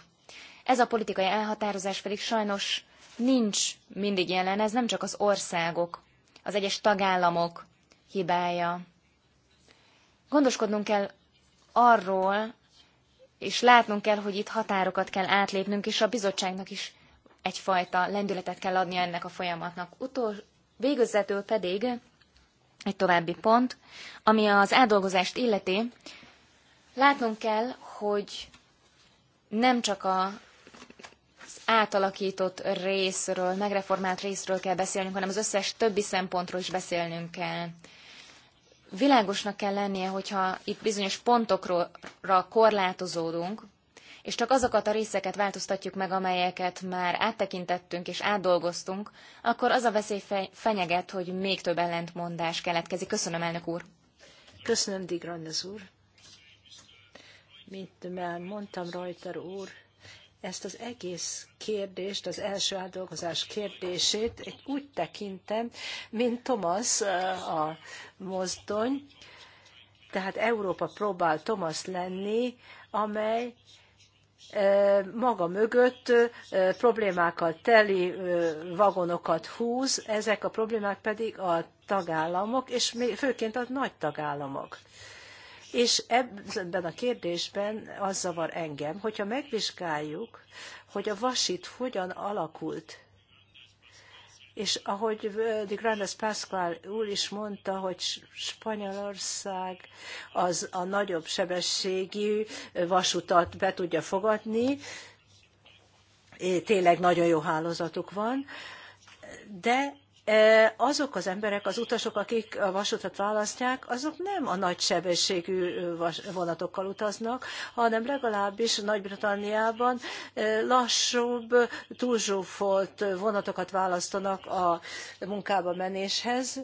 Ez a politikai elhatározás pedig sajnos nincs mindig jelen, ez nem csak az országok, az egyes tagállamok hibája. Gondoskodnunk kell arról, és látnunk kell, hogy itt határokat kell átlépnünk, és a bizottságnak is egyfajta lendületet kell adnia ennek a folyamatnak. Utol, végözzetül pedig egy további pont, ami az átdolgozást illeti, látnunk kell, hogy nem csak a átalakított részről, megreformált részről kell beszélnünk, hanem az összes többi szempontról is beszélnünk kell. Világosnak kell lennie, hogyha itt bizonyos pontokra korlátozódunk, és csak azokat a részeket változtatjuk meg, amelyeket már áttekintettünk és átdolgoztunk, akkor az a veszély fenyeget, hogy még több ellentmondás keletkezik. Köszönöm, elnök úr! Köszönöm, Digrandes úr! Mint már mondtam, Reuter úr, ezt az egész kérdést, az első átdolgozás kérdését úgy tekintem, mint Thomas a mozdony, tehát Európa próbál Thomas lenni, amely maga mögött problémákkal teli vagonokat húz, ezek a problémák pedig a tagállamok, és főként a nagy tagállamok. És ebben a kérdésben az zavar engem, hogyha megvizsgáljuk, hogy a vasit hogyan alakult, és ahogy de Grandes Pascual úr is mondta, hogy Spanyolország az a nagyobb sebességű vasutat be tudja fogadni, tényleg nagyon jó hálózatuk van, de Eh, azok az emberek, az utasok, akik a vasutat választják, azok nem a nagy sebességű vonatokkal utaznak, hanem legalábbis Nagy-Britanniában eh, lassúbb, túlzsúfolt vonatokat választanak a munkába menéshez.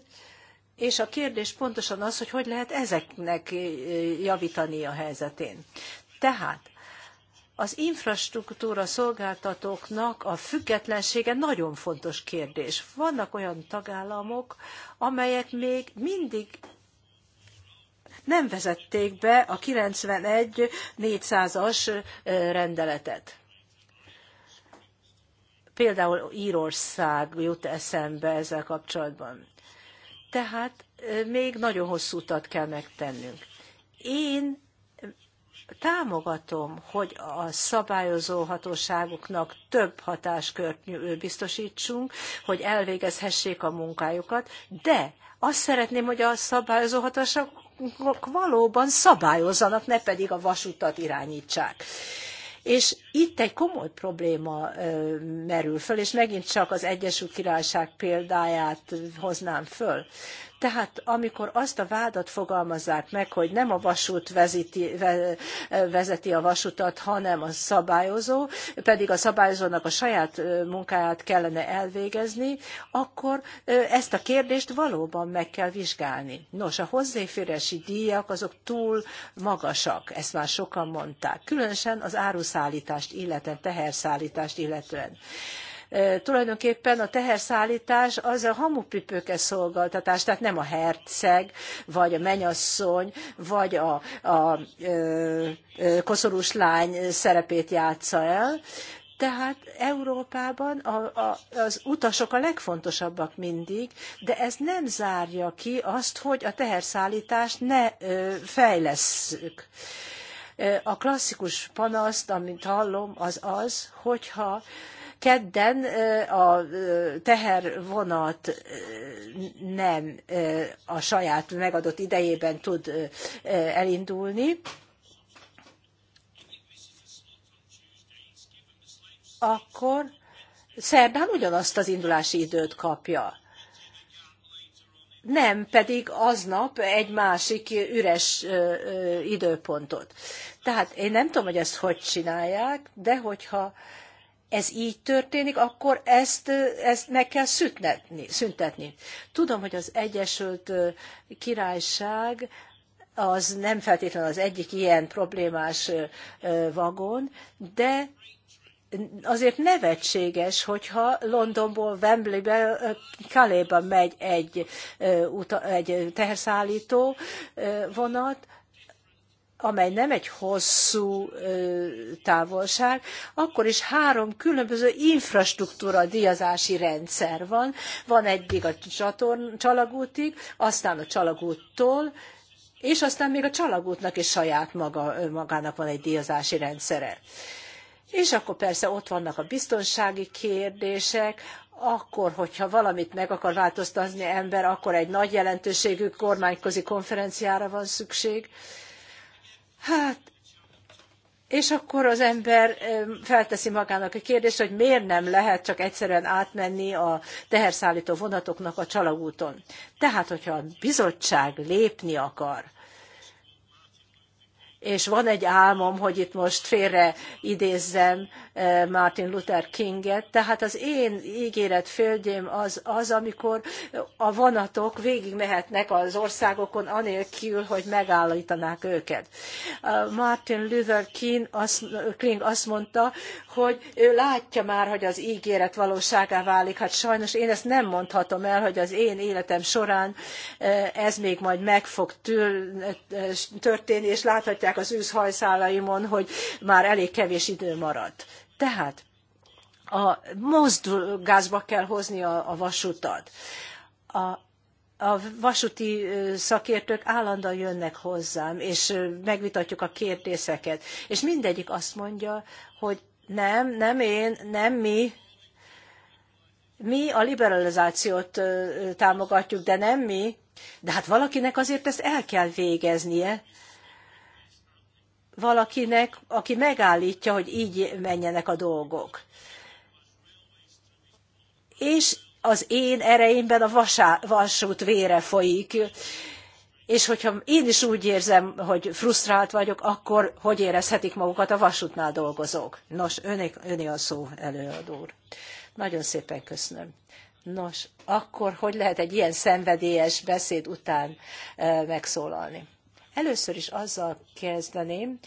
És a kérdés pontosan az, hogy hogy lehet ezeknek eh, javítani a helyzetén. Tehát az infrastruktúra szolgáltatóknak a függetlensége nagyon fontos kérdés. Vannak olyan tagállamok, amelyek még mindig nem vezették be a 91 400-as rendeletet. Például Írország jut eszembe ezzel kapcsolatban. Tehát még nagyon hosszú utat kell megtennünk. Én támogatom, hogy a szabályozó hatóságoknak több hatáskört biztosítsunk, hogy elvégezhessék a munkájukat, de azt szeretném, hogy a szabályozó hatóságok valóban szabályozzanak, ne pedig a vasutat irányítsák. És itt egy komoly probléma merül föl, és megint csak az Egyesült Királyság példáját hoznám föl. Tehát amikor azt a vádat fogalmazzák meg, hogy nem a vasút vezeti, vezeti a vasutat, hanem a szabályozó, pedig a szabályozónak a saját munkáját kellene elvégezni, akkor ezt a kérdést valóban meg kell vizsgálni. Nos, a hozzáférési díjak azok túl magasak, ezt már sokan mondták, különösen az áruszállítást illetően, teherszállítást illetően. Tulajdonképpen a teherszállítás az a hamupipőke szolgáltatás, tehát nem a herceg, vagy a menyasszony, vagy a, a, koszorús lány szerepét játsza el, tehát Európában a, a, az utasok a legfontosabbak mindig, de ez nem zárja ki azt, hogy a teherszállítást ne ö, fejlesszük. A klasszikus panaszt, amit hallom, az az, hogyha ha kedden a tehervonat nem a saját megadott idejében tud elindulni. Akkor szerdán ugyanazt az indulási időt kapja. Nem pedig aznap egy másik üres időpontot. Tehát én nem tudom, hogy ezt hogy csinálják, de hogyha ez így történik, akkor ezt, ezt meg kell szüntetni, szüntetni. Tudom, hogy az Egyesült Királyság az nem feltétlenül az egyik ilyen problémás vagon, de azért nevetséges, hogyha Londonból Wembleybe, Kaléba megy egy, egy teherszállító vonat, amely nem egy hosszú távolság, akkor is három különböző infrastruktúra díjazási rendszer van. Van eddig a csatorn, csalagútig, aztán a csalagúttól, és aztán még a csalagútnak is saját maga, magának van egy díjazási rendszere. És akkor persze ott vannak a biztonsági kérdések, akkor, hogyha valamit meg akar változtatni ember, akkor egy nagy jelentőségű kormányközi konferenciára van szükség. Hát, és akkor az ember felteszi magának a kérdést, hogy miért nem lehet csak egyszerűen átmenni a teherszállító vonatoknak a csalagúton. Tehát, hogyha a bizottság lépni akar, és van egy álmom, hogy itt most félre idézzem eh, Martin Luther Kinget, tehát az én ígéret földjém az, az, amikor a vonatok végig mehetnek az országokon, anélkül, hogy megállítanák őket. Martin Luther King azt, King azt mondta, hogy ő látja már, hogy az ígéret valóságá válik. Hát sajnos én ezt nem mondhatom el, hogy az én életem során eh, ez még majd meg fog eh, történni, és láthatják, látják az hajszálaimon, hogy már elég kevés idő maradt. Tehát a mozdulgázba kell hozni a, a vasutat. A, a vasúti szakértők állandóan jönnek hozzám, és megvitatjuk a kérdéseket. És mindegyik azt mondja, hogy nem, nem én, nem mi, mi a liberalizációt támogatjuk, de nem mi. De hát valakinek azért ezt el kell végeznie, valakinek, aki megállítja, hogy így menjenek a dolgok. És az én ereimben a vasá, vasút vére folyik, és hogyha én is úgy érzem, hogy frusztrált vagyok, akkor hogy érezhetik magukat a vasútnál dolgozók? Nos, öné, öné a szó, előadó úr. Nagyon szépen köszönöm. Nos, akkor hogy lehet egy ilyen szenvedélyes beszéd után megszólalni? Először is azzal kezdeném,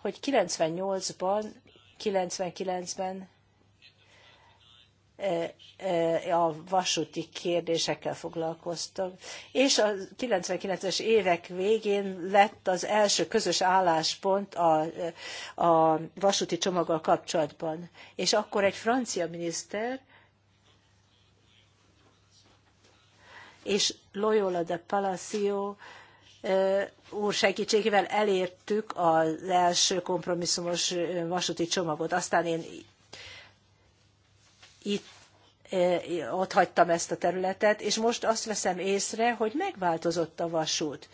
hogy 98-ban, 99-ben a vasúti kérdésekkel foglalkoztam, és a 99-es évek végén lett az első közös álláspont a, a vasúti csomaggal kapcsolatban. És akkor egy francia miniszter, és Loyola de Palacio úr segítségével elértük az első kompromisszumos vasúti csomagot. Aztán én itt ott hagytam ezt a területet, és most azt veszem észre, hogy megváltozott a vasút.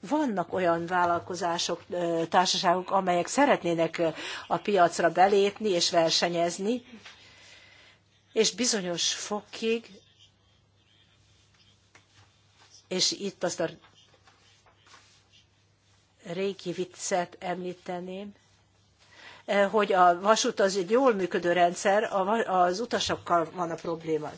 Vannak olyan vállalkozások, társaságok, amelyek szeretnének a piacra belépni és versenyezni, és bizonyos fokig, és itt azt a régi viccet említeném, eh, hogy a vasút az egy jól működő rendszer, az utasokkal van a probléma.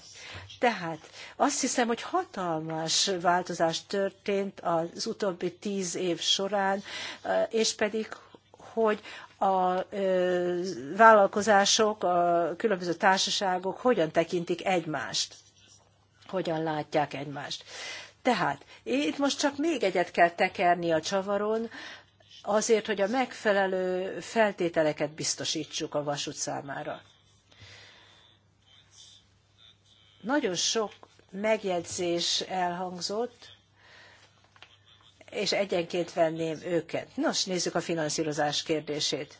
Tehát azt hiszem, hogy hatalmas változás történt az utóbbi tíz év során, eh, és pedig, hogy a eh, vállalkozások, a különböző társaságok hogyan tekintik egymást, hogyan látják egymást. Tehát itt most csak még egyet kell tekerni a csavaron, azért, hogy a megfelelő feltételeket biztosítsuk a vasút számára. Nagyon sok megjegyzés elhangzott, és egyenként venném őket. Nos, nézzük a finanszírozás kérdését.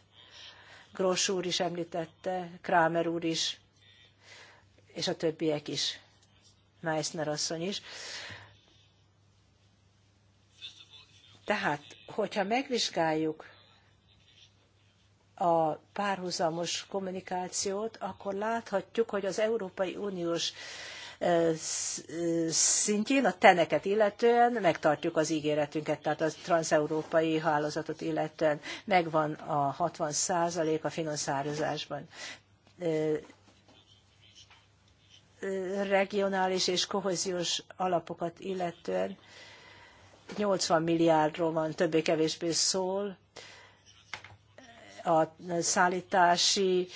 Gross úr is említette, Kramer úr is, és a többiek is, Meissner asszony is. Tehát, hogyha megvizsgáljuk a párhuzamos kommunikációt, akkor láthatjuk, hogy az Európai Uniós szintjén a teneket illetően megtartjuk az ígéretünket, tehát a transeurópai hálózatot illetően megvan a 60 százalék a finanszározásban regionális és kohéziós alapokat illetően 80 milliárdról van többé-kevésbé szól, a szállítási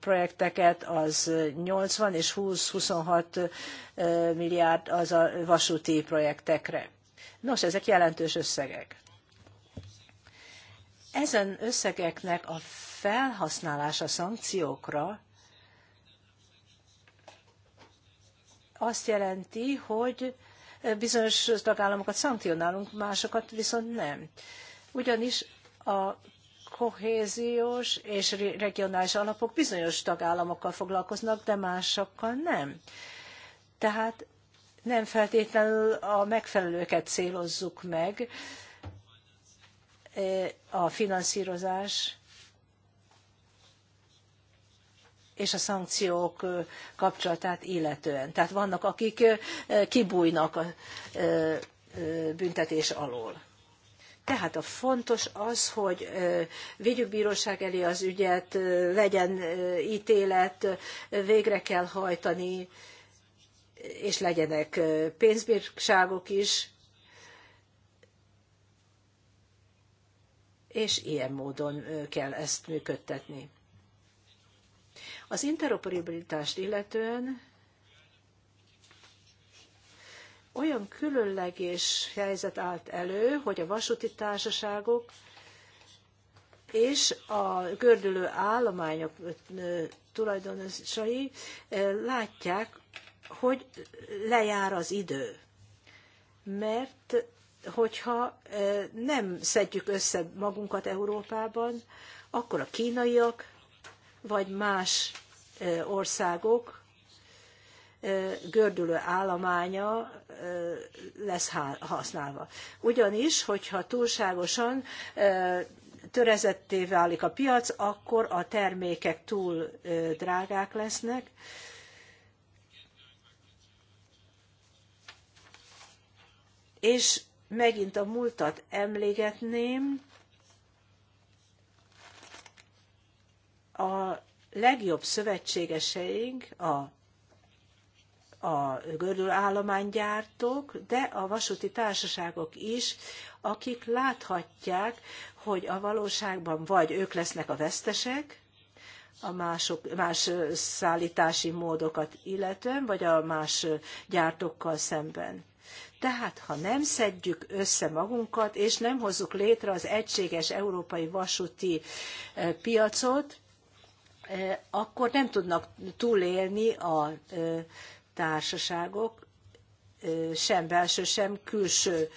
projekteket az 80 és 20-26 milliárd az a vasúti projektekre. Nos, ezek jelentős összegek. Ezen összegeknek a felhasználása szankciókra azt jelenti, hogy Bizonyos tagállamokat szankcionálunk, másokat viszont nem. Ugyanis a kohéziós és regionális alapok bizonyos tagállamokkal foglalkoznak, de másokkal nem. Tehát nem feltétlenül a megfelelőket célozzuk meg eh, a finanszírozás és a szankciók kapcsolatát illetően. Tehát vannak, akik kibújnak a büntetés alól. Tehát a fontos az, hogy vigyük bíróság elé az ügyet, legyen ítélet, végre kell hajtani, és legyenek pénzbírságok is, és ilyen módon kell ezt működtetni. Az interoperabilitást illetően olyan különleges helyzet állt elő, hogy a vasúti társaságok és a gördülő állományok tulajdonosai látják, hogy lejár az idő. Mert hogyha nem szedjük össze magunkat Európában, akkor a kínaiak, vagy más országok gördülő állománya lesz használva. Ugyanis, hogyha túlságosan törezetté válik a piac, akkor a termékek túl drágák lesznek, és megint a múltat emlégetném, a legjobb szövetségeseink a a gördülállománygyártók, de a vasúti társaságok is, akik láthatják, hogy a valóságban vagy ők lesznek a vesztesek, a mások, más szállítási módokat illetően, vagy a más gyártókkal szemben. Tehát, ha nem szedjük össze magunkat, és nem hozzuk létre az egységes európai vasúti piacot, akkor nem tudnak túlélni a társaságok sem belső, sem külső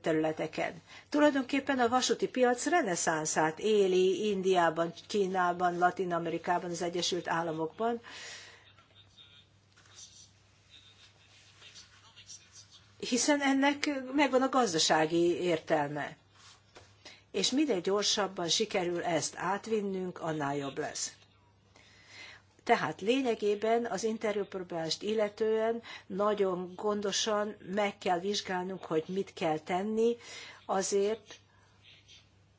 területeken. Tulajdonképpen a vasúti piac reneszánszát éli Indiában, Kínában, Latin Amerikában, az Egyesült Államokban. Hiszen ennek megvan a gazdasági értelme és minél gyorsabban sikerül ezt átvinnünk, annál jobb lesz. Tehát lényegében az interjúpróbálást illetően nagyon gondosan meg kell vizsgálnunk, hogy mit kell tenni azért,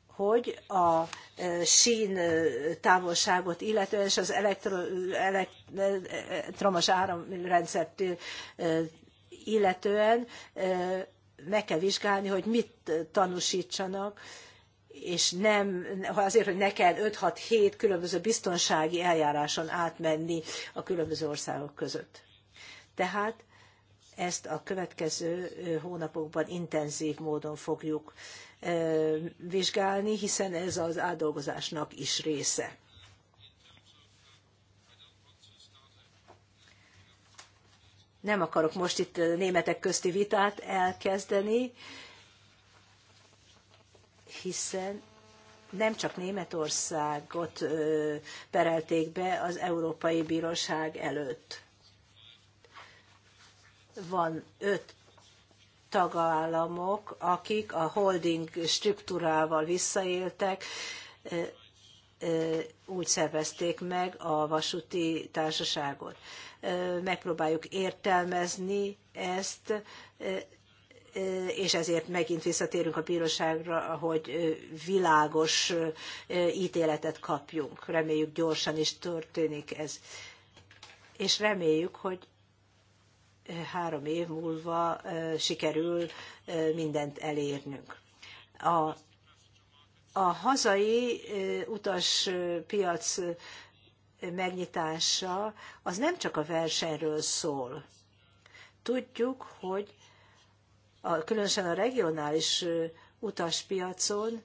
hogy a e, sín e, távolságot illetően és az elektro, e, elektromos áramrendszert illetően meg kell vizsgálni, hogy mit tanúsítsanak, és nem azért, hogy ne kell 5-6-7 különböző biztonsági eljáráson átmenni a különböző országok között. Tehát ezt a következő hónapokban intenzív módon fogjuk vizsgálni, hiszen ez az átdolgozásnak is része. Nem akarok most itt németek közti vitát elkezdeni, hiszen nem csak Németországot perelték be az Európai Bíróság előtt. Van öt tagállamok, akik a holding struktúrával visszaéltek, úgy szervezték meg a vasúti társaságot. Megpróbáljuk értelmezni ezt, és ezért megint visszatérünk a bíróságra, hogy világos ítéletet kapjunk. Reméljük gyorsan is történik ez. És reméljük, hogy három év múlva sikerül mindent elérnünk. A, a hazai utaspiac megnyitása az nem csak a versenyről szól. Tudjuk, hogy a, különösen a regionális utaspiacon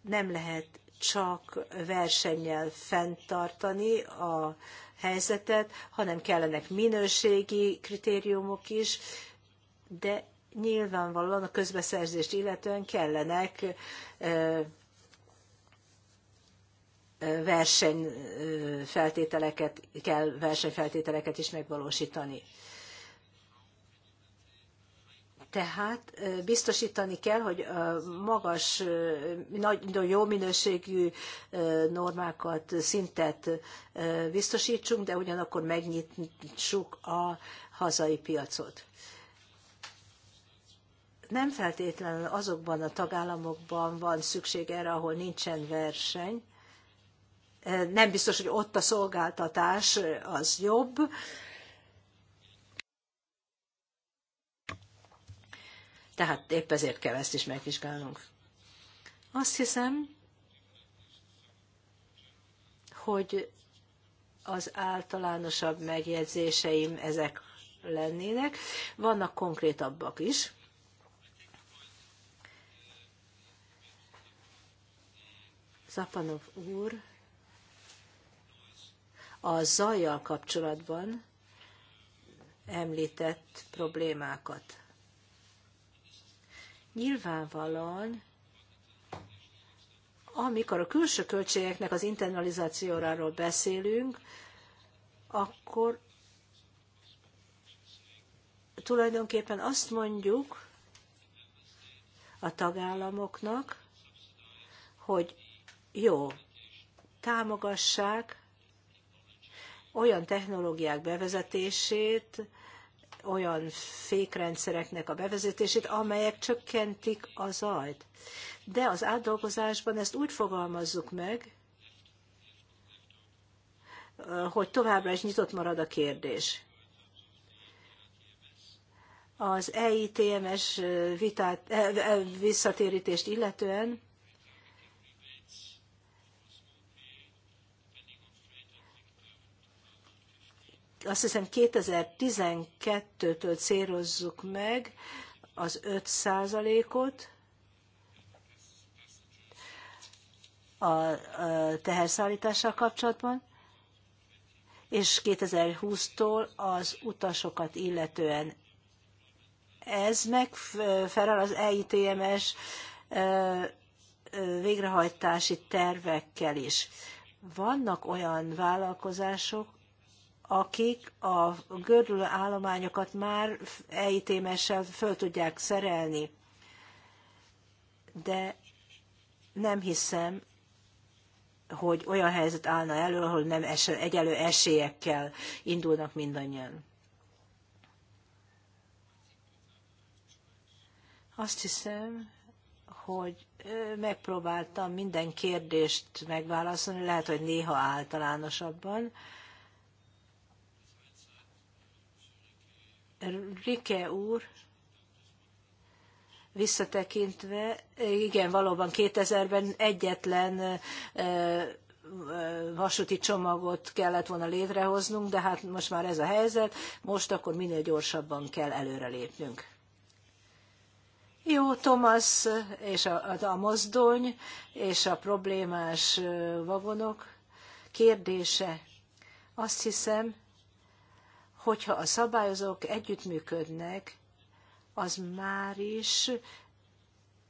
nem lehet csak versennyel fenntartani a helyzetet, hanem kellenek minőségi kritériumok is, de nyilvánvalóan a közbeszerzést illetően kellenek versenyfeltételeket, kell versenyfeltételeket is megvalósítani. Tehát biztosítani kell, hogy magas, nagyon jó minőségű normákat, szintet biztosítsunk, de ugyanakkor megnyitsuk a hazai piacot. Nem feltétlenül azokban a tagállamokban van szükség erre, ahol nincsen verseny. Nem biztos, hogy ott a szolgáltatás az jobb, Tehát épp ezért kell ezt is megvizsgálnunk. Azt hiszem, hogy az általánosabb megjegyzéseim ezek lennének. Vannak konkrétabbak is. Zapanov úr a zajjal kapcsolatban említett problémákat. Nyilvánvalóan, amikor a külső költségeknek az internalizációráról beszélünk, akkor tulajdonképpen azt mondjuk a tagállamoknak, hogy jó, támogassák olyan technológiák bevezetését, olyan fékrendszereknek a bevezetését, amelyek csökkentik a zajt. De az átdolgozásban ezt úgy fogalmazzuk meg, eh, hogy továbbra is nyitott marad a kérdés. Az EITMS eh, vitát, eh, visszatérítést illetően azt hiszem 2012-től célozzuk meg az 5 százalékot a teherszállítással kapcsolatban, és 2020-tól az utasokat illetően. Ez megfelel az EITMS végrehajtási tervekkel is. Vannak olyan vállalkozások, akik a gördülő állományokat már EITM-essel föl tudják szerelni. De nem hiszem, hogy olyan helyzet állna elő, ahol nem es- egyelő esélyekkel indulnak mindannyian. Azt hiszem, hogy megpróbáltam minden kérdést megválaszolni, lehet, hogy néha általánosabban, Rike úr, visszatekintve, igen, valóban 2000-ben egyetlen vasúti csomagot kellett volna létrehoznunk, de hát most már ez a helyzet, most akkor minél gyorsabban kell előrelépnünk. Jó, Thomas, és a, a mozdony, és a problémás vagonok kérdése. Azt hiszem, hogyha a szabályozók együttműködnek, az már is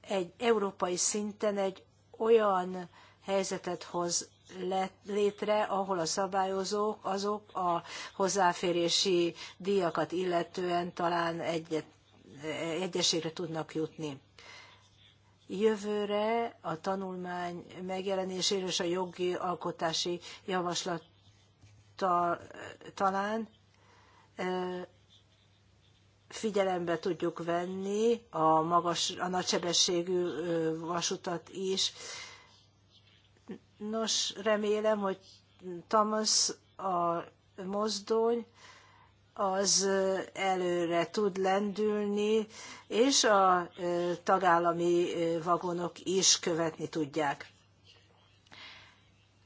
egy európai szinten egy olyan helyzetet hoz létre, ahol a szabályozók azok a hozzáférési díjakat illetően talán egyet, egyességre tudnak jutni. Jövőre a tanulmány megjelenésére és a jogi alkotási javaslat talán figyelembe tudjuk venni a magas, a nagysebességű vasutat is. Nos, remélem, hogy Thomas a mozdony az előre tud lendülni, és a tagállami vagonok is követni tudják.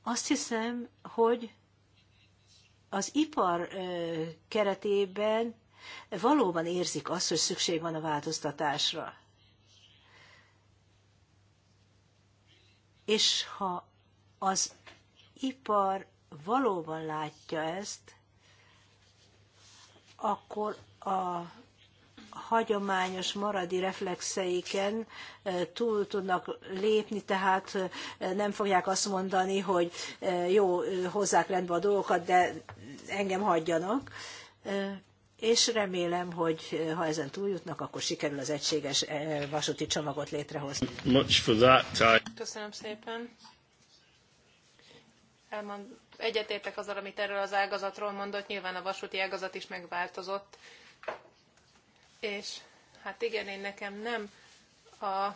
Azt hiszem, hogy az ipar keretében valóban érzik azt, hogy szükség van a változtatásra. És ha az ipar valóban látja ezt, akkor a hagyományos maradi reflexeiken túl tudnak lépni, tehát nem fogják azt mondani, hogy jó, hozzák rendbe a dolgokat, de engem hagyjanak, és remélem, hogy ha ezen túljutnak, akkor sikerül az egységes vasúti csomagot létrehozni. Köszönöm szépen. Elmond, egyetértek azzal, amit erről az ágazatról mondott, nyilván a vasúti ágazat is megváltozott. És hát igen, én nekem nem a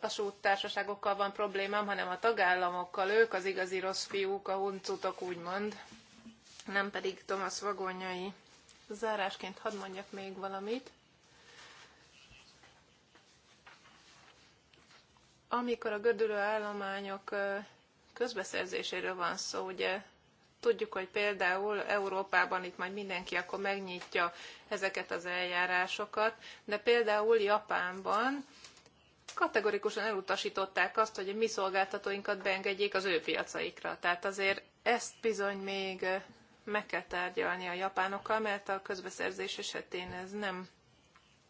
vasúttársaságokkal van problémám, hanem a tagállamokkal, ők az igazi rossz fiúk, a huncutok úgymond nem pedig Thomas Vagonyai. Zárásként hadd mondjak még valamit. Amikor a gördülő állományok közbeszerzéséről van szó, ugye tudjuk, hogy például Európában itt majd mindenki akkor megnyitja ezeket az eljárásokat, de például Japánban kategorikusan elutasították azt, hogy a mi szolgáltatóinkat beengedjék az ő piacaikra. Tehát azért ezt bizony még meg kell tárgyalni a japánokkal, mert a közbeszerzés esetén ez nem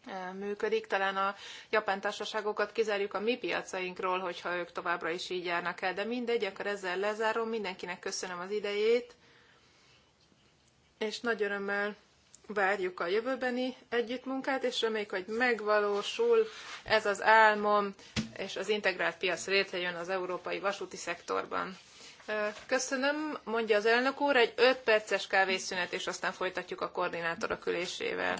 e, működik. Talán a japán társaságokat kizárjuk a mi piacainkról, hogyha ők továbbra is így járnak el, de mindegy, akkor ezzel lezárom. Mindenkinek köszönöm az idejét, és nagy örömmel várjuk a jövőbeni együttmunkát, és reméljük, hogy megvalósul ez az álmom, és az integrált piac létrejön az európai vasúti szektorban. Köszönöm, mondja az elnök úr, egy 5 perces kávészünet, és aztán folytatjuk a koordinátorok ülésével.